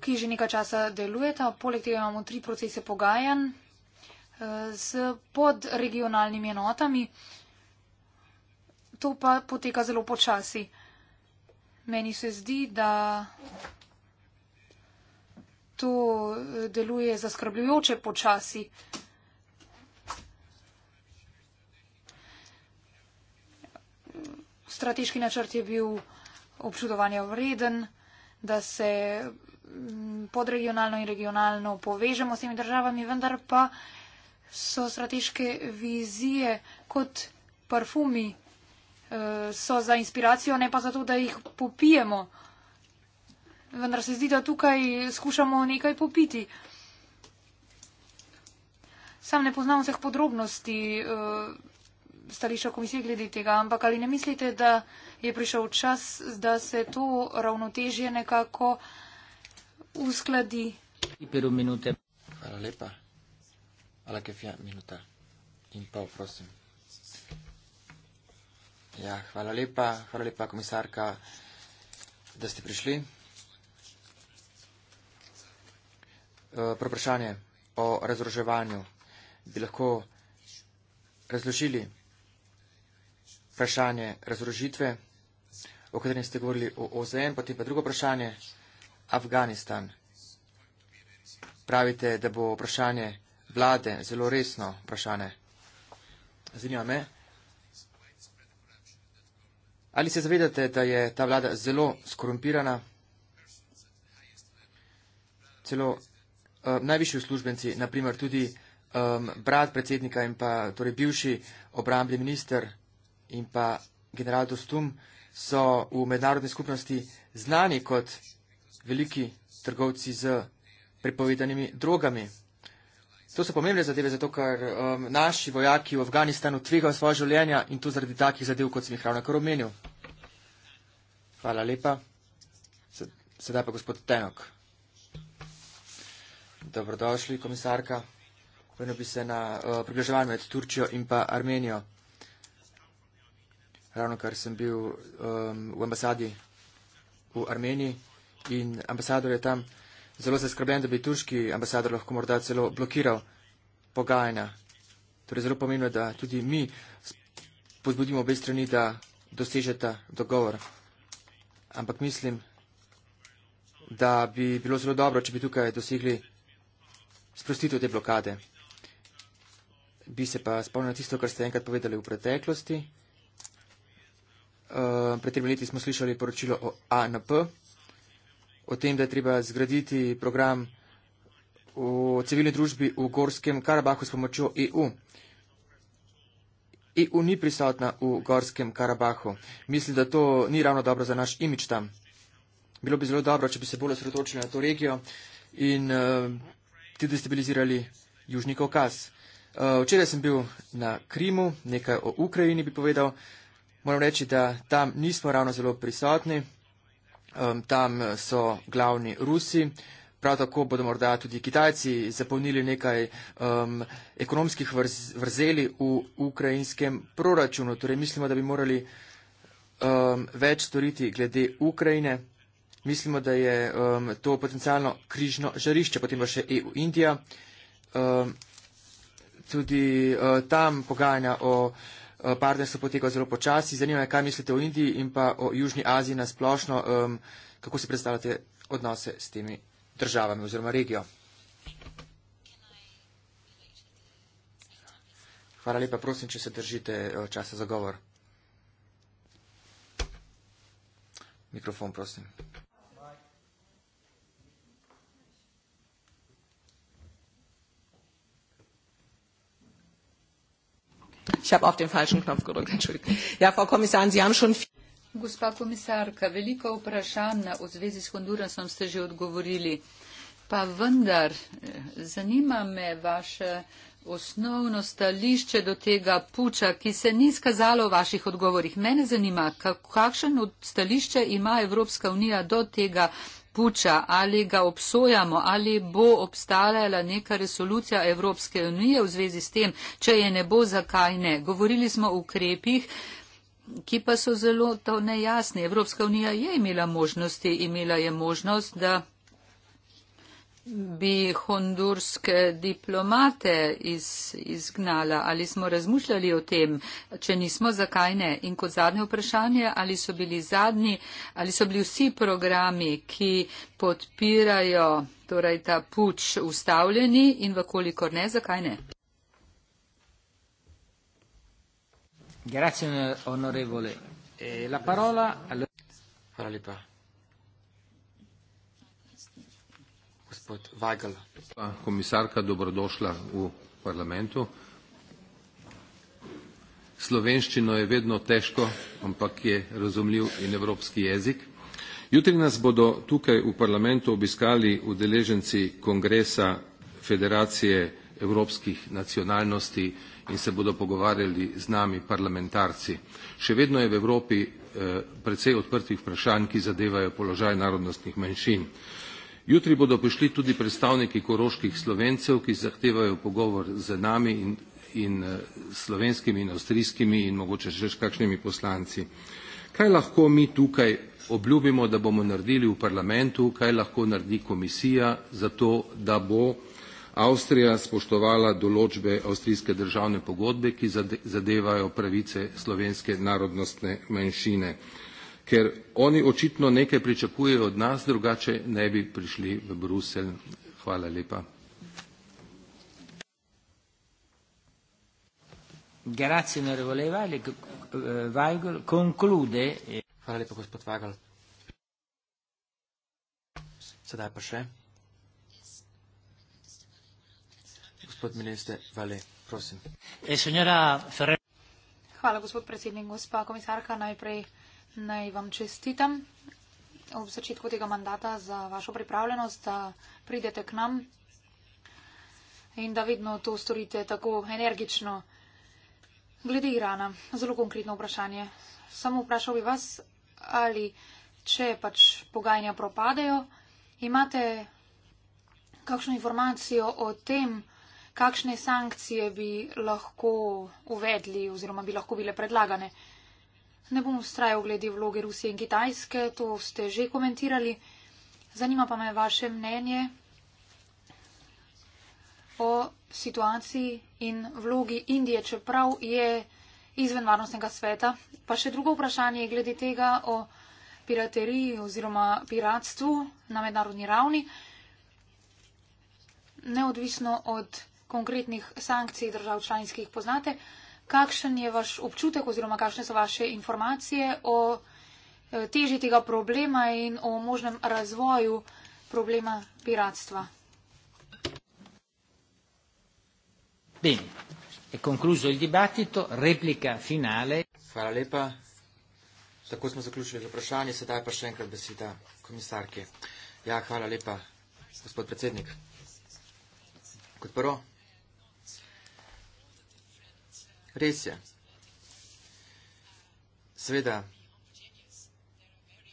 ki že nekaj časa delujeta. Poleg tega imamo tri procese pogajanj uh, s podregionalnimi enotami. To pa poteka zelo počasi. Meni se zdi, da to eh, deluje zaskrbljujoče počasi. Strateški načrt je bil občudovanja vreden, da se mm, podregionalno in regionalno povežemo s temi državami, vendar pa so strateške vizije kot parfumi, eh, so za inspiracijo, ne pa zato, da jih popijemo vendar se zdi, da tukaj skušamo nekaj popiti. Sam ne poznam vseh podrobnosti uh, stališča komisije glede tega, ampak ali ne mislite, da je prišel čas, da se to ravnotežje nekako uskladi? Hvala lepa. Hvala, Kefija, minuta in pol, prosim. Ja, hvala lepa, hvala lepa, komisarka, da ste prišli. vprašanje eh, o razroževanju. Bi lahko razložili vprašanje razrožitve, o katerem ste govorili o OZN, potem pa drugo vprašanje, Afganistan. Pravite, da bo vprašanje vlade zelo resno vprašanje. Zanima me, ali se zavedate, da je ta vlada zelo skorumpirana, celo Um, najvišji uslužbenci, naprimer tudi um, brat predsednika in pa torej bivši obrambni minister in pa general Dostum, so v mednarodni skupnosti znani kot veliki trgovci z prepovedanimi drogami. To so pomembne zadeve, zato ker um, naši vojaki v Afganistanu tvegajo svoje življenja in to zaradi takih zadev, kot sem jih ravno kar omenil. Hvala lepa. Sedaj pa gospod Tenok. Dobrodošli, komisarka. Vrnil bi se na uh, eh, približevanje med Turčijo in pa Armenijo. Ravno kar sem bil um, v ambasadi v Armeniji in ambasador je tam zelo zaskrbljen, da bi turški ambasador lahko morda celo blokiral pogajanja. Torej zelo pomembno je, da tudi mi pozbudimo obe strani, da dosežeta dogovor. Ampak mislim, da bi bilo zelo dobro, če bi tukaj dosegli sprostitev te blokade. Bi se pa spomnil na tisto, kar ste enkrat povedali v preteklosti. Uh, pred tremi leti smo slišali poročilo o ANP, o tem, da je treba zgraditi program v civilni družbi v Gorskem Karabahu s pomočjo EU. EU ni prisotna v Gorskem Karabahu. Mislim, da to ni ravno dobro za naš imič tam. Bilo bi zelo dobro, če bi se bolj osredotočili na to regijo in uh, ki destabilizirali Južni Kaukaz. Eh, včeraj sem bil na Krimu, nekaj o Ukrajini bi povedal. Moram reči, da tam nismo ravno zelo prisotni. Tam so glavni Rusi. Prav tako bodo morda tudi Kitajci zapolnili nekaj um, ekonomskih vrz, vrzeli v ukrajinskem proračunu. Torej mislimo, da bi morali um, več storiti glede Ukrajine mislimo, da je um, to potencijalno križno žarišče. Potem pa še EU Indija. Um, tudi uh, tam pogajanja o uh, partnerstvu potekajo zelo počasi. Zanima me, kaj mislite o Indiji in pa o Južni Aziji na splošno, um, kako si predstavljate odnose s temi državami oziroma regijo. Hvala lepa, prosim, če se držite uh, časa za govor. Mikrofon, prosim. Ich habe auf den falschen Knopf gedrückt, entschuldigt. Ja, Frau Kommissarin, Sie haben schon Gospa komisarka, veliko vprašanj na v zvezi s Hondurasom ste že odgovorili. Pa vendar, eh, zanima me vaše osnovno stališče do tega puča, ki se ni skazalo v vaših odgovorih. Mene zanima, kakšno stališče ima Evropska unija do tega puča, ali ga obsojamo, ali bo obstajala neka resolucija Evropske unije v zvezi s tem, če je ne bo, zakaj ne. Govorili smo o ukrepih ki pa so zelo to nejasni. Evropska unija je imela možnosti, imela je možnost, da bi hondurske diplomate iz, izgnala? Ali smo razmišljali o tem? Če nismo, zakaj ne? In kot zadnje vprašanje, ali so bili zadnji, ali so bili vsi programi, ki podpirajo torej ta puč ustavljeni in vkolikor ne, zakaj ne? Grazie, onorevole. E, la parola. Hvala lepa. gospod Vajgl. Komisarka, dobrodošla v parlamentu. Slovenščino je vedno težko, ampak je razumljiv in evropski jezik. Jutri nas bodo tukaj v parlamentu obiskali udeleženci Kongresa Federacije evropskih nacionalnosti in se bodo pogovarjali z nami parlamentarci. Še vedno je v Evropi eh, precej odprtih vprašanj, ki zadevajo položaj narodnostnih manjšin. Jutri bodo prišli tudi predstavniki koroških Slovencev, ki zahtevajo pogovor z nami in, in eh, slovenskimi in avstrijskimi in mogoče še s kakšnimi poslanci. Kaj lahko mi tukaj obljubimo, da bomo naredili v parlamentu, kaj lahko naredi komisija za to, da bo Avstrija spoštovala določbe avstrijske državne pogodbe, ki zadevajo pravice slovenske narodnostne manjšine ker oni očitno nekaj pričakujejo od nas, drugače ne bi prišli v Bruselj. Hvala lepa. Grazie, onorevole Weigel. Conclude. Hvala lepa, gospod Weigel. Sedaj pa še. Gospod minister, vale, prosim. E, Hvala, gospod predsednik, gospa komisarka. Najprej. Naj vam čestitam ob začetku tega mandata za vašo pripravljenost, da pridete k nam in da vedno to storite tako energično. Glede Irana, zelo konkretno vprašanje. Samo vprašal bi vas, ali če pač pogajanja propadejo, imate kakšno informacijo o tem, kakšne sankcije bi lahko uvedli oziroma bi lahko bile predlagane. Ne bom ustrajal glede vloge Rusije in Kitajske, to ste že komentirali. Zanima pa me vaše mnenje o situaciji in vlogi Indije, čeprav je izven varnostnega sveta. Pa še drugo vprašanje je glede tega o pirateriji oziroma piratstvu na mednarodni ravni. Neodvisno od konkretnih sankcij držav članskih poznate, kakšen je vaš občutek oziroma kakšne so vaše informacije o eh, teži tega problema in o možnem razvoju problema piratstva. Bene, je concluso il dibattito, replica finale. Hvala lepa. Tako smo zaključili z vprašanje, sedaj pa še enkrat beseda komisarke. Ja, hvala lepa, gospod predsednik. Kot prvo, Res je. Sveda,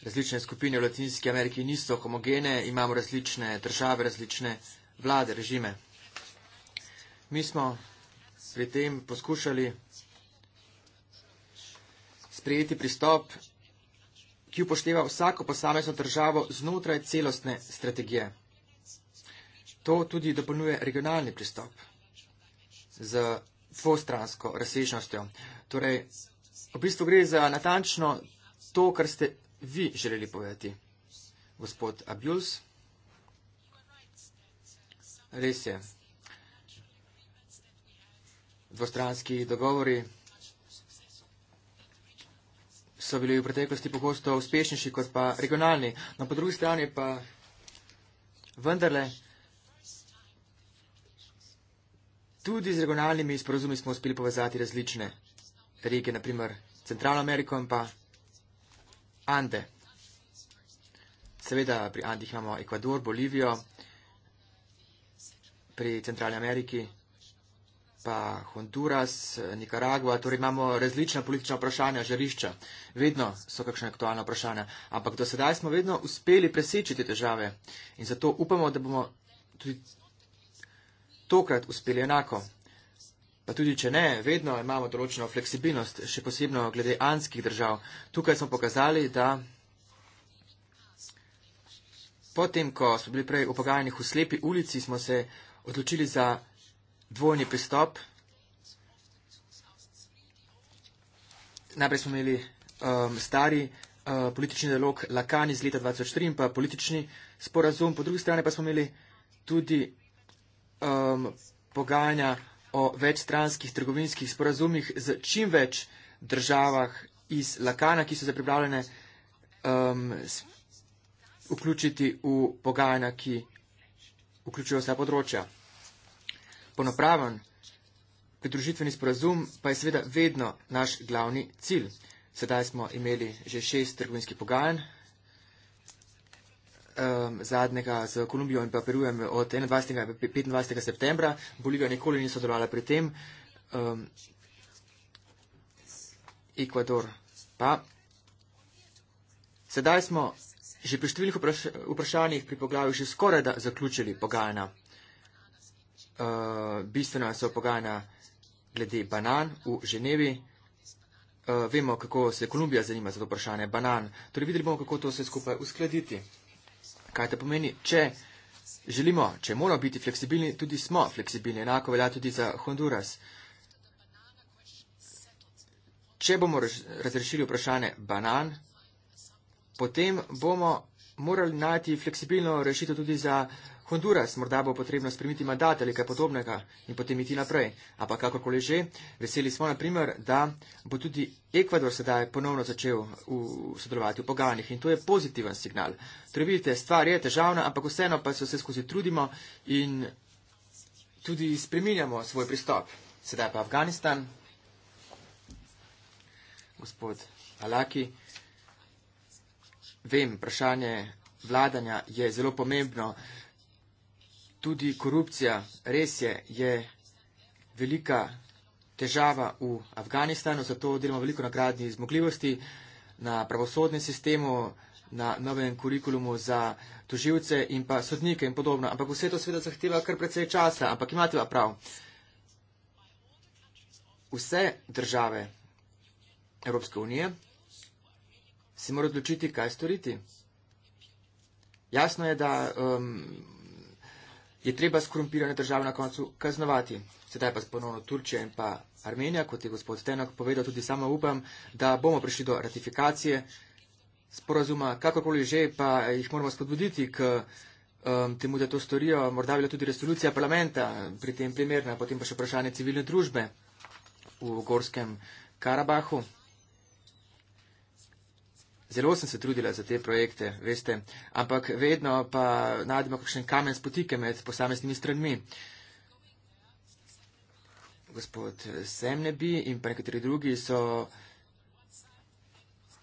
različne skupine v Latinski Ameriki niso homogene, imamo različne države, različne vlade, režime. Mi smo pri tem poskušali sprejeti pristop, ki upošteva vsako posamezno državo znotraj celostne strategije. To tudi dopolnjuje regionalni pristop z dvostransko razsežnostjo. Torej, v bistvu gre za natančno to, kar ste vi želeli povedati, gospod Abjuls. Res je. Dvostranski dogovori so bili v preteklosti pogosto uspešnejši kot pa regionalni. Na no, po drugi strani pa vendarle. Tudi z regionalnimi sporozumi smo uspeli povezati različne regije, naprimer Centralno Ameriko in pa Ande. Seveda pri Andih imamo Ekvador, Bolivijo, pri Centralni Ameriki pa Honduras, Nikaragua, torej imamo različna politična vprašanja, žarišča. Vedno so kakšne aktualne vprašanja, ampak do sedaj smo vedno uspeli preseči te težave in zato upamo, da bomo tudi tokrat uspeli enako. Pa tudi, če ne, vedno imamo določeno fleksibilnost, še posebno glede anskih držav. Tukaj smo pokazali, da potem, ko smo bili prej upogajani v slepi ulici, smo se odločili za dvojni pristop. Najprej smo imeli um, stari uh, politični dialog Lakan iz leta 2003 in pa politični sporazum, po drugi strani pa smo imeli tudi um, pogajanja o večstranskih trgovinskih sporazumih z čim več državah iz Lakana, ki so se pripravljene um, vključiti v pogajanja, ki vključujo vsa področja. Ponopraven pridružitveni sporazum pa je seveda vedno naš glavni cilj. Sedaj smo imeli že šest trgovinskih pogajanj, um, zadnjega z Kolumbijo in pa Perujem od 21. in 25. septembra. Bolivija nikoli ni sodelovala pri tem. Um, Ekvador pa. Sedaj smo že pri številnih vpraš vprašanjih pri poglavju že skoraj da zaključili pogajanja. Uh, bistveno so pogajanja glede banan v Ženevi. Uh, vemo, kako se Kolumbija zanima za to vprašanje banan. Torej videli bomo, kako to vse skupaj uskladiti kaj to pomeni. Če želimo, če moramo biti fleksibilni, tudi smo fleksibilni. Enako velja tudi za Honduras. Če bomo razrešili vprašanje banan, potem bomo morali najti fleksibilno rešitev tudi za Honduras. Honduras, morda bo potrebno spremiti mandat ali kaj podobnega in potem iti naprej. Ampak kakorkoli že, veseli smo, na primer, da bo tudi Ekvador sedaj ponovno začel v, sodelovati v pogajanjih in to je pozitiven signal. Torej vidite, stvar je težavna, ampak vseeno pa se vse skozi trudimo in tudi spreminjamo svoj pristop. Sedaj pa Afganistan. Gospod Alaki, vem, vprašanje vladanja je zelo pomembno tudi korupcija, res je, je velika težava v Afganistanu, zato delamo veliko nagradnih zmogljivosti na pravosodnem sistemu, na novem kurikulumu za toživce in pa sodnike in podobno. Ampak vse to seveda zahteva kar precej časa, ampak imate pa prav. Vse države Evropske unije si morajo odločiti, kaj storiti. Jasno je, da um, je treba skorumpirane države na koncu kaznovati. Sedaj pa ponovno Turčija in pa Armenija, kot je gospod Tenok povedal, tudi sama upam, da bomo prišli do ratifikacije sporazuma, kakorkoli že, pa jih moramo spodbuditi k um, temu, da to storijo. Morda bila tudi resolucija parlamenta pri tem primerna, potem pa še vprašanje civilne družbe v Gorskem Karabahu zelo sem se trudila za te projekte, veste, ampak vedno pa najdemo kakšen kamen spotike med posameznimi stranmi. Gospod Semnebi in pa nekateri drugi so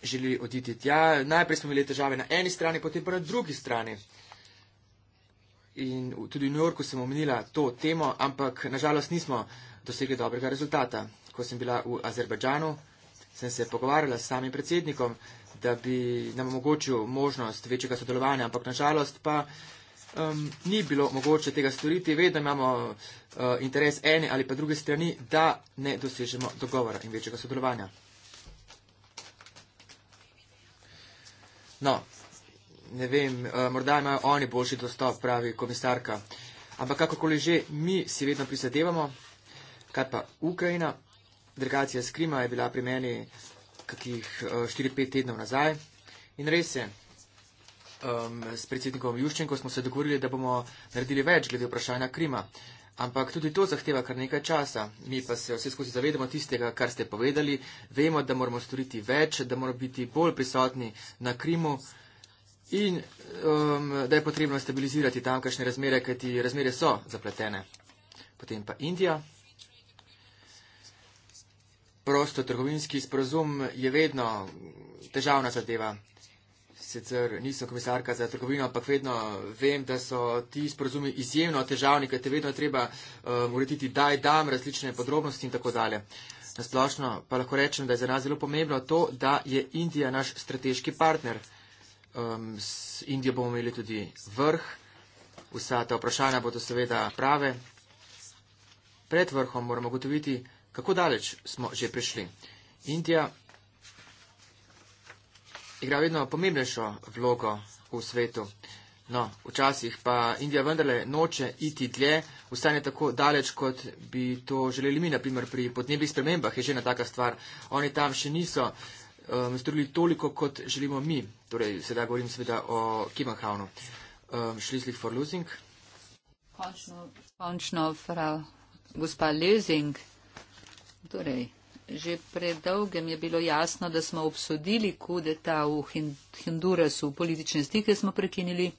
želeli oditi tja. Najprej smo imeli težave na eni strani, potem pa na drugi strani. In tudi v New Yorku sem omenila to temo, ampak nažalost nismo dosegli dobrega rezultata. Ko sem bila v Azerbajdžanu, sem se pogovarjala s samim predsednikom, da bi nam omogočil možnost večjega sodelovanja, ampak nažalost pa um, ni bilo mogoče tega storiti. Vedno imamo uh, interes ene ali pa druge strani, da ne dosežemo dogovora in večjega sodelovanja. No, ne vem, uh, morda imajo oni boljši dostop, pravi komisarka. Ampak kakorkoli že, mi si vedno prizadevamo, kaj pa Ukrajina. Delegacija Skrima je bila pri meni kakih 4-5 eh, tednov nazaj. In res je, um, s predsednikom Juščenko smo se dogovorili, da bomo naredili več glede vprašanja Krima. Ampak tudi to zahteva kar nekaj časa. Mi pa se vse skozi zavedamo tistega, kar ste povedali. Vemo, da moramo storiti več, da moramo biti bolj prisotni na Krimu in um, da je potrebno stabilizirati tamkajšnje razmere, kajti razmere so zapletene. Potem pa Indija prostotrgovinski sprozum je vedno težavna zadeva. Sicer nisem komisarka za trgovino, ampak vedno vem, da so ti sporozumi izjemno težavni, ker te vedno treba uh, urediti, daj, dam, različne podrobnosti in tako dalje. Nasplošno pa lahko rečem, da je za nas zelo pomembno to, da je Indija naš strateški partner. Um, s Indijo bomo imeli tudi vrh. Vsa ta vprašanja bodo seveda prave. Pred vrhom moramo gotoviti, kako daleč smo že prišli. Indija igra vedno pomembnejšo vlogo v svetu. No, včasih pa Indija vendarle noče iti dlje, ustane tako daleč, kot bi to želeli mi, naprimer pri podnebnih spremembah je že ena taka stvar. Oni tam še niso um, storili toliko, kot želimo mi. Torej, sedaj govorim seveda o Kimahavnu. Um, Šlislik for losing. Končno, končno, fra, gospa Lezing. Torej, že predolgem je bilo jasno, da smo obsodili kudeta v Hindurasu, politične stike smo prekinili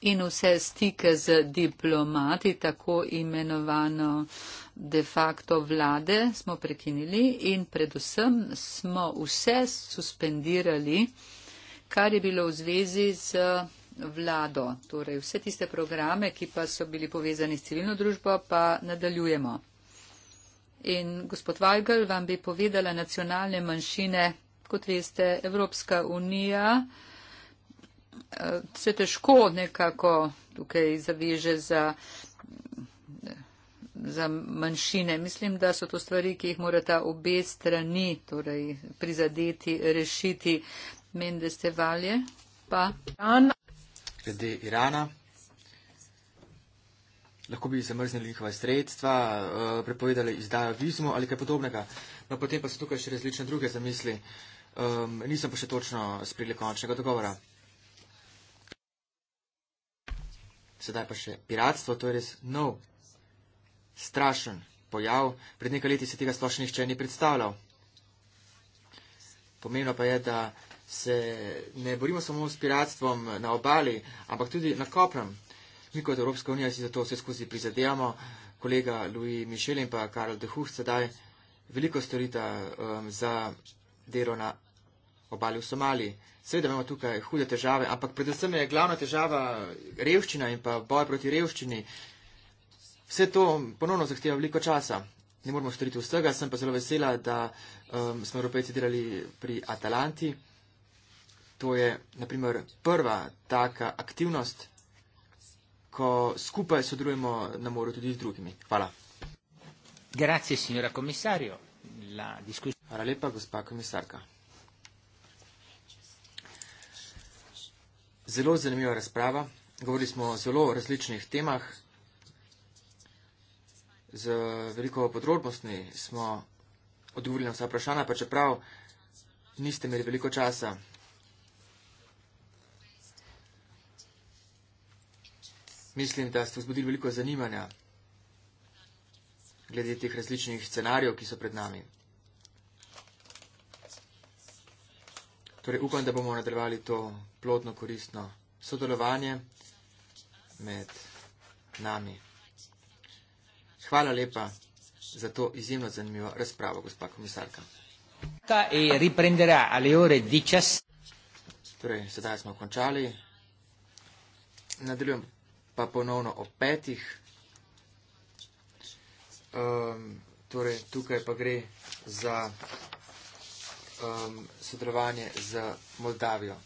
in vse stike z diplomati, tako imenovano de facto vlade, smo prekinili in predvsem smo vse suspendirali, kar je bilo v zvezi z vlado. Torej, vse tiste programe, ki pa so bili povezani s civilno družbo, pa nadaljujemo. In gospod Valgel, vam bi povedala nacionalne manjšine, kot veste, Evropska unija eh, se težko nekako tukaj zaveže za, za manjšine. Mislim, da so to stvari, ki jih morata obe strani torej, prizadeti, rešiti. Mendeste valje pa. Glede Irana lahko bi zamrznili njihova sredstva, uh, prepovedali izdajo vizumo ali kaj podobnega. No, potem pa so tukaj še različne druge zamisli. Um, nisem pa še točno sprijel končnega dogovora. Sedaj pa še piratstvo, to je res nov, strašen pojav. Pred nekaj leti se tega splošno nihče ni predstavljal. Pomembno pa je, da se ne borimo samo s piratstvom na obali, ampak tudi na kopnem mi kot Evropska unija si za to vse skozi prizadevamo. Kolega Louis Mišel in pa Karl de Hucht sedaj veliko storita um, za delo na obali v Somaliji. Seveda imamo tukaj hude težave, ampak predvsem je glavna težava revščina in pa boj proti revščini. Vse to ponovno zahteva veliko časa. Ne moramo storiti vsega, sem pa zelo vesela, da um, smo Evropejci delali pri Atalanti. To je, naprimer, prva taka aktivnost, ko skupaj sodelujemo na moru tudi z drugimi. Hvala. Grazie, La diskus... Hvala lepa, gospa komisarka. Zelo zanimiva razprava. Govorili smo o zelo različnih temah. Z veliko podrobnostmi smo odgovorili na vsa vprašanja, pa čeprav niste imeli veliko časa. Mislim, da ste vzbudili veliko zanimanja glede teh različnih scenarijev, ki so pred nami. Torej, upam, da bomo nadaljevali to plodno, koristno sodelovanje med nami. Hvala lepa za to izjemno zanimivo razpravo, gospa komisarka. E torej, sedaj smo končali. Nadaljujem pa ponovno ob petih. Um, torej, tukaj pa gre za um, sodelovanje z Moldavijo.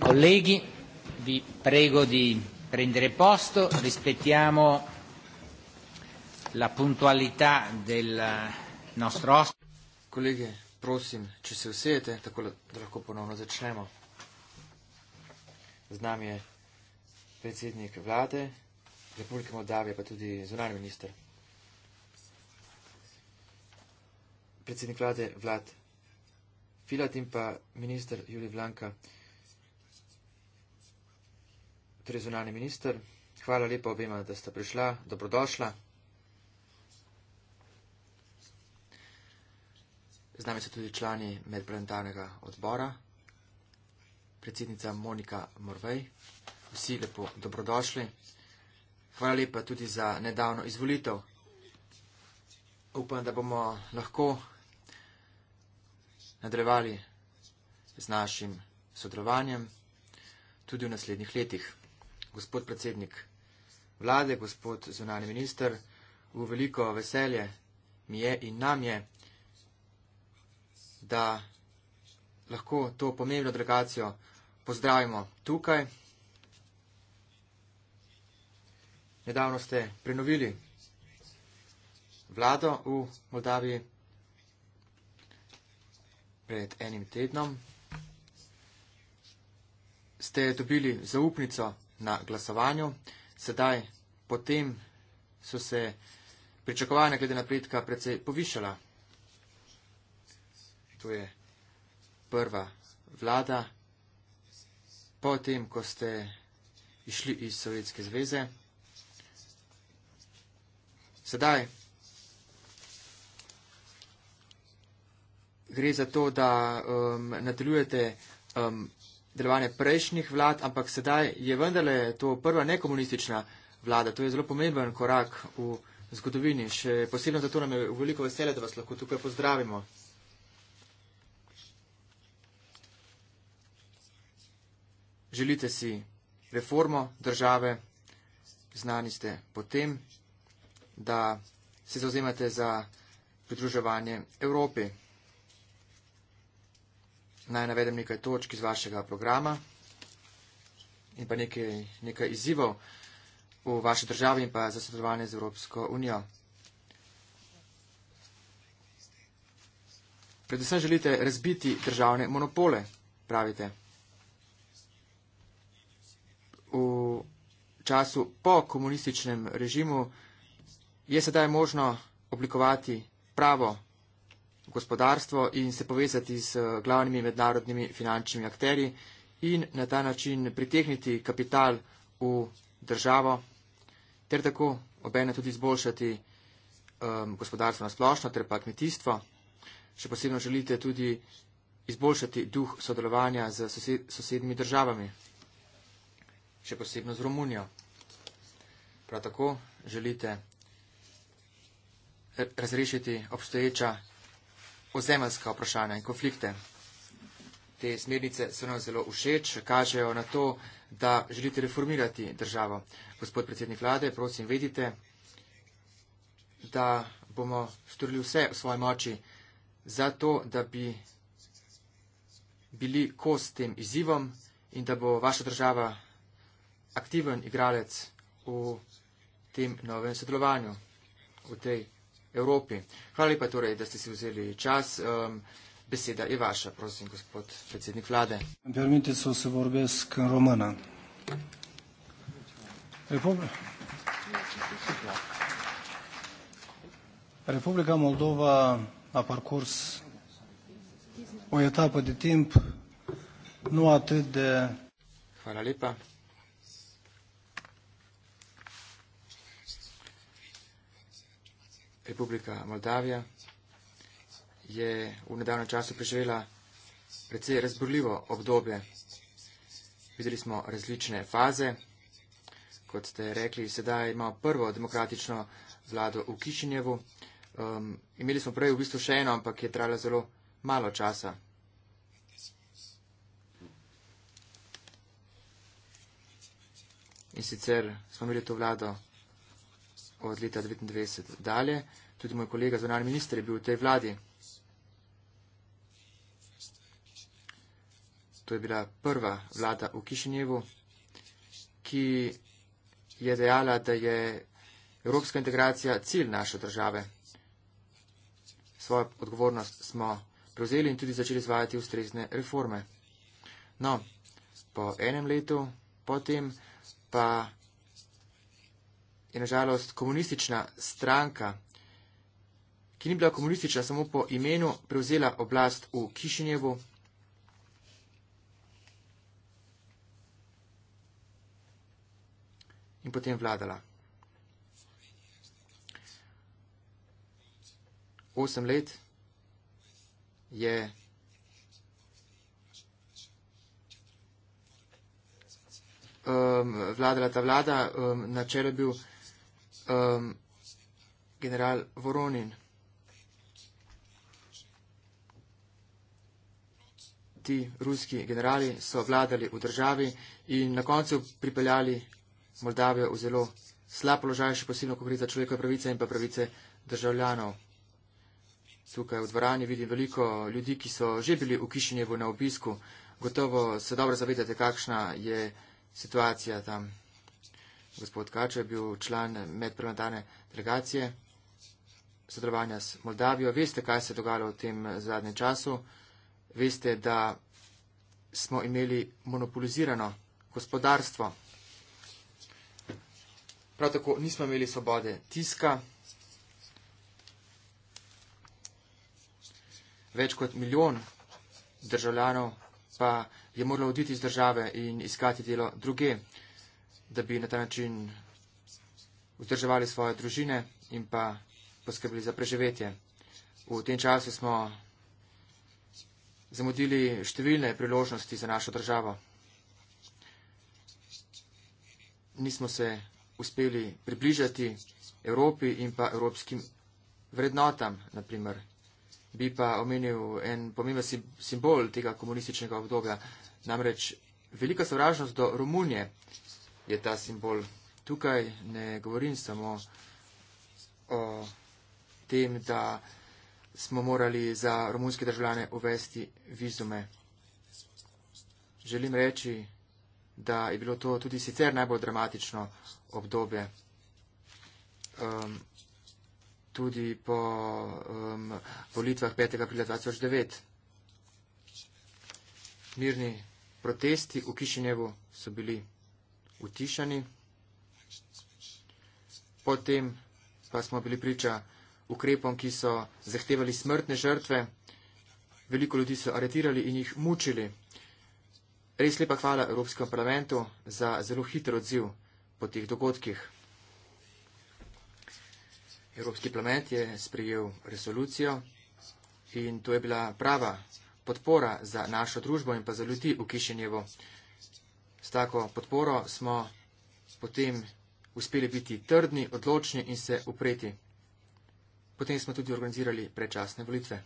Colleghi, vi prego di prendere posto, rispettiamo la puntualità del nostro ospite. Colleghi, prosim, ci se usiete, tako da lahko ponovno začnemo. Z nami je predsednik vlade, Republike Moldavije, pa tudi zunani minister. Predsednik vlade, vlad Filat in pa minister Juli Vlanka, torej zunani minister, hvala lepa obema, da sta prišla, dobrodošla. Z nami so tudi člani medparlamentarnega odbora, predsednica Monika Morvej. Vsi lepo dobrodošli. Hvala lepa tudi za nedavno izvolitev. Upam, da bomo lahko nadrevali z našim sodelovanjem tudi v naslednjih letih. Gospod predsednik vlade, gospod zunani minister, v veliko veselje mi je in nam je, da lahko to pomembno delegacijo pozdravimo tukaj. Nedavno ste prenovili vlado v Moldaviji pred enim tednom, ste dobili zaupnico na glasovanju, sedaj potem so se pričakovanja glede napredka precej povišala. To je prva vlada, potem, ko ste išli iz Sovjetske zveze. Sedaj gre za to, da um, nadaljujete um, delovanje prejšnjih vlad, ampak sedaj je vendarle to prva nekomunistična vlada. To je zelo pomemben korak v zgodovini. Še posebno zato nam je veliko veselje, da vas lahko tukaj pozdravimo. Želite si reformo države, znani ste potem, da se zauzemate za pridruževanje Evropi. Naj navedem nekaj točk iz vašega programa in pa nekaj, nekaj izzivov v vaši državi in pa za sodelovanje z Evropsko unijo. Predvsem želite razbiti državne monopole, pravite. V času po komunističnem režimu je sedaj možno oblikovati pravo gospodarstvo in se povezati z eh, glavnimi mednarodnimi finančnimi akteri in na ta način pritehniti kapital v državo ter tako obene tudi izboljšati um, gospodarstvo na splošno ter pa kmetijstvo. Še posebno želite tudi izboljšati duh sodelovanja z sosed, sosednjimi državami, še posebno z Romunijo. Prav tako želite eh, razrešiti obstoječa ozemljska vprašanja in konflikte. Te smernice so nam zelo všeč, kažejo na to, da želite reformirati državo. Gospod predsednik vlade, prosim, vedite, da bomo storili vse v svoji moči za to, da bi bili kos tem izzivom in da bo vaša država aktiven igralec v tem novem sodelovanju, v tej Evropi. Hvala lepa torej, da ste si vzeli čas. Um, beseda je vaša, prosim, gospod predsednik vlade. Republika Moldova na parcurs o etapă de timp nu no atât de... Hvala lepa. Republika Moldavija je v nedavnem času preživela precej razborljivo obdobje. Videli smo različne faze. Kot ste rekli, sedaj imamo prvo demokratično vlado v Kišinjevu. Um, imeli smo prej v bistvu še eno, ampak je trajala zelo malo časa. In sicer smo imeli to vlado od leta 1999 dalje. Tudi moj kolega zvonarni minister je bil v tej vladi. To je bila prva vlada v Kišinjevu, ki je dejala, da je evropska integracija cilj naše države. Svojo odgovornost smo prevzeli in tudi začeli izvajati ustrezne reforme. No, po enem letu, potem pa je nažalost komunistična stranka, ki ni bila komunistična samo po imenu, prevzela oblast v Kišinjevu. In potem vladala. Osem let je um, vladala ta vlada, um, na čelu je bil uh, um, general Voronin. Ti ruski generali so vladali v državi in na koncu pripeljali Moldavijo v zelo slab položaj, še posebno, ko gre za človekove pravice in pa pravice državljanov. Tukaj v dvorani vidim veliko ljudi, ki so že bili v Kišinjevu na obisku. Gotovo se dobro zavedate, kakšna je situacija tam gospod Kače je bil član medparlamentarne delegacije sodelovanja s Moldavijo. Veste, kaj se je dogajalo v tem zadnjem času. Veste, da smo imeli monopolizirano gospodarstvo. Prav tako nismo imeli svobode tiska. Več kot milijon državljanov pa je moralo oditi iz države in iskati delo druge da bi na ta način vzdrževali svoje družine in pa poskrbili za preživetje. V tem času smo zamudili številne priložnosti za našo državo. Nismo se uspeli približati Evropi in pa evropskim vrednotam, naprimer. Bi pa omenil en pomemben simbol tega komunističnega obdobja, namreč velika sovražnost do Romunije, je ta simbol. Tukaj ne govorim samo o tem, da smo morali za romunske državljane uvesti vizume. Želim reči, da je bilo to tudi sicer najbolj dramatično obdobje. Um, tudi po um, volitvah 5. aprila 2009. Mirni protesti v Kišinjevu so bili utišani. Potem pa smo bili priča ukrepom, ki so zahtevali smrtne žrtve. Veliko ljudi so aretirali in jih mučili. Res lepa hvala Evropskemu parlamentu za zelo hiter odziv po teh dogodkih. Evropski parlament je sprejel resolucijo in to je bila prava podpora za našo družbo in pa za ljudi v Kišenjevu. S tako podporo smo potem uspeli biti trdni, odločni in se upreti. Potem smo tudi organizirali predčasne volitve.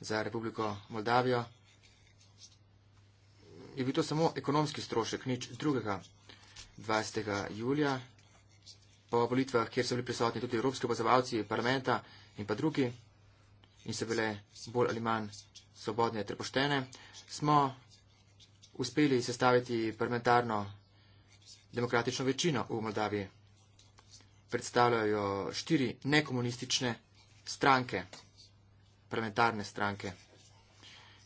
Za Republiko Moldavijo je bil to samo ekonomski strošek, nič drugega. 20. julija po volitvah, kjer so bili prisotni tudi evropski opazovalci parlamenta in pa drugi in so bile bolj ali manj svobodne ter poštene, smo uspeli sestaviti parlamentarno demokratično večino v Moldaviji. Predstavljajo štiri nekomunistične stranke, parlamentarne stranke,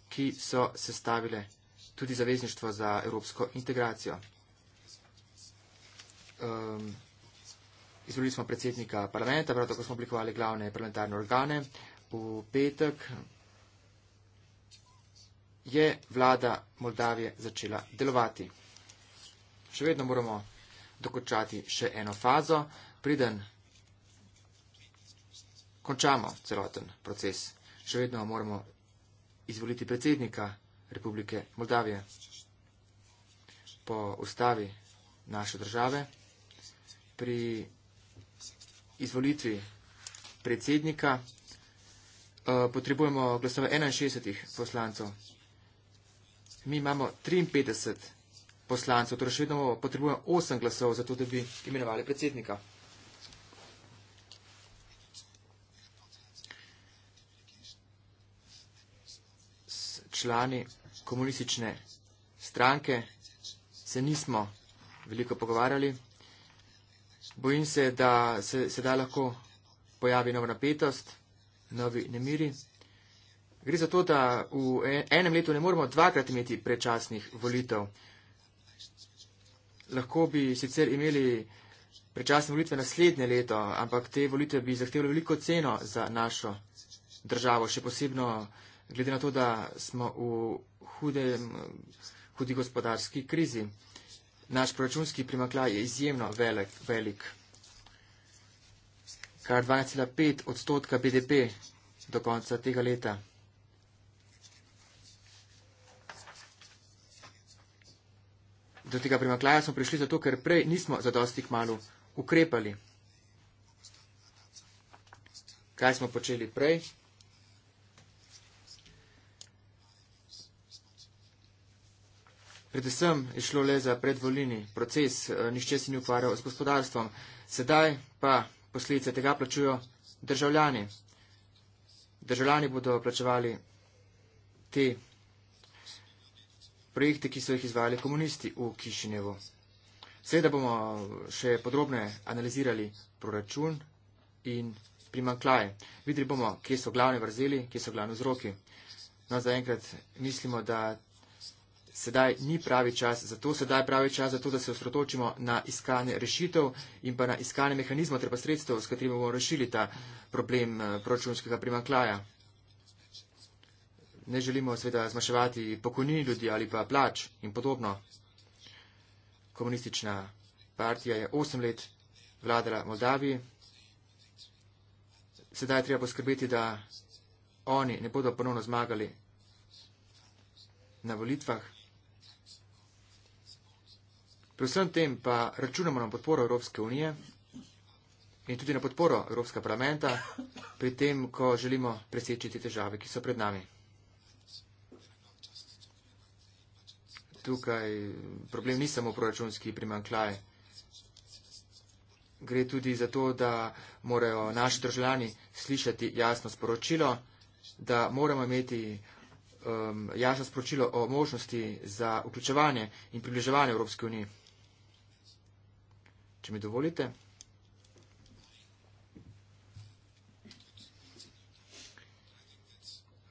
ki so sestavile tudi zavezništvo za evropsko integracijo. Um, izvolili smo predsednika parlamenta, prav tako smo oblikovali glavne parlamentarne organe, v petek je vlada Moldavije začela delovati. Še vedno moramo dokončati še eno fazo, priden končamo celoten proces. Še vedno moramo izvoliti predsednika Republike Moldavije po ustavi naše države. Pri izvolitvi predsednika Eh, potrebujemo glasove 61 poslancev. Mi imamo 53 poslancev, torej še vedno potrebujemo 8 glasov, zato da bi imenovali predsednika. S člani komunistične stranke se nismo veliko pogovarjali. Bojim se, da se sedaj lahko pojavi nova napetost novi nemiri. Gre za to, da v e-, enem letu ne moremo dvakrat imeti prečasnih volitev. Lahko bi sicer imeli prečasne volitve naslednje leto, ampak te volitve bi zahtevali veliko ceno za našo državo, še posebno glede na to, da smo v hude, hudi gospodarski krizi. Naš proračunski primaklaj je izjemno velik. velik kar 2,5 odstotka BDP do konca tega leta. Do tega primaklaja smo prišli zato, ker prej nismo za dosti kmalo ukrepali. Kaj smo počeli prej? Predvsem je šlo le za predvolini proces, eh, nišče se ni ukvarjal z gospodarstvom. Sedaj pa posledice tega plačujo državljani. Državljani bodo plačevali te projekte, ki so jih izvajali komunisti v Kišinevu. Seveda bomo še podrobne analizirali proračun in primanklaje. Videli bomo, kje so glavne vrzeli, kje so glavne vzroki. No, zaenkrat mislimo, da sedaj ni pravi čas, zato sedaj je pravi čas, zato, da se osredotočimo na iskanje rešitev in pa na iskanje mehanizmov, treba sredstev, s katerimi bomo rešili ta problem eh, proračunskega primaklaja. Ne želimo seveda zmaševati pokojnini ljudi ali pa plač in podobno. Komunistična partija je osem let vladala Moldaviji. Sedaj je treba poskrbeti, da oni ne bodo ponovno zmagali na volitvah. Predvsem tem pa računamo na podporo Evropske unije in tudi na podporo Evropska parlamenta pri tem, ko želimo preseči te težave, ki so pred nami. Tukaj problem ni samo proračunski primankljaj. Gre tudi za to, da morajo naši državljani slišati jasno sporočilo, da moramo imeti um, jasno sporočilo o možnosti za vključevanje in približevanje Evropske unije če mi dovolite.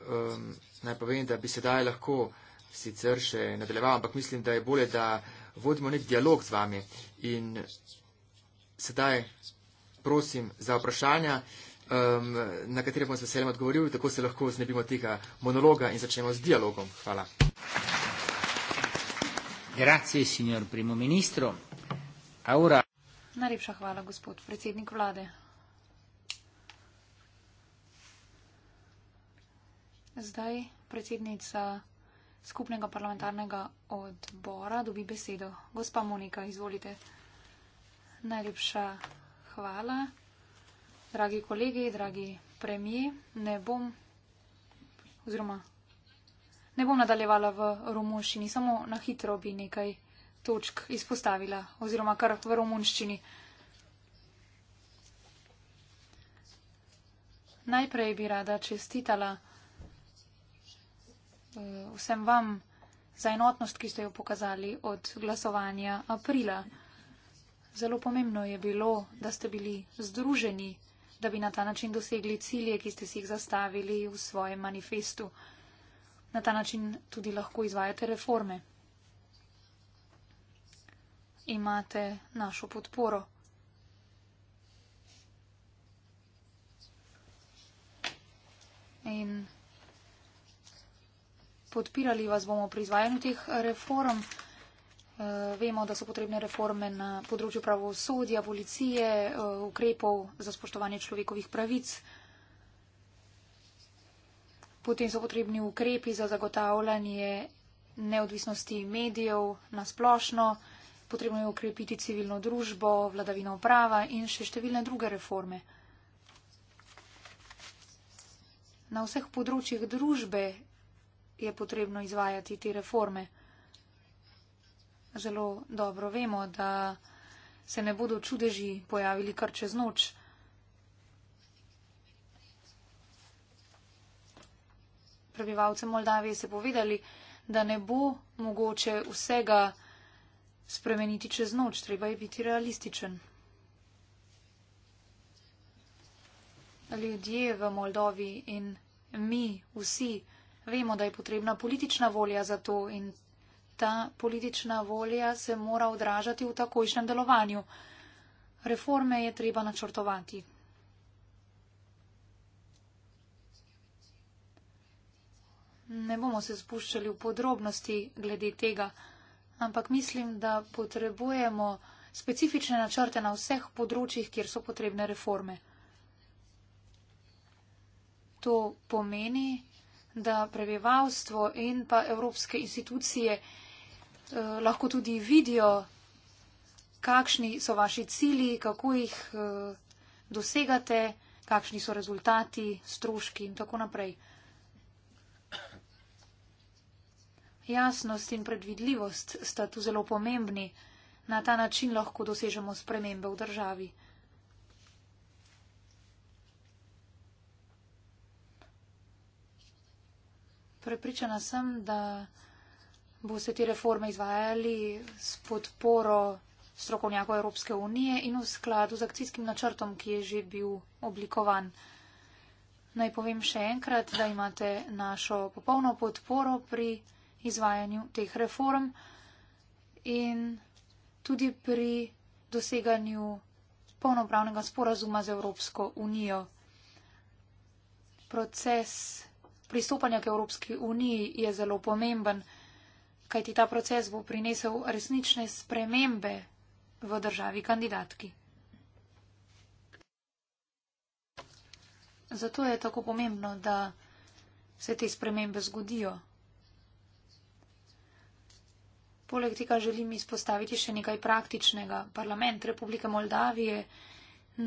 Um, naj povem, da bi sedaj lahko sicer še nadaljeval, ampak mislim, da je bolje, da vodimo nek dialog z vami. In sedaj prosim za vprašanja, um, na katere bom z veseljem odgovoril, tako se lahko znebimo tega monologa in začnemo z dialogom. Hvala. Grazie, signor primo ministro. Ora... Najlepša hvala, gospod predsednik vlade. Zdaj predsednica skupnega parlamentarnega odbora dobi besedo. Gospa Monika, izvolite. Najlepša hvala. Dragi kolegi, dragi premije, ne bom oziroma ne bom nadaljevala v romunščini, samo na hitro bi nekaj točk izpostavila, oziroma kar v romunščini. Najprej bi rada čestitala eh, vsem vam za enotnost, ki ste jo pokazali od glasovanja aprila. Zelo pomembno je bilo, da ste bili združeni, da bi na ta način dosegli cilje, ki ste si jih zastavili v svojem manifestu. Na ta način tudi lahko izvajate reforme imate našo podporo. In podpirali vas bomo pri izvajanju teh reform. Eh, vemo, da so potrebne reforme na področju pravosodja, policije, eh, ukrepov za spoštovanje človekovih pravic. Potem so potrebni ukrepi za zagotavljanje neodvisnosti medijev na splošno potrebno je ukrepiti civilno družbo, vladavino prava in še številne druge reforme. Na vseh področjih družbe je potrebno izvajati te reforme. Zelo dobro vemo, da se ne bodo čudeži pojavili kar čez noč. Prebivalce Moldavije so povedali, da ne bo mogoče vsega spremeniti čez noč, treba je biti realističen. Ljudje v Moldovi in mi vsi vemo, da je potrebna politična volja za to in ta politična volja se mora odražati v takojšnjem delovanju. Reforme je treba načrtovati. Ne bomo se spuščali v podrobnosti glede tega, ampak mislim, da potrebujemo specifične načrte na vseh področjih, kjer so potrebne reforme. To pomeni, da prebivalstvo in pa evropske institucije eh, lahko tudi vidijo, kakšni so vaši cili, kako jih eh, dosegate, kakšni so rezultati, stroški in tako naprej. Jasnost in predvidljivost sta tu zelo pomembni. Na ta način lahko dosežemo spremembe v državi. Prepričana sem, da bo se te reforme izvajali s podporo strokovnjakov Evropske unije in v skladu z akcijskim načrtom, ki je že bil oblikovan. Naj povem še enkrat, da imate našo popolno podporo pri izvajanju teh reform in tudi pri doseganju polnopravnega sporazuma z Evropsko unijo. Proces pristopanja k Evropski uniji je zelo pomemben, kajti ta proces bo prinesel resnične spremembe v državi kandidatki. Zato je tako pomembno, da se te spremembe zgodijo. Poleg tega želim izpostaviti še nekaj praktičnega. Parlament Republike Moldavije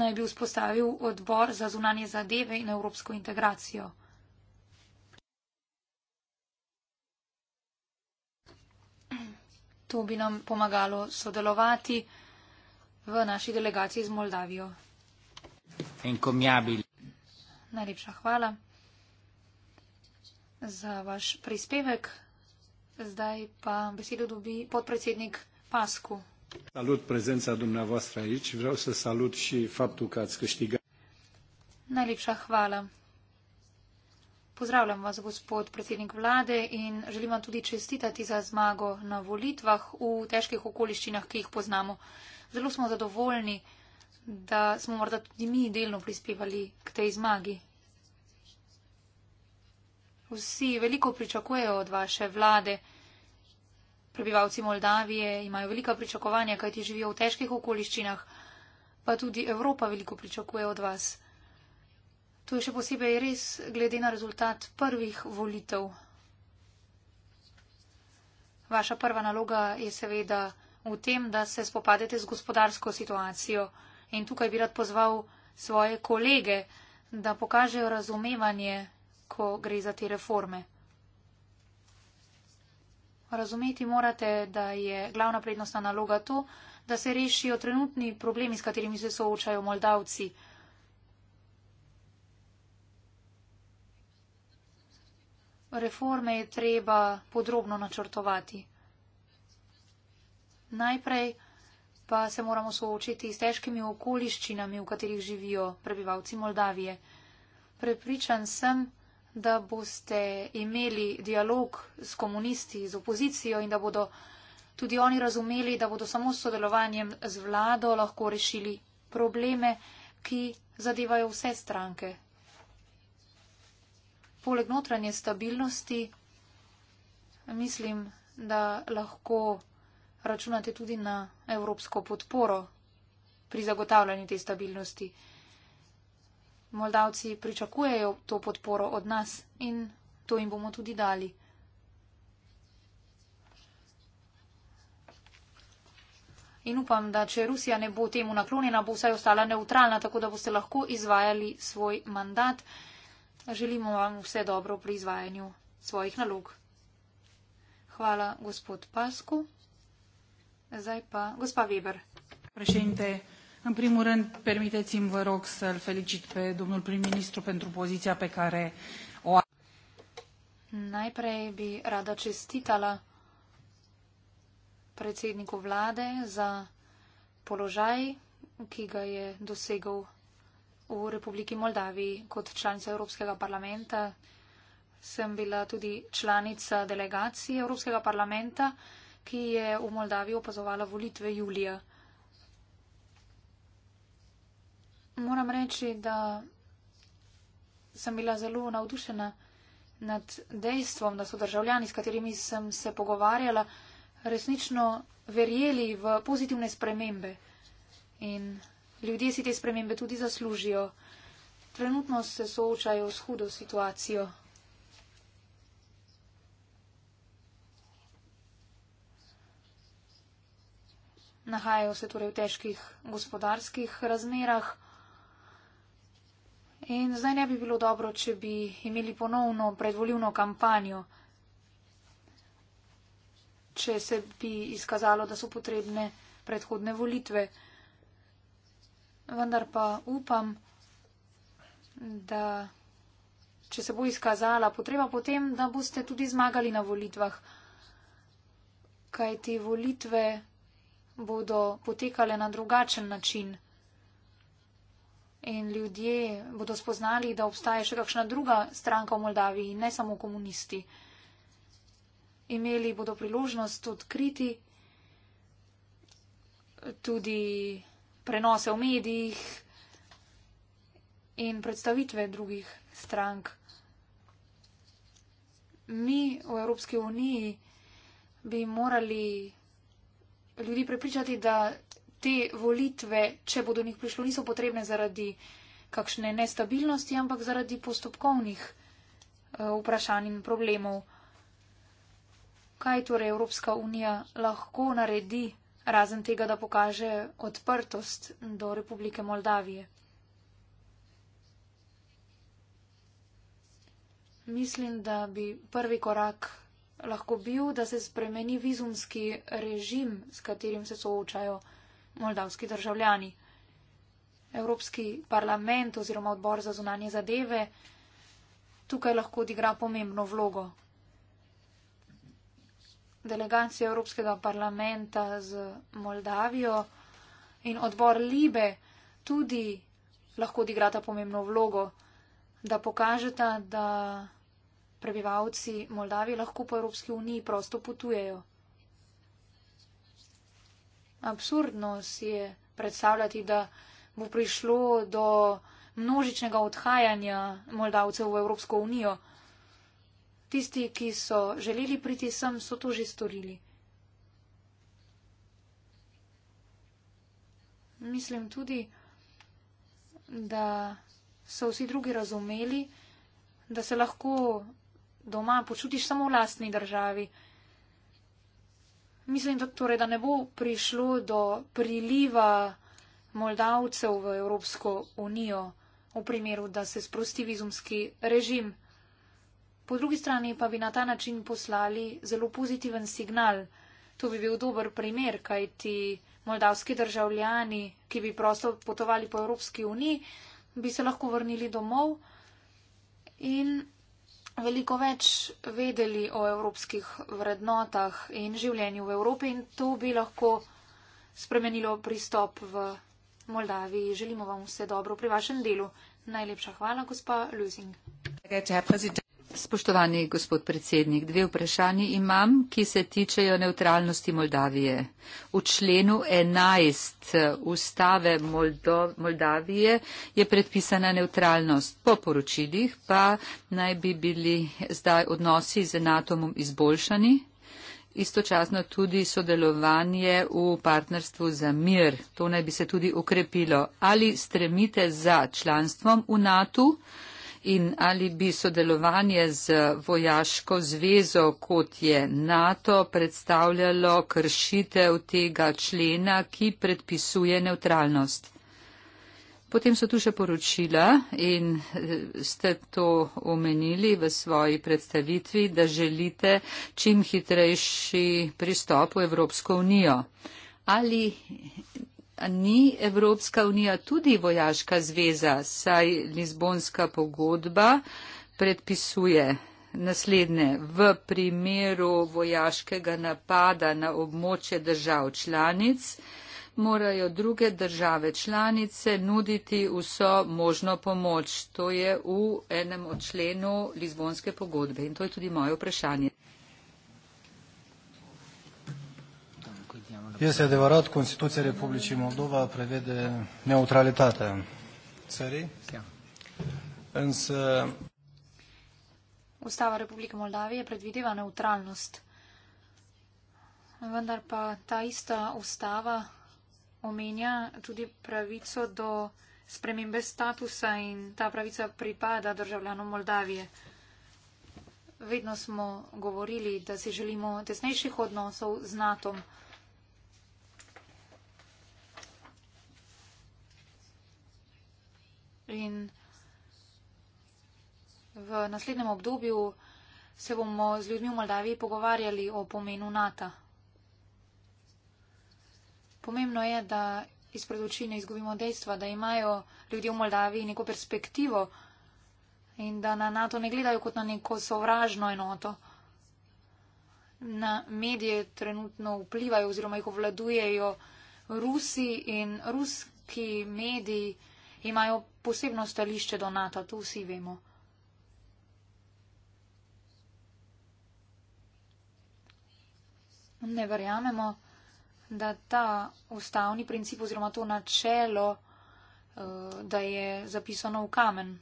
naj bi vzpostavil odbor za zunanje zadeve in evropsko integracijo. To bi nam pomagalo sodelovati v naši delegaciji z Moldavijo. Najlepša hvala za vaš prispevek. Zdaj pa besedo dobi podpredsednik Pascu. Salut, prezenca dumneavoastră aici. Vreau să salut și faptul că ați câștigat. Najlepša hvala. Pozdravljam vas, gospod predsednik vlade, in želim vam tudi čestitati za zmago na volitvah v težkih okoliščinah, ki jih poznamo. Zelo smo zadovoljni, da smo morda tudi mi delno prispevali k tej zmagi. Vsi veliko pričakujejo od vaše vlade. Prebivalci Moldavije imajo velika pričakovanja, kajti živijo v težkih okoliščinah, pa tudi Evropa veliko pričakuje od vas. To je še posebej res glede na rezultat prvih volitev. Vaša prva naloga je seveda v tem, da se spopadete z gospodarsko situacijo in tukaj bi rad pozval svoje kolege, da pokažejo razumevanje ko gre za te reforme. Razumeti morate, da je glavna prednostna naloga to, da se rešijo trenutni problemi, s katerimi se soočajo Moldavci. Reforme je treba podrobno načrtovati. Najprej pa se moramo soočiti s težkimi okoliščinami, v katerih živijo prebivalci Moldavije. Prepričan sem, da boste imeli dialog s komunisti, z opozicijo in da bodo tudi oni razumeli, da bodo samo s sodelovanjem z vlado lahko rešili probleme, ki zadevajo vse stranke. Poleg notranje stabilnosti mislim, da lahko računate tudi na evropsko podporo pri zagotavljanju te stabilnosti. Moldavci pričakujejo to podporo od nas in to jim bomo tudi dali. In upam, da če Rusija ne bo temu naklonjena, bo vsaj ostala neutralna, tako da boste lahko izvajali svoj mandat. Želimo vam vse dobro pri izvajanju svojih nalog. Hvala, gospod Pasku. Zdaj pa, gospa Weber. Prešente. În primul rând, permiteți-mi, vă rog, să-l felicit pe domnul prim-ministru pentru poziția pe care o a... Najprej bi rada čestitala predsedniku vlade za položaj, ki ga je dosegal v Republiki Moldaviji kot članica Evropskega parlamenta. Sem bila tudi članica delegacije Evropskega parlamenta, ki je v Moldaviji opazovala volitve julija. moram reči, da sem bila zelo navdušena nad dejstvom, da so državljani, s katerimi sem se pogovarjala, resnično verjeli v pozitivne spremembe. In ljudje si te spremembe tudi zaslužijo. Trenutno se soočajo s hudo situacijo. Nahajajo se torej v težkih gospodarskih razmerah. In zdaj ne bi bilo dobro, če bi imeli ponovno predvoljivno kampanjo, če se bi izkazalo, da so potrebne predhodne volitve. Vendar pa upam, da če se bo izkazala potreba potem, da boste tudi zmagali na volitvah. Kaj te volitve bodo potekale na drugačen način in ljudje bodo spoznali, da obstaja še kakšna druga stranka v Moldaviji, ne samo komunisti. Imeli bodo priložnost odkriti tudi prenose v medijih in predstavitve drugih strank. Mi v Evropski uniji bi morali ljudi prepričati, da te volitve, če bodo njih prišlo, niso potrebne zaradi kakšne nestabilnosti, ampak zaradi postopkovnih eh, vprašanj in problemov. Kaj torej Evropska unija lahko naredi, razen tega, da pokaže odprtost do Republike Moldavije? Mislim, da bi prvi korak lahko bil, da se spremeni vizumski režim, s katerim se soočajo moldavski državljani. Evropski parlament oziroma odbor za zunanje zadeve tukaj lahko odigra pomembno vlogo. Delegacija Evropskega parlamenta z Moldavijo in odbor Libe tudi lahko odigrata pomembno vlogo, da pokažeta, da prebivalci Moldavije lahko po Evropski uniji prosto potujejo absurdno si je predstavljati, da bo prišlo do množičnega odhajanja Moldavcev v Evropsko unijo. Tisti, ki so želeli priti sem, so to že storili. Mislim tudi, da so vsi drugi razumeli, da se lahko doma počutiš samo v lastni državi. Mislim, da, torej, da ne bo prišlo do priliva Moldavcev v Evropsko unijo v primeru, da se sprosti vizumski režim. Po drugi strani pa bi na ta način poslali zelo pozitiven signal. To bi bil dober primer, kaj ti moldavski državljani, ki bi prosto potovali po Evropski uniji, bi se lahko vrnili domov in veliko več vedeli o evropskih vrednotah in življenju v Evropi in to bi lahko spremenilo pristop v Moldaviji. Želimo vam vse dobro pri vašem delu. Najlepša hvala, gospa Lusing. Spoštovani gospod predsednik, dve vprašanji imam, ki se tičejo neutralnosti Moldavije. V členu 11 ustave Moldo Moldavije je predpisana neutralnost. Po poročilih pa naj bi bili zdaj odnosi z NATO-om izboljšani, istočasno tudi sodelovanje v partnerstvu za mir. To naj bi se tudi ukrepilo. Ali stremite za članstvom v NATO-u? in ali bi sodelovanje z vojaško zvezo, kot je NATO, predstavljalo kršitev tega člena, ki predpisuje neutralnost. Potem so tu še poročila in eh, ste to omenili v svoji predstavitvi, da želite čim hitrejši pristop v Evropsko unijo. Ali ni Evropska unija tudi vojaška zveza, saj Lizbonska pogodba predpisuje naslednje. V primeru vojaškega napada na območje držav članic morajo druge države članice nuditi vso možno pomoč. To je v enem od členov Lizbonske pogodbe in to je tudi moje vprašanje. Este adevărat, Constituția Republicii Moldova prevede neutralitatea țării, însă... Ustava Republică Moldavie e predvideva neutralnost. Vendar pa ta ista ustava omenja tudi pravico do spremembe statusa in ta pravica pripada državljanom Moldavije. Vedno smo govorili, da si želimo tesnejših odnosov z NATO-om. In v naslednjem obdobju se bomo z ljudmi v Moldaviji pogovarjali o pomenu NATO. Pomembno je, da izpred oči ne izgubimo dejstva, da imajo ljudje v Moldaviji neko perspektivo in da na NATO ne gledajo kot na neko sovražno enoto. Na medije trenutno vplivajo oziroma jih obvladujejo Rusi in ruski mediji imajo posebno stališče do NATO, to vsi vemo. Ne verjamemo, da ta ustavni princip oziroma to načelo, eh, da je zapisano v kamen.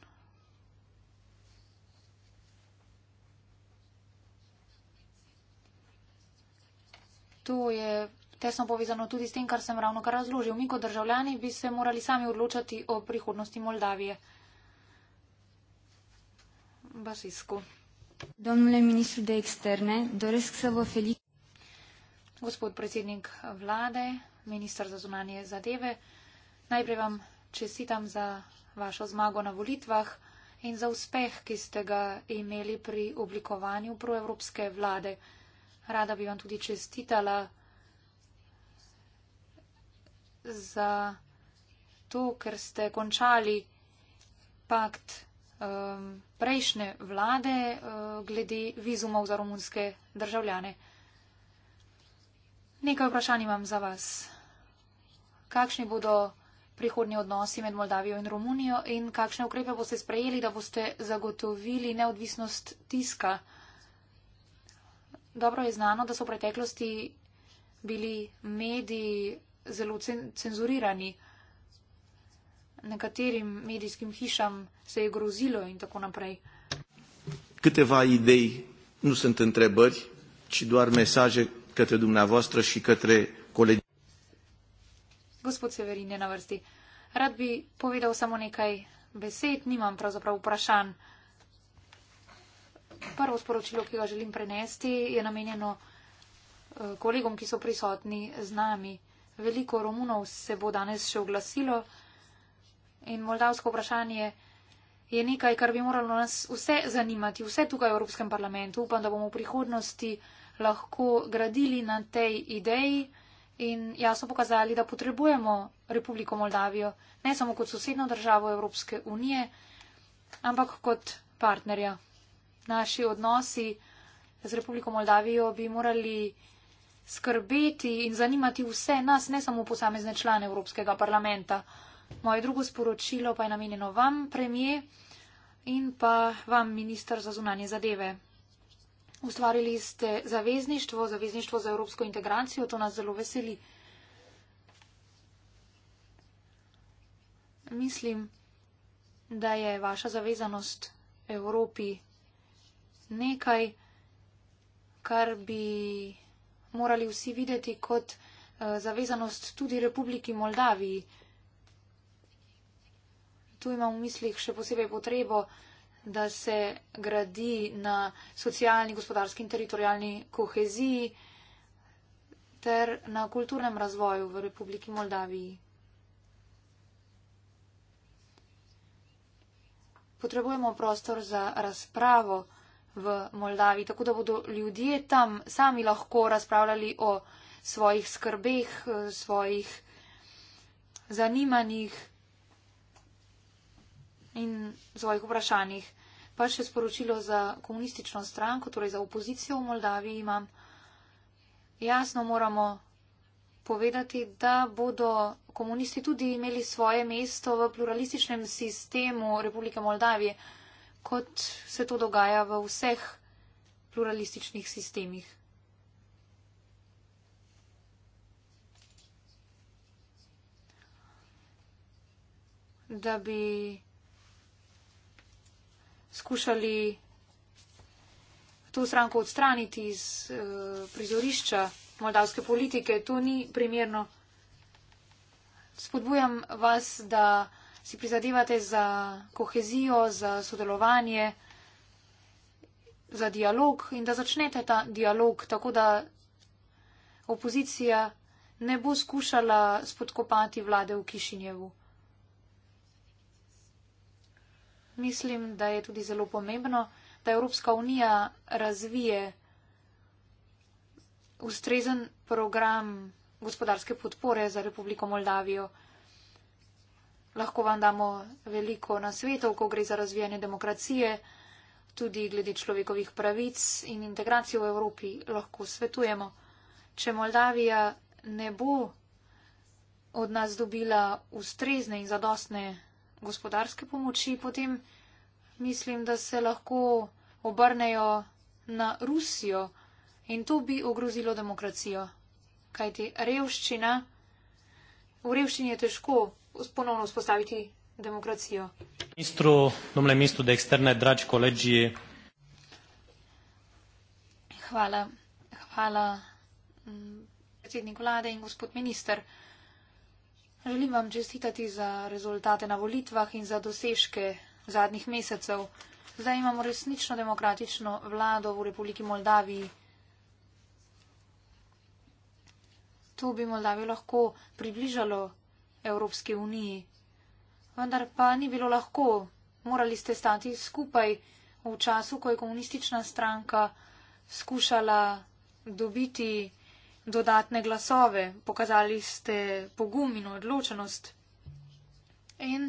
To je tesno povezano tudi s tem, kar sem ravno kar razložil. Mi kot državljani bi se morali sami odločati o prihodnosti Moldavije. Basisko. Domnule ministru de externe, doresk se bo Felik. Gospod predsednik vlade, ministr za zunanje zadeve, najprej vam čestitam za vašo zmago na volitvah in za uspeh, ki ste ga imeli pri oblikovanju proevropske vlade. Rada bi vam tudi čestitala za to, ker ste končali pakt um, prejšnje vlade uh, glede vizumov za romunske državljane. Nekaj vprašanj imam za vas. Kakšni bodo prihodnji odnosi med Moldavijo in Romunijo in kakšne ukrepe boste sprejeli, da boste zagotovili neodvisnost tiska? Dobro je znano, da so v preteklosti bili mediji zelo cen cenzurirani. Nekaterim medijskim hišam se je grozilo in tako naprej. Câteva idei, nu sunt întrebări, ci doar mesaje către dumneavoastră și către colegii. Gospod Severin e na vârsti. Rad bi povedal samo nekaj besed, nimam pravzaprav vprašan. Prvo sporočilo, ki ga želim prenesti, je namenjeno eh, kolegom, ki so prisotni z nami veliko Romunov se bo danes še oglasilo in moldavsko vprašanje je nekaj, kar bi moralo nas vse zanimati, vse tukaj v Evropskem parlamentu. Upam, da bomo v prihodnosti lahko gradili na tej ideji in jasno pokazali, da potrebujemo Republiko Moldavijo ne samo kot sosedno državo Evropske unije, ampak kot partnerja. Naši odnosi z Republiko Moldavijo bi morali skrbeti in zanimati vse nas, ne samo posamezne člane Evropskega parlamenta. Moje drugo sporočilo pa je namenjeno vam, premije, in pa vam, ministr za zunanje zadeve. Ustvarili ste zavezništvo, zavezništvo za evropsko integracijo, to nas zelo veseli. Mislim, da je vaša zavezanost Evropi nekaj, kar bi morali vsi videti kot eh, zavezanost tudi Republiki Moldaviji. Tu imam v mislih še posebej potrebo, da se gradi na socialni, gospodarski in teritorijalni koheziji ter na kulturnem razvoju v Republiki Moldaviji. Potrebujemo prostor za razpravo v Moldavi, tako da bodo ljudje tam sami lahko razpravljali o svojih skrbeh, eh, svojih zanimanjih in svojih vprašanjih. Pa še sporočilo za komunistično stranko, torej za opozicijo v Moldaviji imam. Jasno moramo povedati, da bodo komunisti tudi imeli svoje mesto v pluralističnem sistemu Republike Moldavije kot se to dogaja v vseh pluralističnih sistemih. Da bi skušali to stranko odstraniti iz eh, prizorišča moldavske politike, to ni primerno. Spodbujam vas, da si prizadevate za kohezijo, za sodelovanje, za dialog in da začnete ta dialog, tako da opozicija ne bo skušala spodkopati vlade v Kišinjevu. Mislim, da je tudi zelo pomembno, da Evropska unija razvije ustrezen program gospodarske podpore za Republiko Moldavijo. Lahko vam damo veliko nasvetov, ko gre za razvijanje demokracije, tudi glede človekovih pravic in integracijo v Evropi lahko svetujemo. Če Moldavija ne bo od nas dobila ustrezne in zadostne gospodarske pomoči, potem mislim, da se lahko obrnejo na Rusijo in to bi ogrozilo demokracijo. Kajti revščina, v revščini je težko ponovno vzpostaviti demokracijo. Ministru, domnem ministru, da eksterne drač koleđi. Hvala. Hvala, mm, predsednik vlade in gospod minister. Želim vam čestitati za rezultate na volitvah in za dosežke zadnjih mesecev. Zdaj imamo resnično demokratično vlado v Republiki Moldaviji. Tu bi Moldavijo lahko približalo Evropske unije. Vendar pa ni bilo lahko, morali ste stati skupaj v času, ko je komunistična stranka skušala dobiti dodatne glasove, pokazali ste pogum in odločenost. In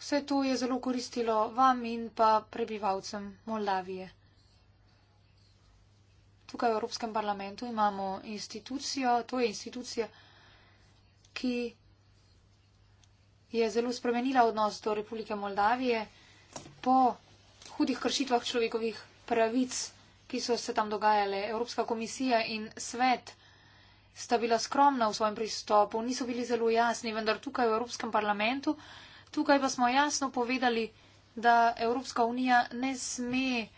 vse to je zelo koristilo vam in pa prebivalcem Moldavije. Tukaj v Evropskem parlamentu imamo institucijo, to je institucija, ki je zelo spremenila odnos do Republike Moldavije po hudih kršitvah človekovih pravic, ki so se tam dogajale. Evropska komisija in svet sta bila skromna v svojem pristopu, niso bili zelo jasni, vendar tukaj v Evropskem parlamentu, tukaj pa smo jasno povedali, da Evropska unija ne sme uh,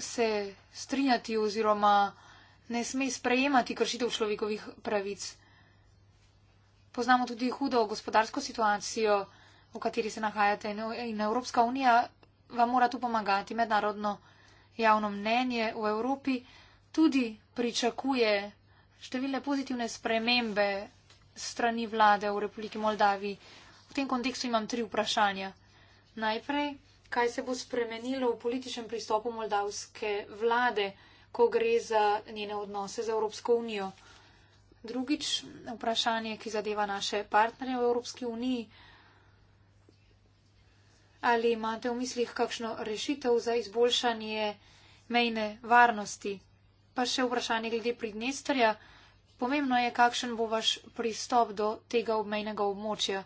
se strinjati oziroma ne sme sprejemati kršitev človekovih pravic poznamo tudi hudo gospodarsko situacijo, v kateri se nahajate in Evropska unija vam mora tu pomagati. Mednarodno javno mnenje v Evropi tudi pričakuje številne pozitivne spremembe strani vlade v Republiki Moldaviji. V tem kontekstu imam tri vprašanja. Najprej, kaj se bo spremenilo v političnem pristopu moldavske vlade, ko gre za njene odnose z Evropsko unijo? Drugič, vprašanje, ki zadeva naše partnerje v Evropski uniji. Ali imate v mislih kakšno rešitev za izboljšanje mejne varnosti? Pa še vprašanje glede pridnestrja. Pomembno je, kakšen bo vaš pristop do tega obmejnega območja.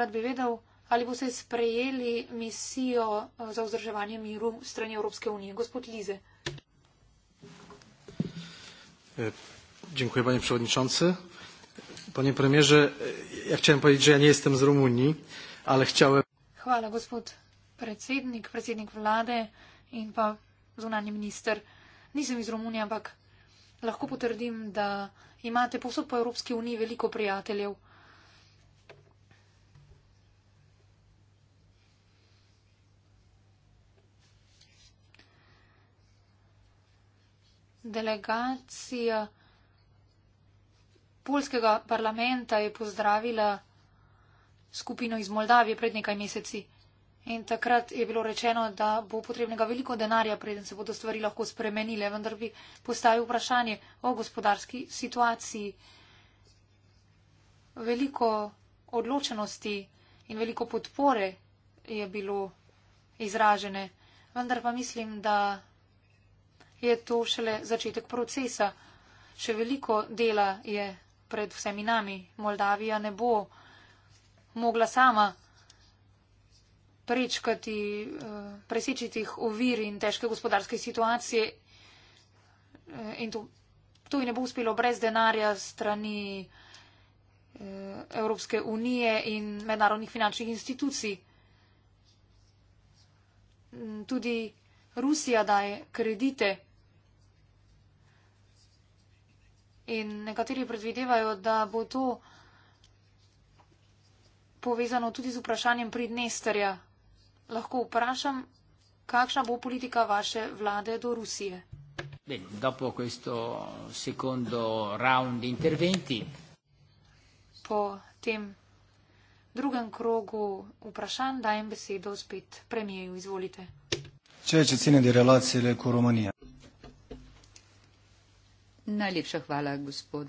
Rad bi vedel, ali boste sprejeli misijo eh, za vzdrževanje miru strani Evropske unije. Gospod Lize. Eh, Dziękuję panie przewodniczący. Panie premierze, ja chciałem powiedzieć, że ja nie jestem z Rumunii, ale chciałem... Chwała gospod prezydent, prezydent władzy i pan zunani minister. Nie jestem z Rumunii, ale lahko potwierdzam, że imate posłów po Europejskiej Unii wielko przyjaciół. Делегация polskega parlamenta je pozdravila skupino iz Moldavije pred nekaj meseci. In takrat je bilo rečeno, da bo potrebnega veliko denarja, preden se bodo stvari lahko spremenile, vendar bi postavil vprašanje o gospodarski situaciji. Veliko odločenosti in veliko podpore je bilo izražene, vendar pa mislim, da je to šele začetek procesa. Še veliko dela je pred vsemi nami. Moldavija ne bo mogla sama prečkati, eh, preseči teh ovir in težke gospodarske situacije. Eh, in to, to ji ne bo uspelo brez denarja strani eh, Evropske unije in mednarodnih finančnih institucij. Tudi Rusija daje kredite. In nekateri predvidevajo, da bo to povezano tudi z vprašanjem pridnesterja. Lahko vprašam, kakšna bo politika vaše vlade do Rusije? Po tem drugem krogu vprašanj dajem besedo spet premijeju. Izvolite. Če je cene de relacije, le ko Romanija. Najlepša hvala, gospod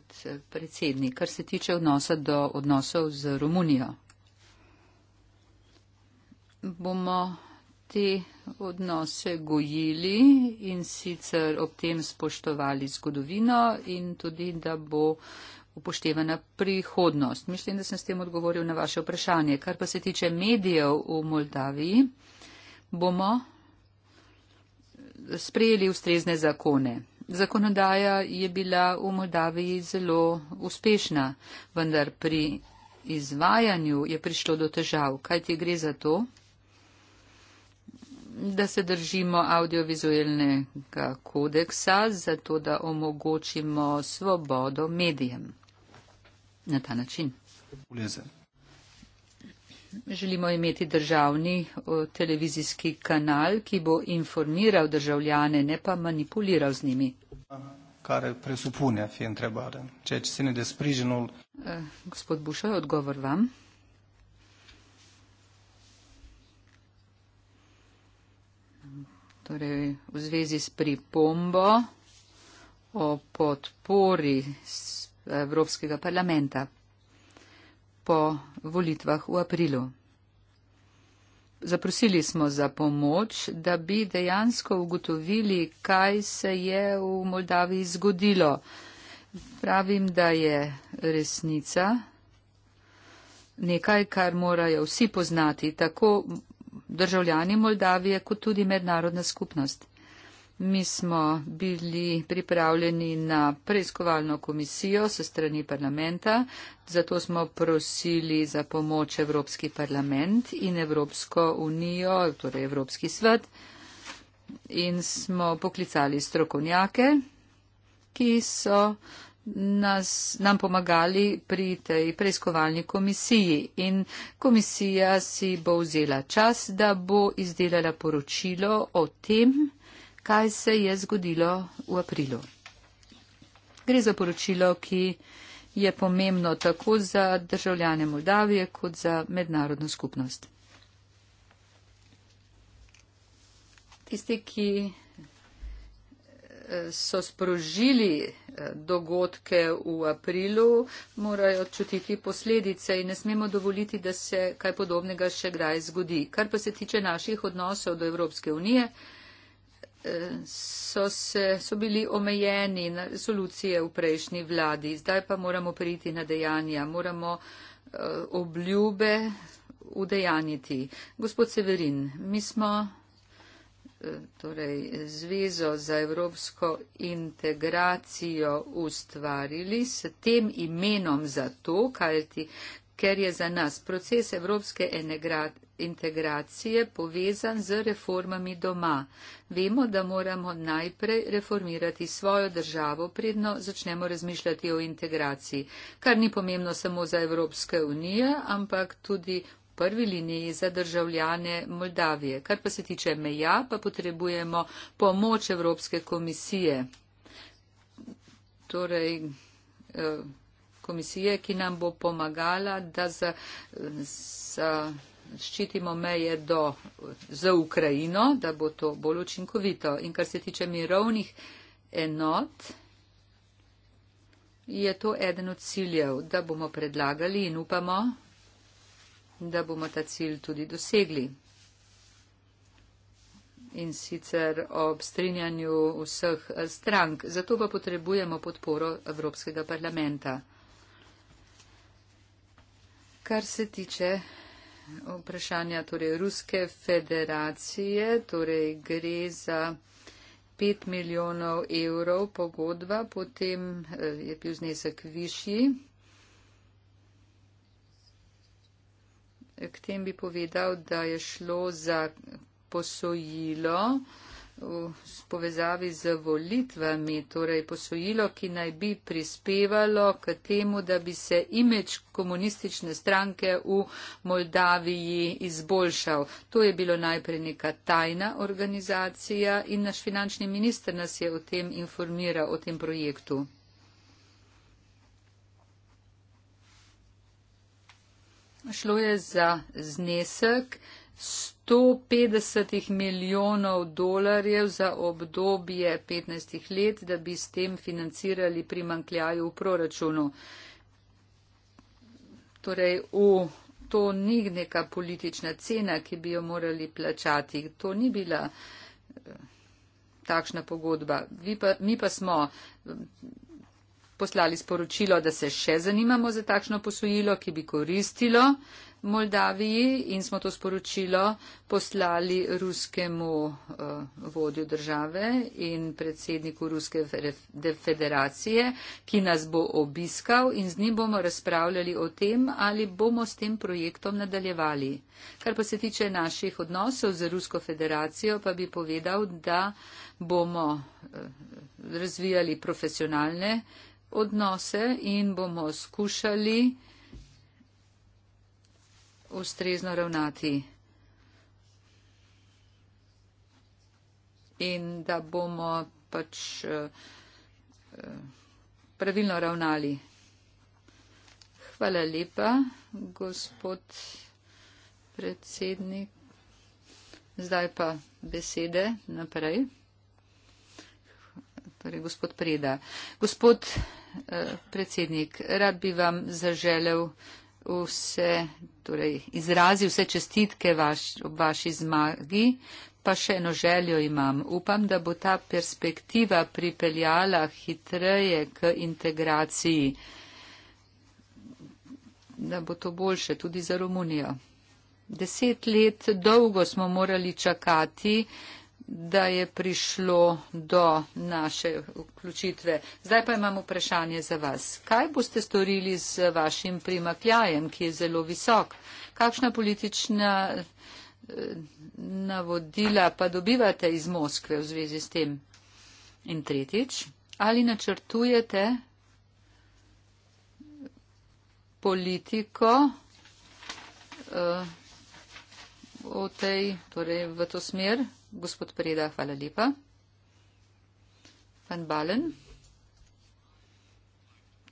predsednik. Kar se tiče odnosa do odnosov z Romunijo, bomo te odnose gojili in sicer ob tem spoštovali zgodovino in tudi, da bo upoštevana prihodnost. Mislim, da sem s tem odgovoril na vaše vprašanje. Kar pa se tiče medijev v Moldaviji, bomo sprejeli ustrezne zakone. Zakonodaja je bila v Moldaviji zelo uspešna, vendar pri izvajanju je prišlo do težav. Kaj ti gre za to? Da se držimo audiovizualnega kodeksa, zato da omogočimo svobodo medijem na ta način. Želimo imeti državni televizijski kanal, ki bo informiral državljane, ne pa manipuliral z njimi care presupune fi întrebare, ceea ce ține de sprijinul... Eh, gospod Bușă, odgovor vam. Torej, v zvezi s pripombo o podpori Evropskega parlamenta po volitvah v aprilu zaprosili smo za pomoč, da bi dejansko ugotovili, kaj se je v Moldaviji zgodilo. Pravim, da je resnica nekaj, kar morajo vsi poznati, tako državljani Moldavije kot tudi mednarodna skupnost. Mi smo bili pripravljeni na preiskovalno komisijo se strani parlamenta, zato smo prosili za pomoč Evropski parlament in Evropsko unijo, torej Evropski svet, in smo poklicali strokovnjake, ki so nas, nam pomagali pri tej preiskovalni komisiji. In komisija si bo vzela čas, da bo izdelala poročilo o tem, kaj se je zgodilo v aprilu. Gre za poročilo, ki je pomembno tako za državljane Moldavije kot za mednarodno skupnost. Tisti, ki eh, so sprožili eh, dogodke v aprilu, morajo čutiti posledice in ne smemo dovoliti, da se kaj podobnega še kdaj zgodi. Kar pa se tiče naših odnosov do Evropske unije, so, se, so bili omejeni na resolucije v prejšnji vladi, zdaj pa moramo priti na dejanja, moramo eh, obljube udejaniti. Gospod Severin, mi smo eh, torej, Zvezo za evropsko integracijo ustvarili s tem imenom za to, kajti, ker je za nas proces evropske integracije integracije povezan z reformami doma. Vemo, da moramo najprej reformirati svojo državo, predno začnemo razmišljati o integraciji, kar ni pomembno samo za Evropske unije, ampak tudi v prvi liniji za državljane Moldavije. Kar pa se tiče meja, pa potrebujemo pomoč Evropske komisije. Torej, eh, komisije, ki nam bo pomagala, da za. za ščitimo meje do, z Ukrajino, da bo to bolj učinkovito. In kar se tiče mirovnih enot, je to eden od ciljev, da bomo predlagali in upamo, da bomo ta cilj tudi dosegli. In sicer ob strinjanju vseh eh, strank. Zato pa potrebujemo podporo Evropskega parlamenta. Kar se tiče vprašanja torej, Ruske federacije, torej gre za 5 milijonov evrov pogodba, potem eh, je bil znesek višji. K tem bi povedal, da je šlo za posojilo v povezavi z volitvami, torej posojilo, ki naj bi prispevalo k temu, da bi se imeč komunistične stranke v Moldaviji izboljšal. To je bilo najprej neka tajna organizacija in naš finančni minister nas je o tem informiral, o tem projektu. Šlo je za znesek 150 milijonov dolarjev za obdobje 15 let, da bi s tem financirali primankljaj v proračunu. Torej, v to ni neka politična cena, ki bi jo morali plačati. To ni bila eh, takšna pogodba. Pa, mi pa smo eh, poslali sporočilo, da se še zanimamo za takšno posojilo, ki bi koristilo Moldaviji in smo to sporočilo poslali ruskemu uh, vodju države in predsedniku Ruske federacije, ki nas bo obiskal in z njim bomo razpravljali o tem, ali bomo s tem projektom nadaljevali. Kar pa se tiče naših odnosov z Rusko federacijo, pa bi povedal, da bomo uh, razvijali profesionalne odnose in bomo skušali ustrezno ravnati in da bomo pač uh, uh, pravilno ravnali. Hvala lepa, gospod predsednik. Zdaj pa besede naprej. Torej, gospod Preda. Gospod eh, predsednik, rad bi vam zaželel vse, torej izrazi vse čestitke vaš, ob vaši zmagi, pa še eno željo imam. Upam, da bo ta perspektiva pripeljala hitreje k integraciji, da bo to boljše tudi za Romunijo. Deset let dolgo smo morali čakati, da je prišlo do naše vključitve. Zdaj pa imam vprašanje za vas. Kaj boste storili z vašim primakljajem, ki je zelo visok? Kakšna politična eh, navodila pa dobivate iz Moskve v zvezi s tem? In tretjič, ali načrtujete politiko uh, v tej, torej v to smer? Gospod Preda, hvala lepa. Pan Balen.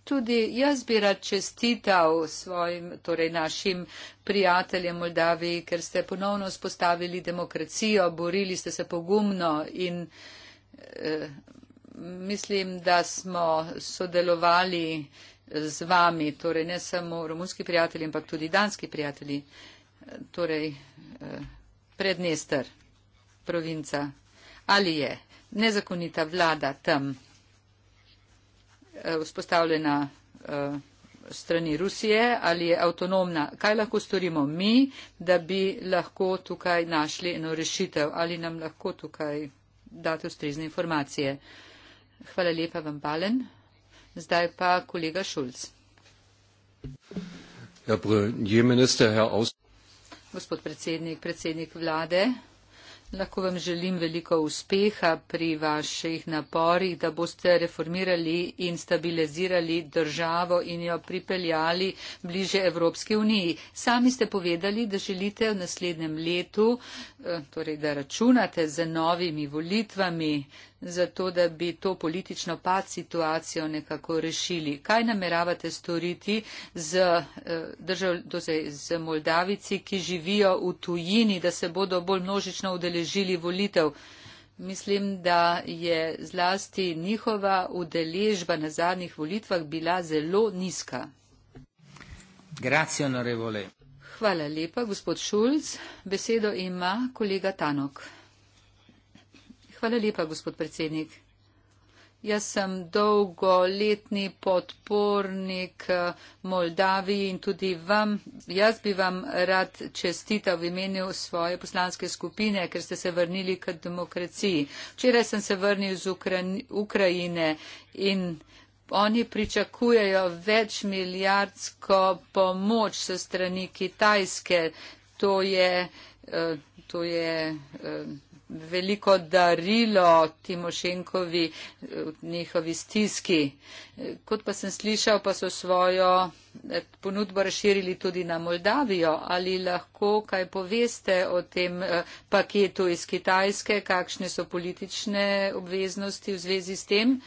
Tudi jaz bi rad čestital svojim, torej našim prijateljem Moldaviji, ker ste ponovno spostavili demokracijo, borili ste se pogumno in eh, mislim, da smo sodelovali z vami, torej ne samo romunski prijatelji, ampak tudi danski prijatelji, eh, torej eh, prednester provinca? Ali je nezakonita vlada tam eh, vzpostavljena eh, strani Rusije ali je avtonomna? Kaj lahko storimo mi, da bi lahko tukaj našli eno rešitev ali nam lahko tukaj dati ustrezne informacije? Hvala lepa vam, Balen. Zdaj pa kolega Šulc. Gospod predsednik, predsednik vlade. Lahko vam želim veliko uspeha pri vaših naporih, da boste reformirali in stabilizirali državo in jo pripeljali bliže Evropske unije. Sami ste povedali, da želite v naslednjem letu, eh, torej da računate z novimi volitvami, zato da bi to politično pad situacijo nekako rešili. Kaj nameravate storiti z, eh, držav, dozaj, z Moldavici, ki živijo v tujini, da se bodo bolj množično udeležili volitev? Mislim, da je zlasti njihova udeležba na zadnjih volitvah bila zelo nizka. Grazie, Hvala lepa, gospod Šulc. Besedo ima kolega Tanok. Hvala lepa, gospod predsednik. Jaz sem dolgoletni podpornik eh, Moldaviji in tudi vam, jaz bi vam rad čestital v imenu svoje poslanske skupine, ker ste se vrnili k demokraciji. Včeraj sem se vrnil iz Ukrajine in. Oni pričakujejo več milijardsko pomoč se strani Kitajske. To je, eh, to je eh, veliko darilo Timošenkovi v njihovi stiski. Kot pa sem slišal, pa so svojo eh, ponudbo razširili tudi na Moldavijo. Ali lahko kaj poveste o tem eh, paketu iz Kitajske, kakšne so politične obveznosti v zvezi s tem?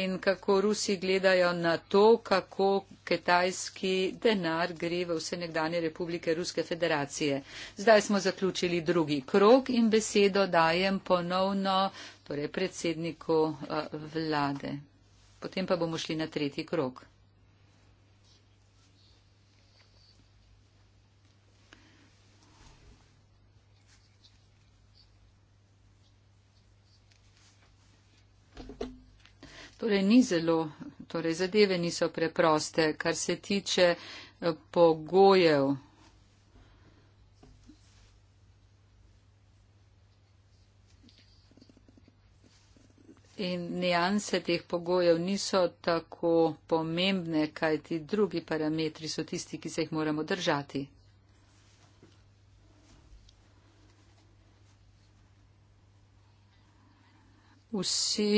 in kako Rusi gledajo na to, kako kitajski denar gre v vse nekdanje republike Ruske federacije. Zdaj smo zaključili drugi krok in besedo dajem ponovno torej predsedniku eh, vlade. Potem pa bomo šli na tretji krok. Torej, ni zelo, torej zadeve niso preproste, kar se tiče eh, pogojev. In nijanse teh pogojev niso tako pomembne, kaj ti drugi parametri so tisti, ki se jih moramo držati. Vsi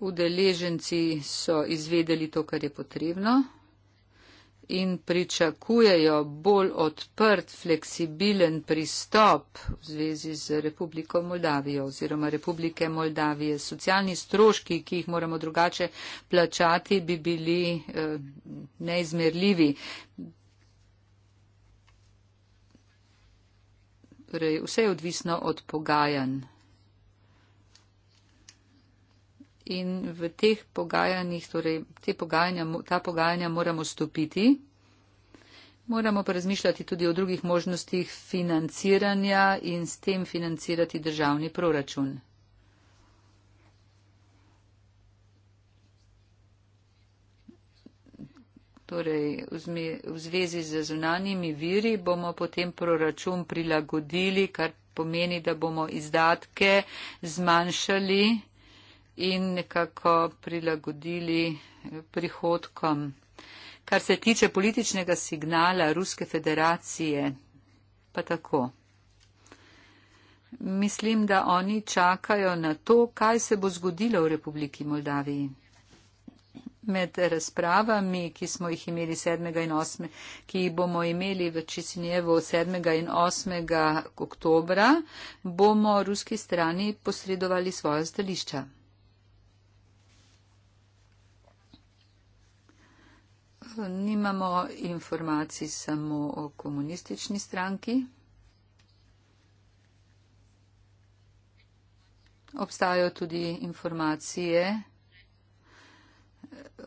Udeleženci so izvedeli to, kar je potrebno in pričakujejo bolj odprt, fleksibilen pristop v zvezi z Republiko Moldavijo oziroma Republike Moldavije. Socialni stroški, ki jih moramo drugače plačati, bi bili eh, neizmerljivi. Torej, vse je odvisno od pogajanj. in v teh pogajanjih, torej te pogajanja, ta pogajanja moramo stopiti. Moramo pa razmišljati tudi o drugih možnostih financiranja in s tem financirati državni proračun. Torej, v zvezi z zunanjimi viri bomo potem proračun prilagodili, kar pomeni, da bomo izdatke zmanjšali in nekako prilagodili prihodkom. Kar se tiče političnega signala Ruske federacije, pa tako. Mislim, da oni čakajo na to, kaj se bo zgodilo v Republiki Moldaviji. Med razpravami, ki smo jih imeli 7. in 8., ki jih bomo imeli v Česinjevo 7. in 8. oktobra, bomo ruski strani posredovali svoje stališča. nimamo informacij samo o komunistični stranki. Obstajajo tudi informacije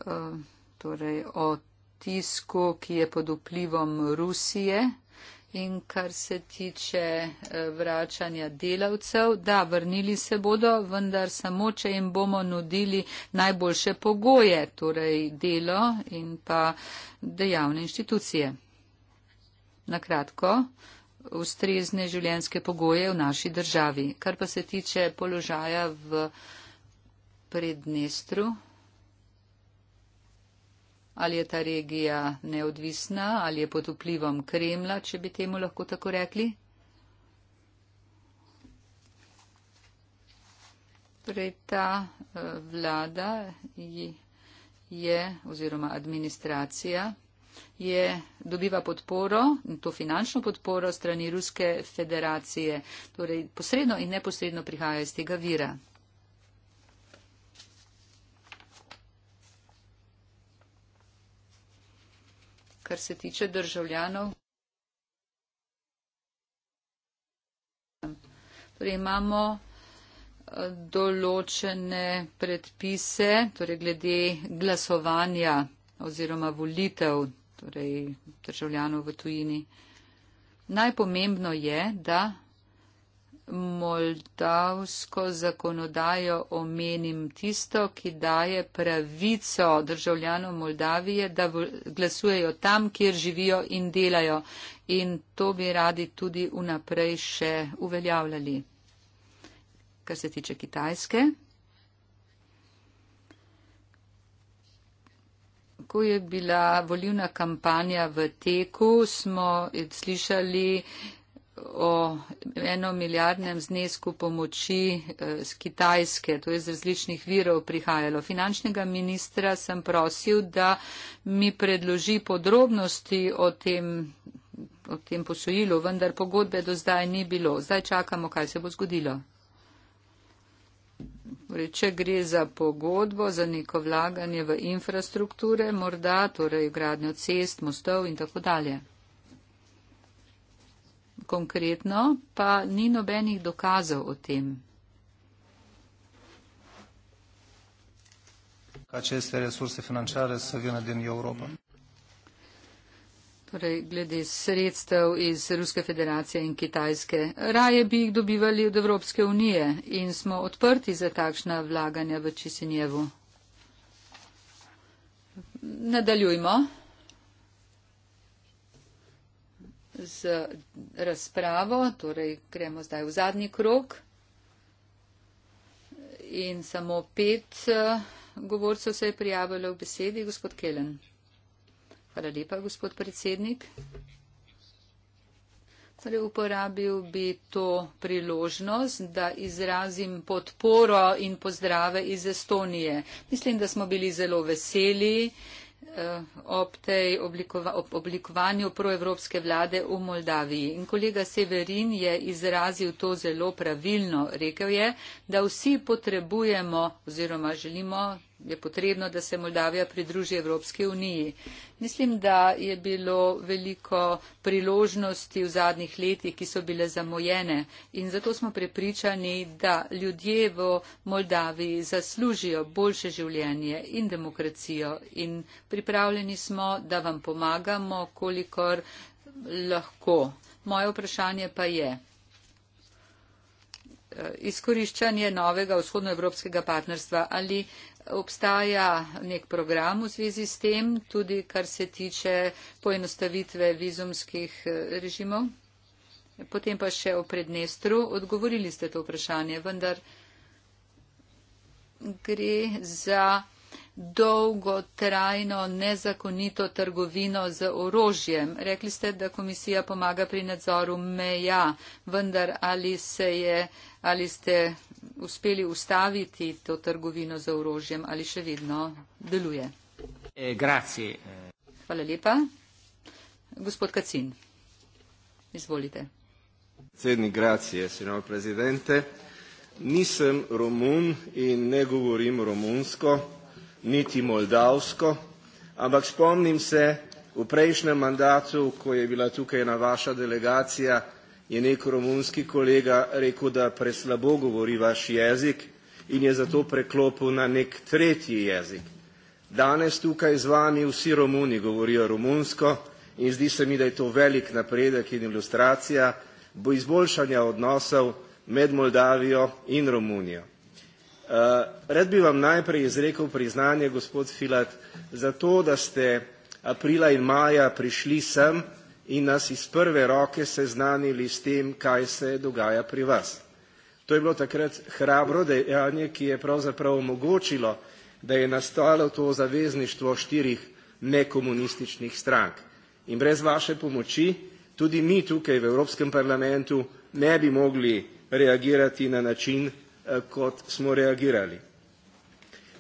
eh, torej o tisku, ki je pod vplivom Rusije. In kar se tiče eh, vračanja delavcev, da, vrnili se bodo, vendar samo, če jim bomo nudili najboljše pogoje, torej delo in pa dejavne inštitucije. Na kratko, ustrezne življenske pogoje v naši državi. Kar pa se tiče položaja v Prednestru, ali je ta regija neodvisna, ali je pod vplivom Kremla, če bi temu lahko tako rekli. Torej, ta eh, vlada je, oziroma administracija, je, dobiva podporo, to finančno podporo strani Ruske federacije, torej posredno in neposredno prihaja iz tega vira. kar se tiče državljanov. Torej imamo eh, določene predpise, torej glede glasovanja oziroma volitev torej državljanov v tujini. Najpomembno je, da moldavsko zakonodajo omenim tisto, ki daje pravico državljanom Moldavije, da glasujejo tam, kjer živijo in delajo. In to bi radi tudi vnaprej še uveljavljali. Kar se tiče Kitajske. Ko je bila volivna kampanja v teku, smo slišali, o enomiljardnem znesku pomoči z eh, Kitajske, to je z različnih virov prihajalo. Finančnega ministra sem prosil, da mi predloži podrobnosti o tem, o tem posojilu, vendar pogodbe do zdaj ni bilo. Zdaj čakamo, kaj se bo zgodilo. Torej, če gre za pogodbo, za neko vlaganje v infrastrukture, morda torej gradnjo cest, mostov in tako dalje konkretno, pa ni nobenih dokazov o tem. Torej, glede sredstev iz Ruske federacije in Kitajske. Raje bi jih dobivali od Evropske unije in smo odprti za takšna vlaganja v Čisinjevu. Nadaljujmo. z razpravo, torej gremo zdaj v zadnji krok. In samo pet eh, govorcev se je prijavilo v besedi, gospod Kelen. Hvala lepa, gospod predsednik. Torej, uporabil bi to priložnost, da izrazim podporo in pozdrave iz Estonije. Mislim, da smo bili zelo veseli, eh, Eh, ob, oblikova, ob oblikovanju proevropske vlade v Moldaviji. In kolega Severin je izrazil to zelo pravilno. Rekel je, da vsi potrebujemo oziroma želimo je potrebno, da se Moldavija pridruži Evropske unije. Mislim, da je bilo veliko priložnosti v zadnjih letih, ki so bile zamojene in zato smo prepričani, da ljudje v Moldaviji zaslužijo boljše življenje in demokracijo in pripravljeni smo, da vam pomagamo, kolikor lahko. Moje vprašanje pa je. Eh, izkoriščanje novega vzhodnoevropskega partnerstva ali obstaja nek program v zvezi s tem, tudi kar se tiče poenostavitve vizumskih eh, režimov. Potem pa še o prednestru. Odgovorili ste to vprašanje, vendar gre za dolgotrajno nezakonito trgovino z orožjem. Rekli ste, da komisija pomaga pri nadzoru meja, vendar ali se je eh, ali ste uspeli ustaviti to trgovino z orožjem ali še vedno deluje. E, Hvala lepa. Gospod Kacin, izvolite. Predsednik, grazie, signor presidente. Nisem Romun in ne govorim romunsko, niti moldavsko, ampak spomnim se v prejšnjem mandatu, ko je bila tukaj ena vaša delegacija, je nek romunski kolega rekel, da preslabo govori vaš jezik in je zato preklopil na nek tretji jezik. Danes tukaj z vami vsi Romuni govorijo romunsko in zdi se mi, da je to velik napredek in ilustracija bo izboljšanja odnosov med Moldavijo in Romunijo. Eh, Red bi vam najprej izrekel priznanje, gospod Filat, za to, da ste aprila in maja prišli sem, in nas iz prve roke seznanili s tem, kaj se dogaja pri vas. To je bilo takrat hrabro dejanje, ki je pravzaprav omogočilo, da je nastalo to zavezništvo štirih nekomunističnih strank. In brez vaše pomoči tudi mi tukaj v Evropskem parlamentu ne bi mogli reagirati na način, eh, kot smo reagirali.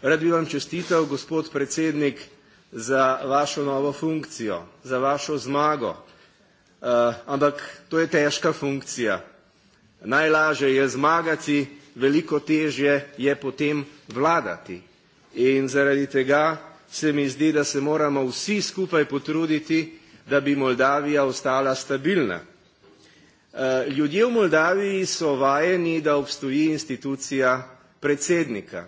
Rad bi vam čestital, gospod predsednik, za vašo novo funkcijo, za vašo zmago, Eh, ampak to je težka funkcija. Najlažje je zmagati, veliko težje je potem vladati. In zaradi tega se mi zdi, da se moramo vsi skupaj potruditi, da bi Moldavija ostala stabilna. Eh, ljudje v Moldaviji so vajeni, da obstoji institucija predsednika.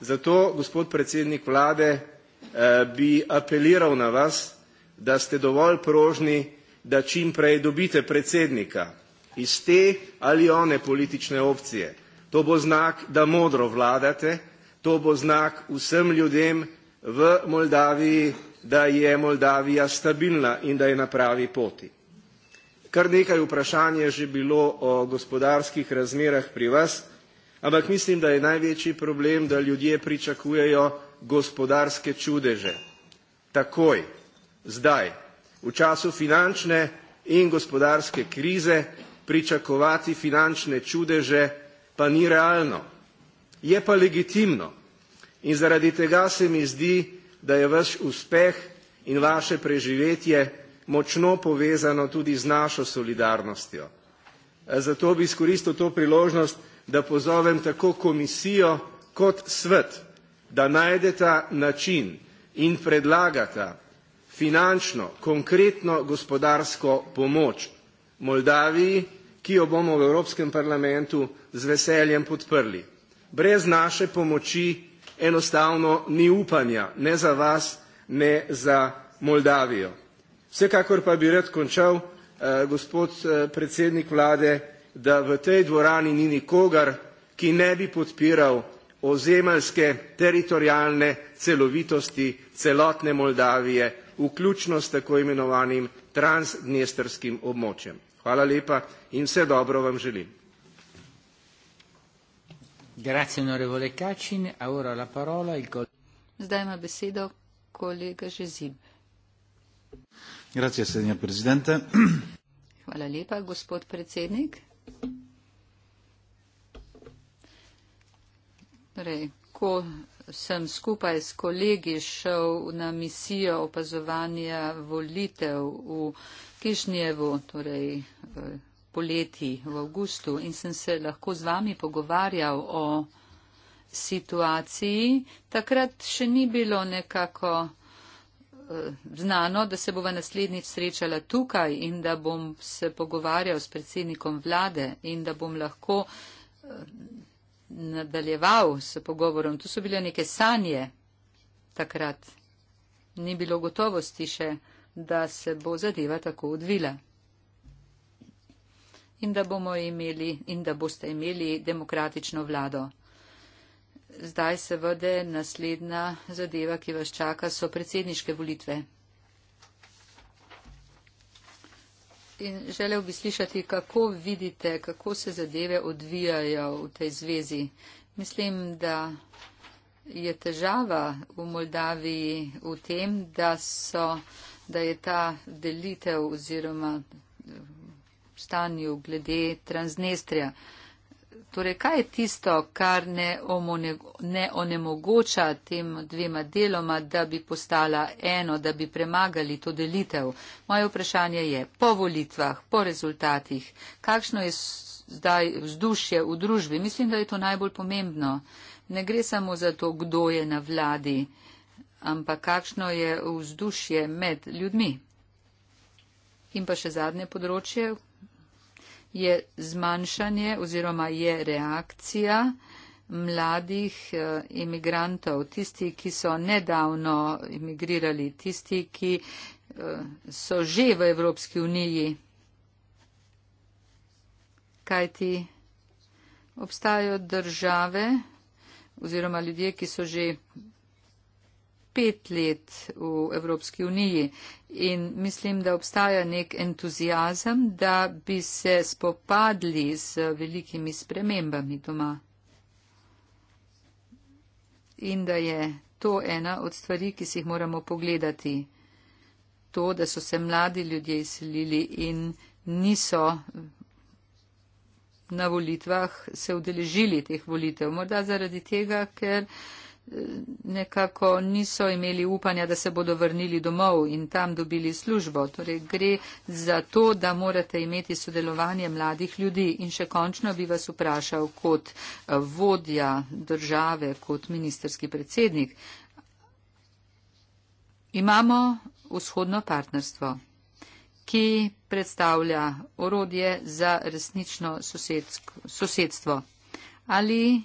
Zato, gospod predsednik vlade, eh, bi apeliral na vas, da ste dovolj prožni, da čim prej dobite predsednika iz te ali one politične opcije. To bo znak, da modro vladate, to bo znak vsem ljudem v Moldaviji, da je Moldavija stabilna in da je na pravi poti. Kar nekaj vprašanj je že bilo o gospodarskih razmerah pri vas, ampak mislim, da je največji problem, da ljudje pričakujejo gospodarske čudeže. Takoj, zdaj, v času finančne in gospodarske krize pričakovati finančne čudeže pa ni realno. Je pa legitimno in zaradi tega se mi zdi, da je vaš uspeh in vaše preživetje močno povezano tudi z našo solidarnostjo. Zato bi izkoristil to priložnost, da pozovem tako komisijo kot svet, da najdeta način in predlagata finančno, konkretno gospodarsko pomoč Moldaviji, ki jo bomo v Evropskem parlamentu z veseljem podprli. Brez naše pomoči enostavno ni upanja, ne za vas, ne za Moldavijo. Vsekakor pa bi rad končal, eh, gospod eh, predsednik vlade, da v tej dvorani ni nikogar, ki ne bi podpiral ozemeljske teritorijalne celovitosti celotne Moldavije vključno s tako imenovanim transdnestrskim območjem. Hvala lepa in vse dobro vam želim. Zdaj ima besedo kolega Žezin. Grazie, signor Presidente. Hvala lepa, gospod predsednik. Torej, ko sem skupaj s kolegi šel na misijo opazovanja volitev v Kišnjevu, torej eh, poleti v avgustu in sem se lahko z vami pogovarjal o situaciji. Takrat še ni bilo nekako eh, znano, da se bova naslednjič srečala tukaj in da bom se pogovarjal s predsednikom vlade in da bom lahko eh, nadaljeval s pogovorom. Tu so bile neke sanje takrat. Ni bilo gotovosti še, da se bo zadeva tako odvila. In da bomo imeli in da boste imeli demokratično vlado. Zdaj se vode naslednja zadeva, ki vas čaka, so predsedniške volitve. in želel bi slišati, kako vidite, kako se zadeve odvijajo v tej zvezi. Mislim, da je težava v Moldaviji v tem, da, so, da je ta delitev oziroma eh, stanju glede Transnestrija torej, kaj je tisto, kar ne, ne onemogoča tem dvema deloma, da bi postala eno, da bi premagali to delitev? Moje vprašanje je, po volitvah, po rezultatih, kakšno je zdaj vzdušje v družbi? Mislim, da je to najbolj pomembno. Ne gre samo za to, kdo je na vladi, ampak kakšno je vzdušje med ljudmi. In pa še zadnje področje, je zmanjšanje oziroma je reakcija mladih eh, imigrantov, tisti, ki so nedavno imigrirali, tisti, ki eh, so že v Evropski uniji. Kaj ti obstajajo države oziroma ljudje, ki so že pet let v Evropski uniji in mislim, da obstaja nek entuzijazem, da bi se spopadli z velikimi spremembami doma. In da je to ena od stvari, ki si jih moramo pogledati. To, da so se mladi ljudje izselili in niso na volitvah se udeležili teh volitev. Morda zaradi tega, ker nekako niso imeli upanja, da se bodo vrnili domov in tam dobili službo. Torej gre za to, da morate imeti sodelovanje mladih ljudi. In še končno bi vas vprašal kot eh, vodja države, kot ministerski predsednik. Imamo vzhodno partnerstvo, ki predstavlja orodje za resnično sosedstvo. Ali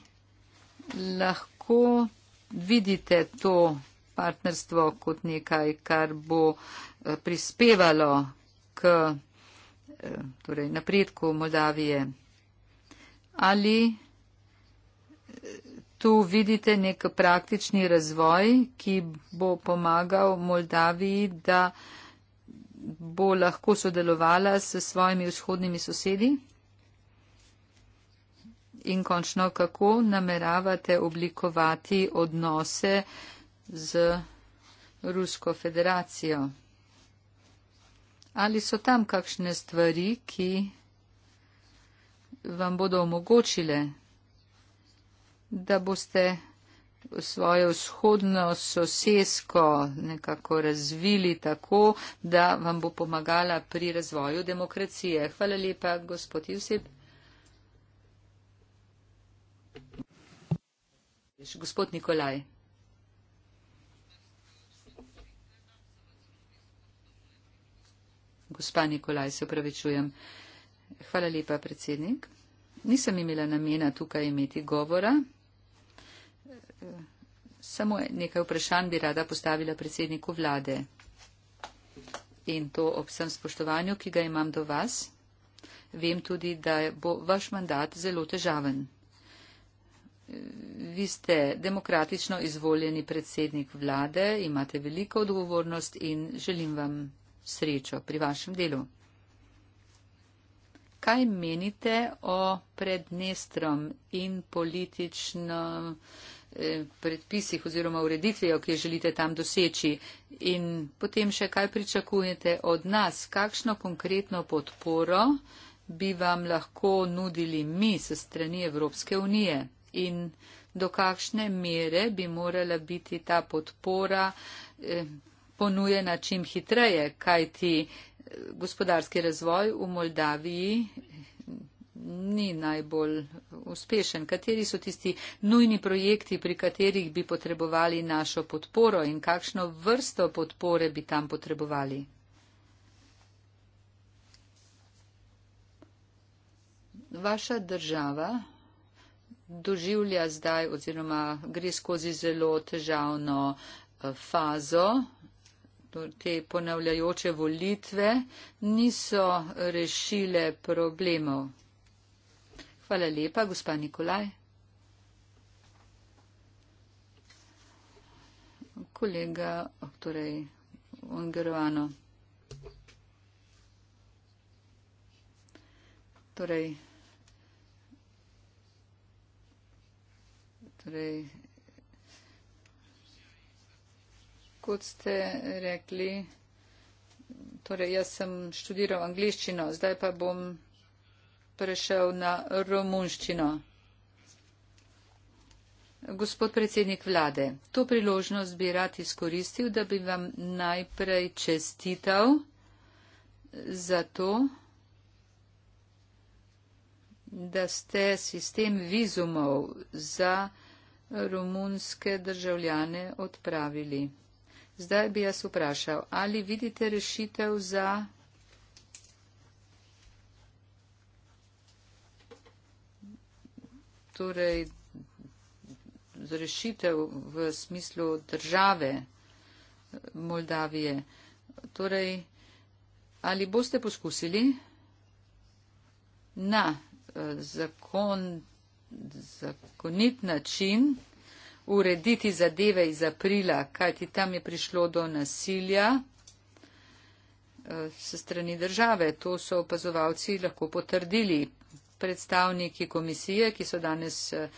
lahko vidite to partnerstvo kot nekaj, kar bo eh, prispevalo k eh, torej, napredku Moldavije? Ali eh, tu vidite nek praktični razvoj, ki bo pomagal Moldaviji, da bo lahko sodelovala s svojimi vzhodnimi sosedi? in končno, kako nameravate oblikovati odnose z Rusko federacijo? Ali so tam kakšne stvari, ki vam bodo omogočile, da boste svojo vzhodno sosesko nekako razvili tako, da vam bo pomagala pri razvoju demokracije? Hvala lepa, gospod Josip. Gospod Nikolaj. Gospa Nikolaj, se upravičujem. Hvala lepa, predsednik. Nisem imela namena tukaj imeti govora. Samo nekaj vprašanj bi rada postavila predsedniku vlade. In to ob vsem spoštovanju, ki ga imam do vas. Vem tudi, da bo vaš mandat zelo težaven. Vi ste demokratično izvoljeni predsednik vlade, imate veliko odgovornost in želim vam srečo pri vašem delu. Kaj menite o prednestrom in političnem eh, predpisih oziroma ureditvijo, ki jo želite tam doseči in potem še kaj pričakujete od nas, kakšno konkretno podporo bi vam lahko nudili mi se strani Evropske unije? in do kakšne mere bi morala biti ta podpora eh, ponujena čim hitreje, kajti eh, gospodarski razvoj v Moldaviji eh, ni najbolj uspešen. Kateri so tisti nujni projekti, pri katerih bi potrebovali našo podporo in kakšno vrsto podpore bi tam potrebovali? Vaša država doživlja zdaj oziroma gre skozi zelo težavno eh, fazo. Te ponavljajoče volitve niso rešile problemov. Hvala lepa, gospa Nikolaj. Kolega, torej, Ungerovano. Torej, Torej, kot ste rekli, torej jaz sem študiral angliščino, zdaj pa bom prešel na romunščino. Gospod predsednik vlade, to priložnost bi rad izkoristil, da bi vam najprej čestital za to, da ste sistem vizumov za romunske državljane odpravili. Zdaj bi jaz vprašal, ali vidite rešitev za. Torej, za rešitev v smislu države Moldavije. Torej, ali boste poskusili na eh, zakon zakonit način urediti zadeve iz aprila, kajti tam je prišlo do nasilja eh, se strani države. To so opazovalci lahko potrdili. Predstavniki komisije, ki so danes, eh,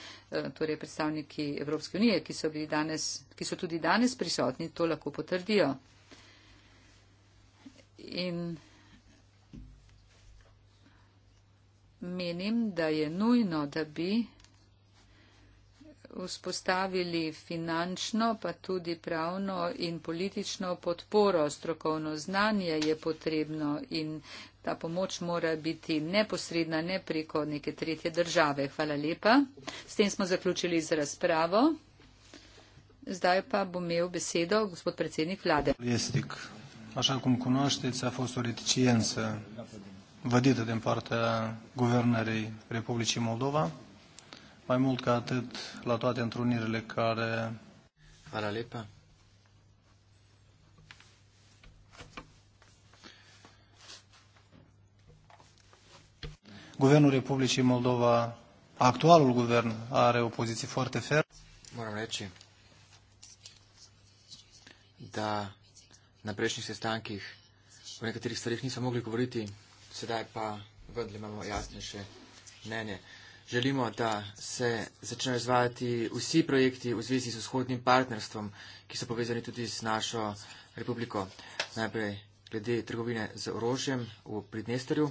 torej predstavniki Evropske unije, ki so, bili danes, ki so tudi danes prisotni, to lahko potrdijo. In menim, da je nujno, da bi vzpostavili finančno, pa tudi pravno in politično podporo. Strokovno znanje je potrebno in ta pomoč mora biti neposredna, ne preko neke tretje države. Hvala lepa. S tem smo zaključili z razpravo. Zdaj pa bo imel besedo gospod predsednik vlade. Vestik. Așa cum cunoașteți, a fost o reticiență vădită din partea Guvernării Republicii Moldova, mai mult ca atât la toate întrunirile care... Aralepa. Guvernul Republicii Moldova, actualul guvern, are o poziție foarte fermă. Mă rog, Da, na prejšnjih sestankih, v nekaterih stvarih nismo mogli govoriti sedaj pa vendarle imamo jasnejše mnenje. Želimo, da se začnejo izvajati vsi projekti v zvezi s vzhodnim partnerstvom, ki so povezani tudi s našo republiko. Najprej glede trgovine z orožjem v Pridnesterju.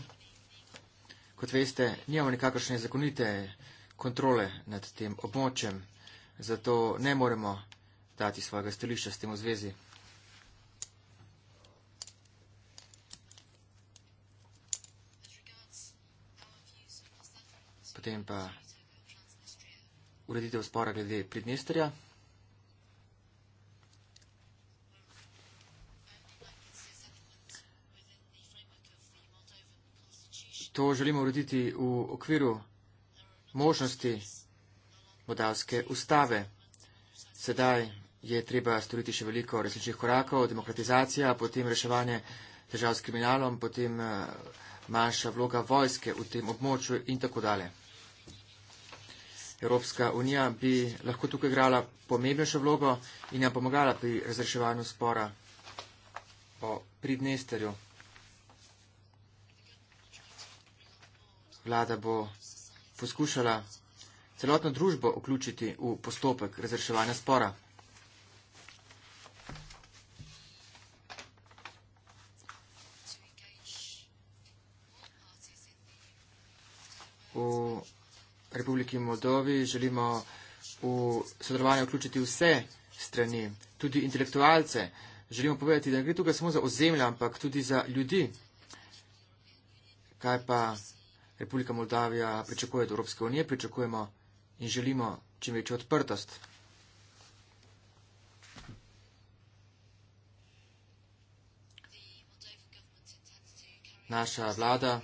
Kot veste, nimamo nekakršne zakonite kontrole nad tem območjem, zato ne moremo dati svojega stališča s tem v zvezi. potem pa ureditev spora glede Pridnesterja. To želimo urediti v okviru možnosti modalske ustave. Sedaj je treba storiti še veliko resničnih korakov, demokratizacija, potem reševanje težav s kriminalom, potem eh, manjša vloga vojske v tem območju in tako dalje. Evropska unija bi lahko tukaj igrala pomembnejšo vlogo in nam pomagala pri razreševanju spora o Pridnesterju. Vlada bo poskušala celotno družbo vključiti v postopek razreševanja spora. V Republiki Moldovi želimo v sodelovanje vključiti vse strani, tudi intelektualce. Želimo povedati, da ne gre tukaj samo za ozemlja, ampak tudi za ljudi. Kaj pa Republika Moldavija pričakuje od Evropske unije, pričakujemo in želimo čim večjo odprtost. Naša vlada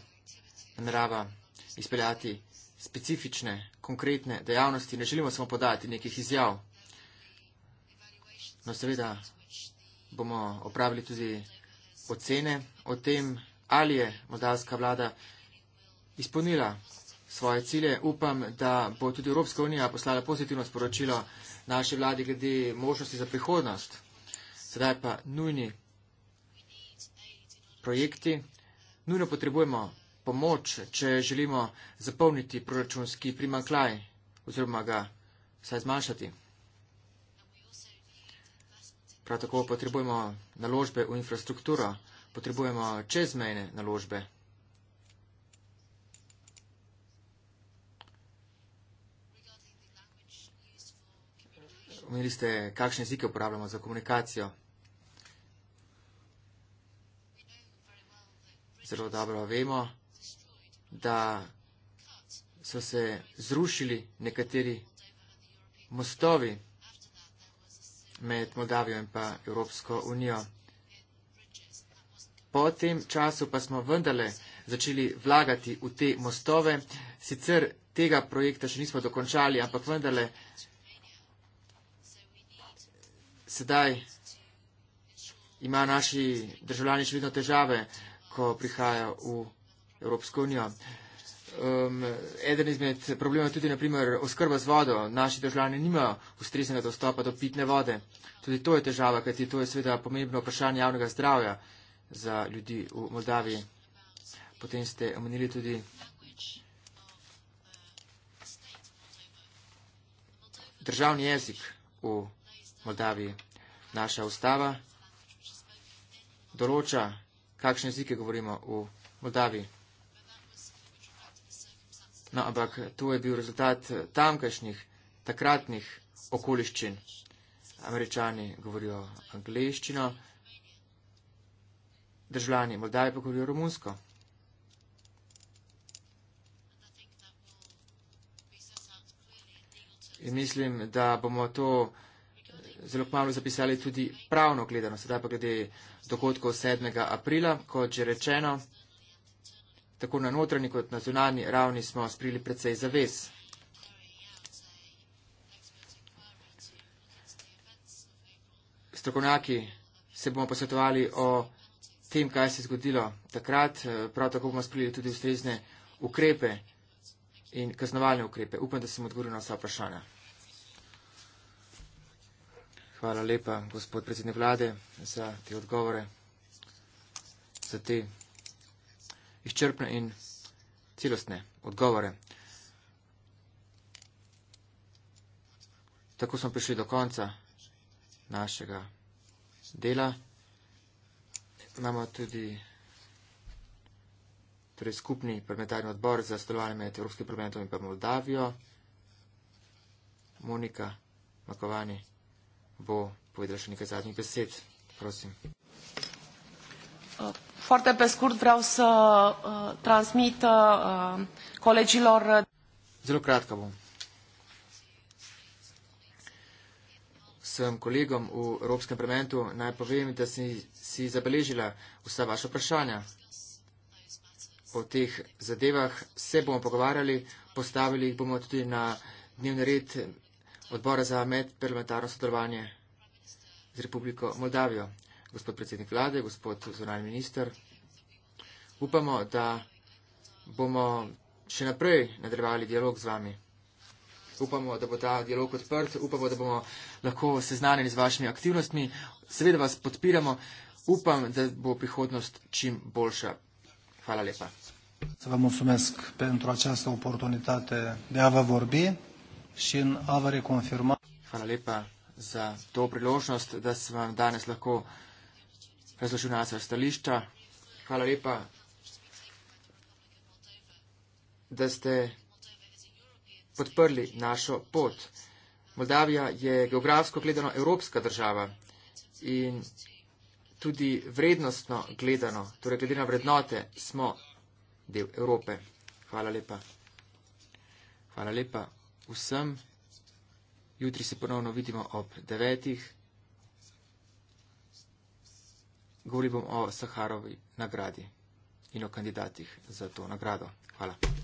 namerava izpeljati specifične, konkretne dejavnosti, ne želimo samo podati nekih izjav. No, seveda bomo opravili tudi ocene o tem, ali je moldavska vlada izpolnila svoje cilje. Upam, da bo tudi Evropska unija poslala pozitivno sporočilo naši vladi glede možnosti za prihodnost. Sedaj pa nujni projekti. Nujno potrebujemo pomoč, če želimo zapolniti proračunski primanklaj oziroma ga vsaj zmanjšati. Prav tako potrebujemo naložbe v infrastrukturo, potrebujemo čezmejne naložbe. Umeli ste, kakšne jezike uporabljamo za komunikacijo. Zelo dobro vemo, da so se zrušili nekateri mostovi med Moldavijo in pa Evropsko unijo. Po tem času pa smo vendale začeli vlagati v te mostove. Sicer tega projekta še nismo dokončali, ampak vendale sedaj ima naši državljani še vedno težave, ko prihajajo v Evropsko unijo. Um, eden izmed problemov je tudi naprimer oskrba z vodo. Naši državljani nimajo ustreznega dostopa do pitne vode. Tudi to je težava, kajti to je seveda pomembno vprašanje javnega zdravja za ljudi v Moldaviji. Potem ste omenili tudi. Državni jezik v Moldaviji, naša ustava, določa, kakšne jezike govorimo v Moldaviji. No, ampak to je bil rezultat eh, tamkajšnjih, takratnih okoliščin. Američani govorijo angliščino, državljani Moldavije pa govorijo romunsko. In mislim, da bomo to eh, zelo malo zapisali tudi pravno gledano, sedaj pa glede dogodkov 7. aprila, kot že rečeno tako na notranji kot na zunani ravni smo sprili precej zaves. Strokovnjaki se bomo posvetovali o tem, kaj se je zgodilo takrat, prav tako bomo sprili tudi ustrezne ukrepe in kaznovalne ukrepe. Upam, da sem odgovoril na vsa vprašanja. Hvala lepa, gospod predsednik vlade, za te odgovore, za te izčrpne in celostne odgovore. Tako smo prišli do konca našega dela. Imamo tudi torej skupni parlamentarni odbor za sodelovanje med Evropskim parlamentom in pa Moldavijo. Monika Makovani bo povedala še nekaj zadnjih besed. Prosim. Uh, foarte pe scurt vreau să uh, transmit uh, uh colegilor. Uh, Zelo kratko bom. Sem kolegom v Evropskem parlamentu. Naj povem, da si, si zabeležila vsa vaša vprašanja. O teh zadevah se bomo pogovarjali, postavili jih bomo tudi na dnevni red odbora za medparlamentarno sodelovanje z Republiko Moldavijo gospod predsednik vlade, gospod zunani minister. Upamo, da bomo še naprej nadaljevali dialog z vami. Upamo, da bo ta dialog odprt, upamo, da bomo lahko seznanjeni z vašimi aktivnostmi. Seveda vas podpiramo. Upam, da bo prihodnost čim boljša. Hvala lepa. Să vă mulțumesc pentru această oportunitate de a vă vorbi și în a vă reconfirma. Hvala lepa za to priložnost, da se vam danes lahko razložil naša stališča. Hvala lepa, da ste podprli našo pot. Moldavija je geografsko gledano evropska država in tudi vrednostno gledano, torej glede na vrednote, smo del Evrope. Hvala lepa. Hvala lepa vsem. Jutri se ponovno vidimo ob devetih. Govorili bom o Saharovi nagradi in o kandidatih za to nagrado. Hvala.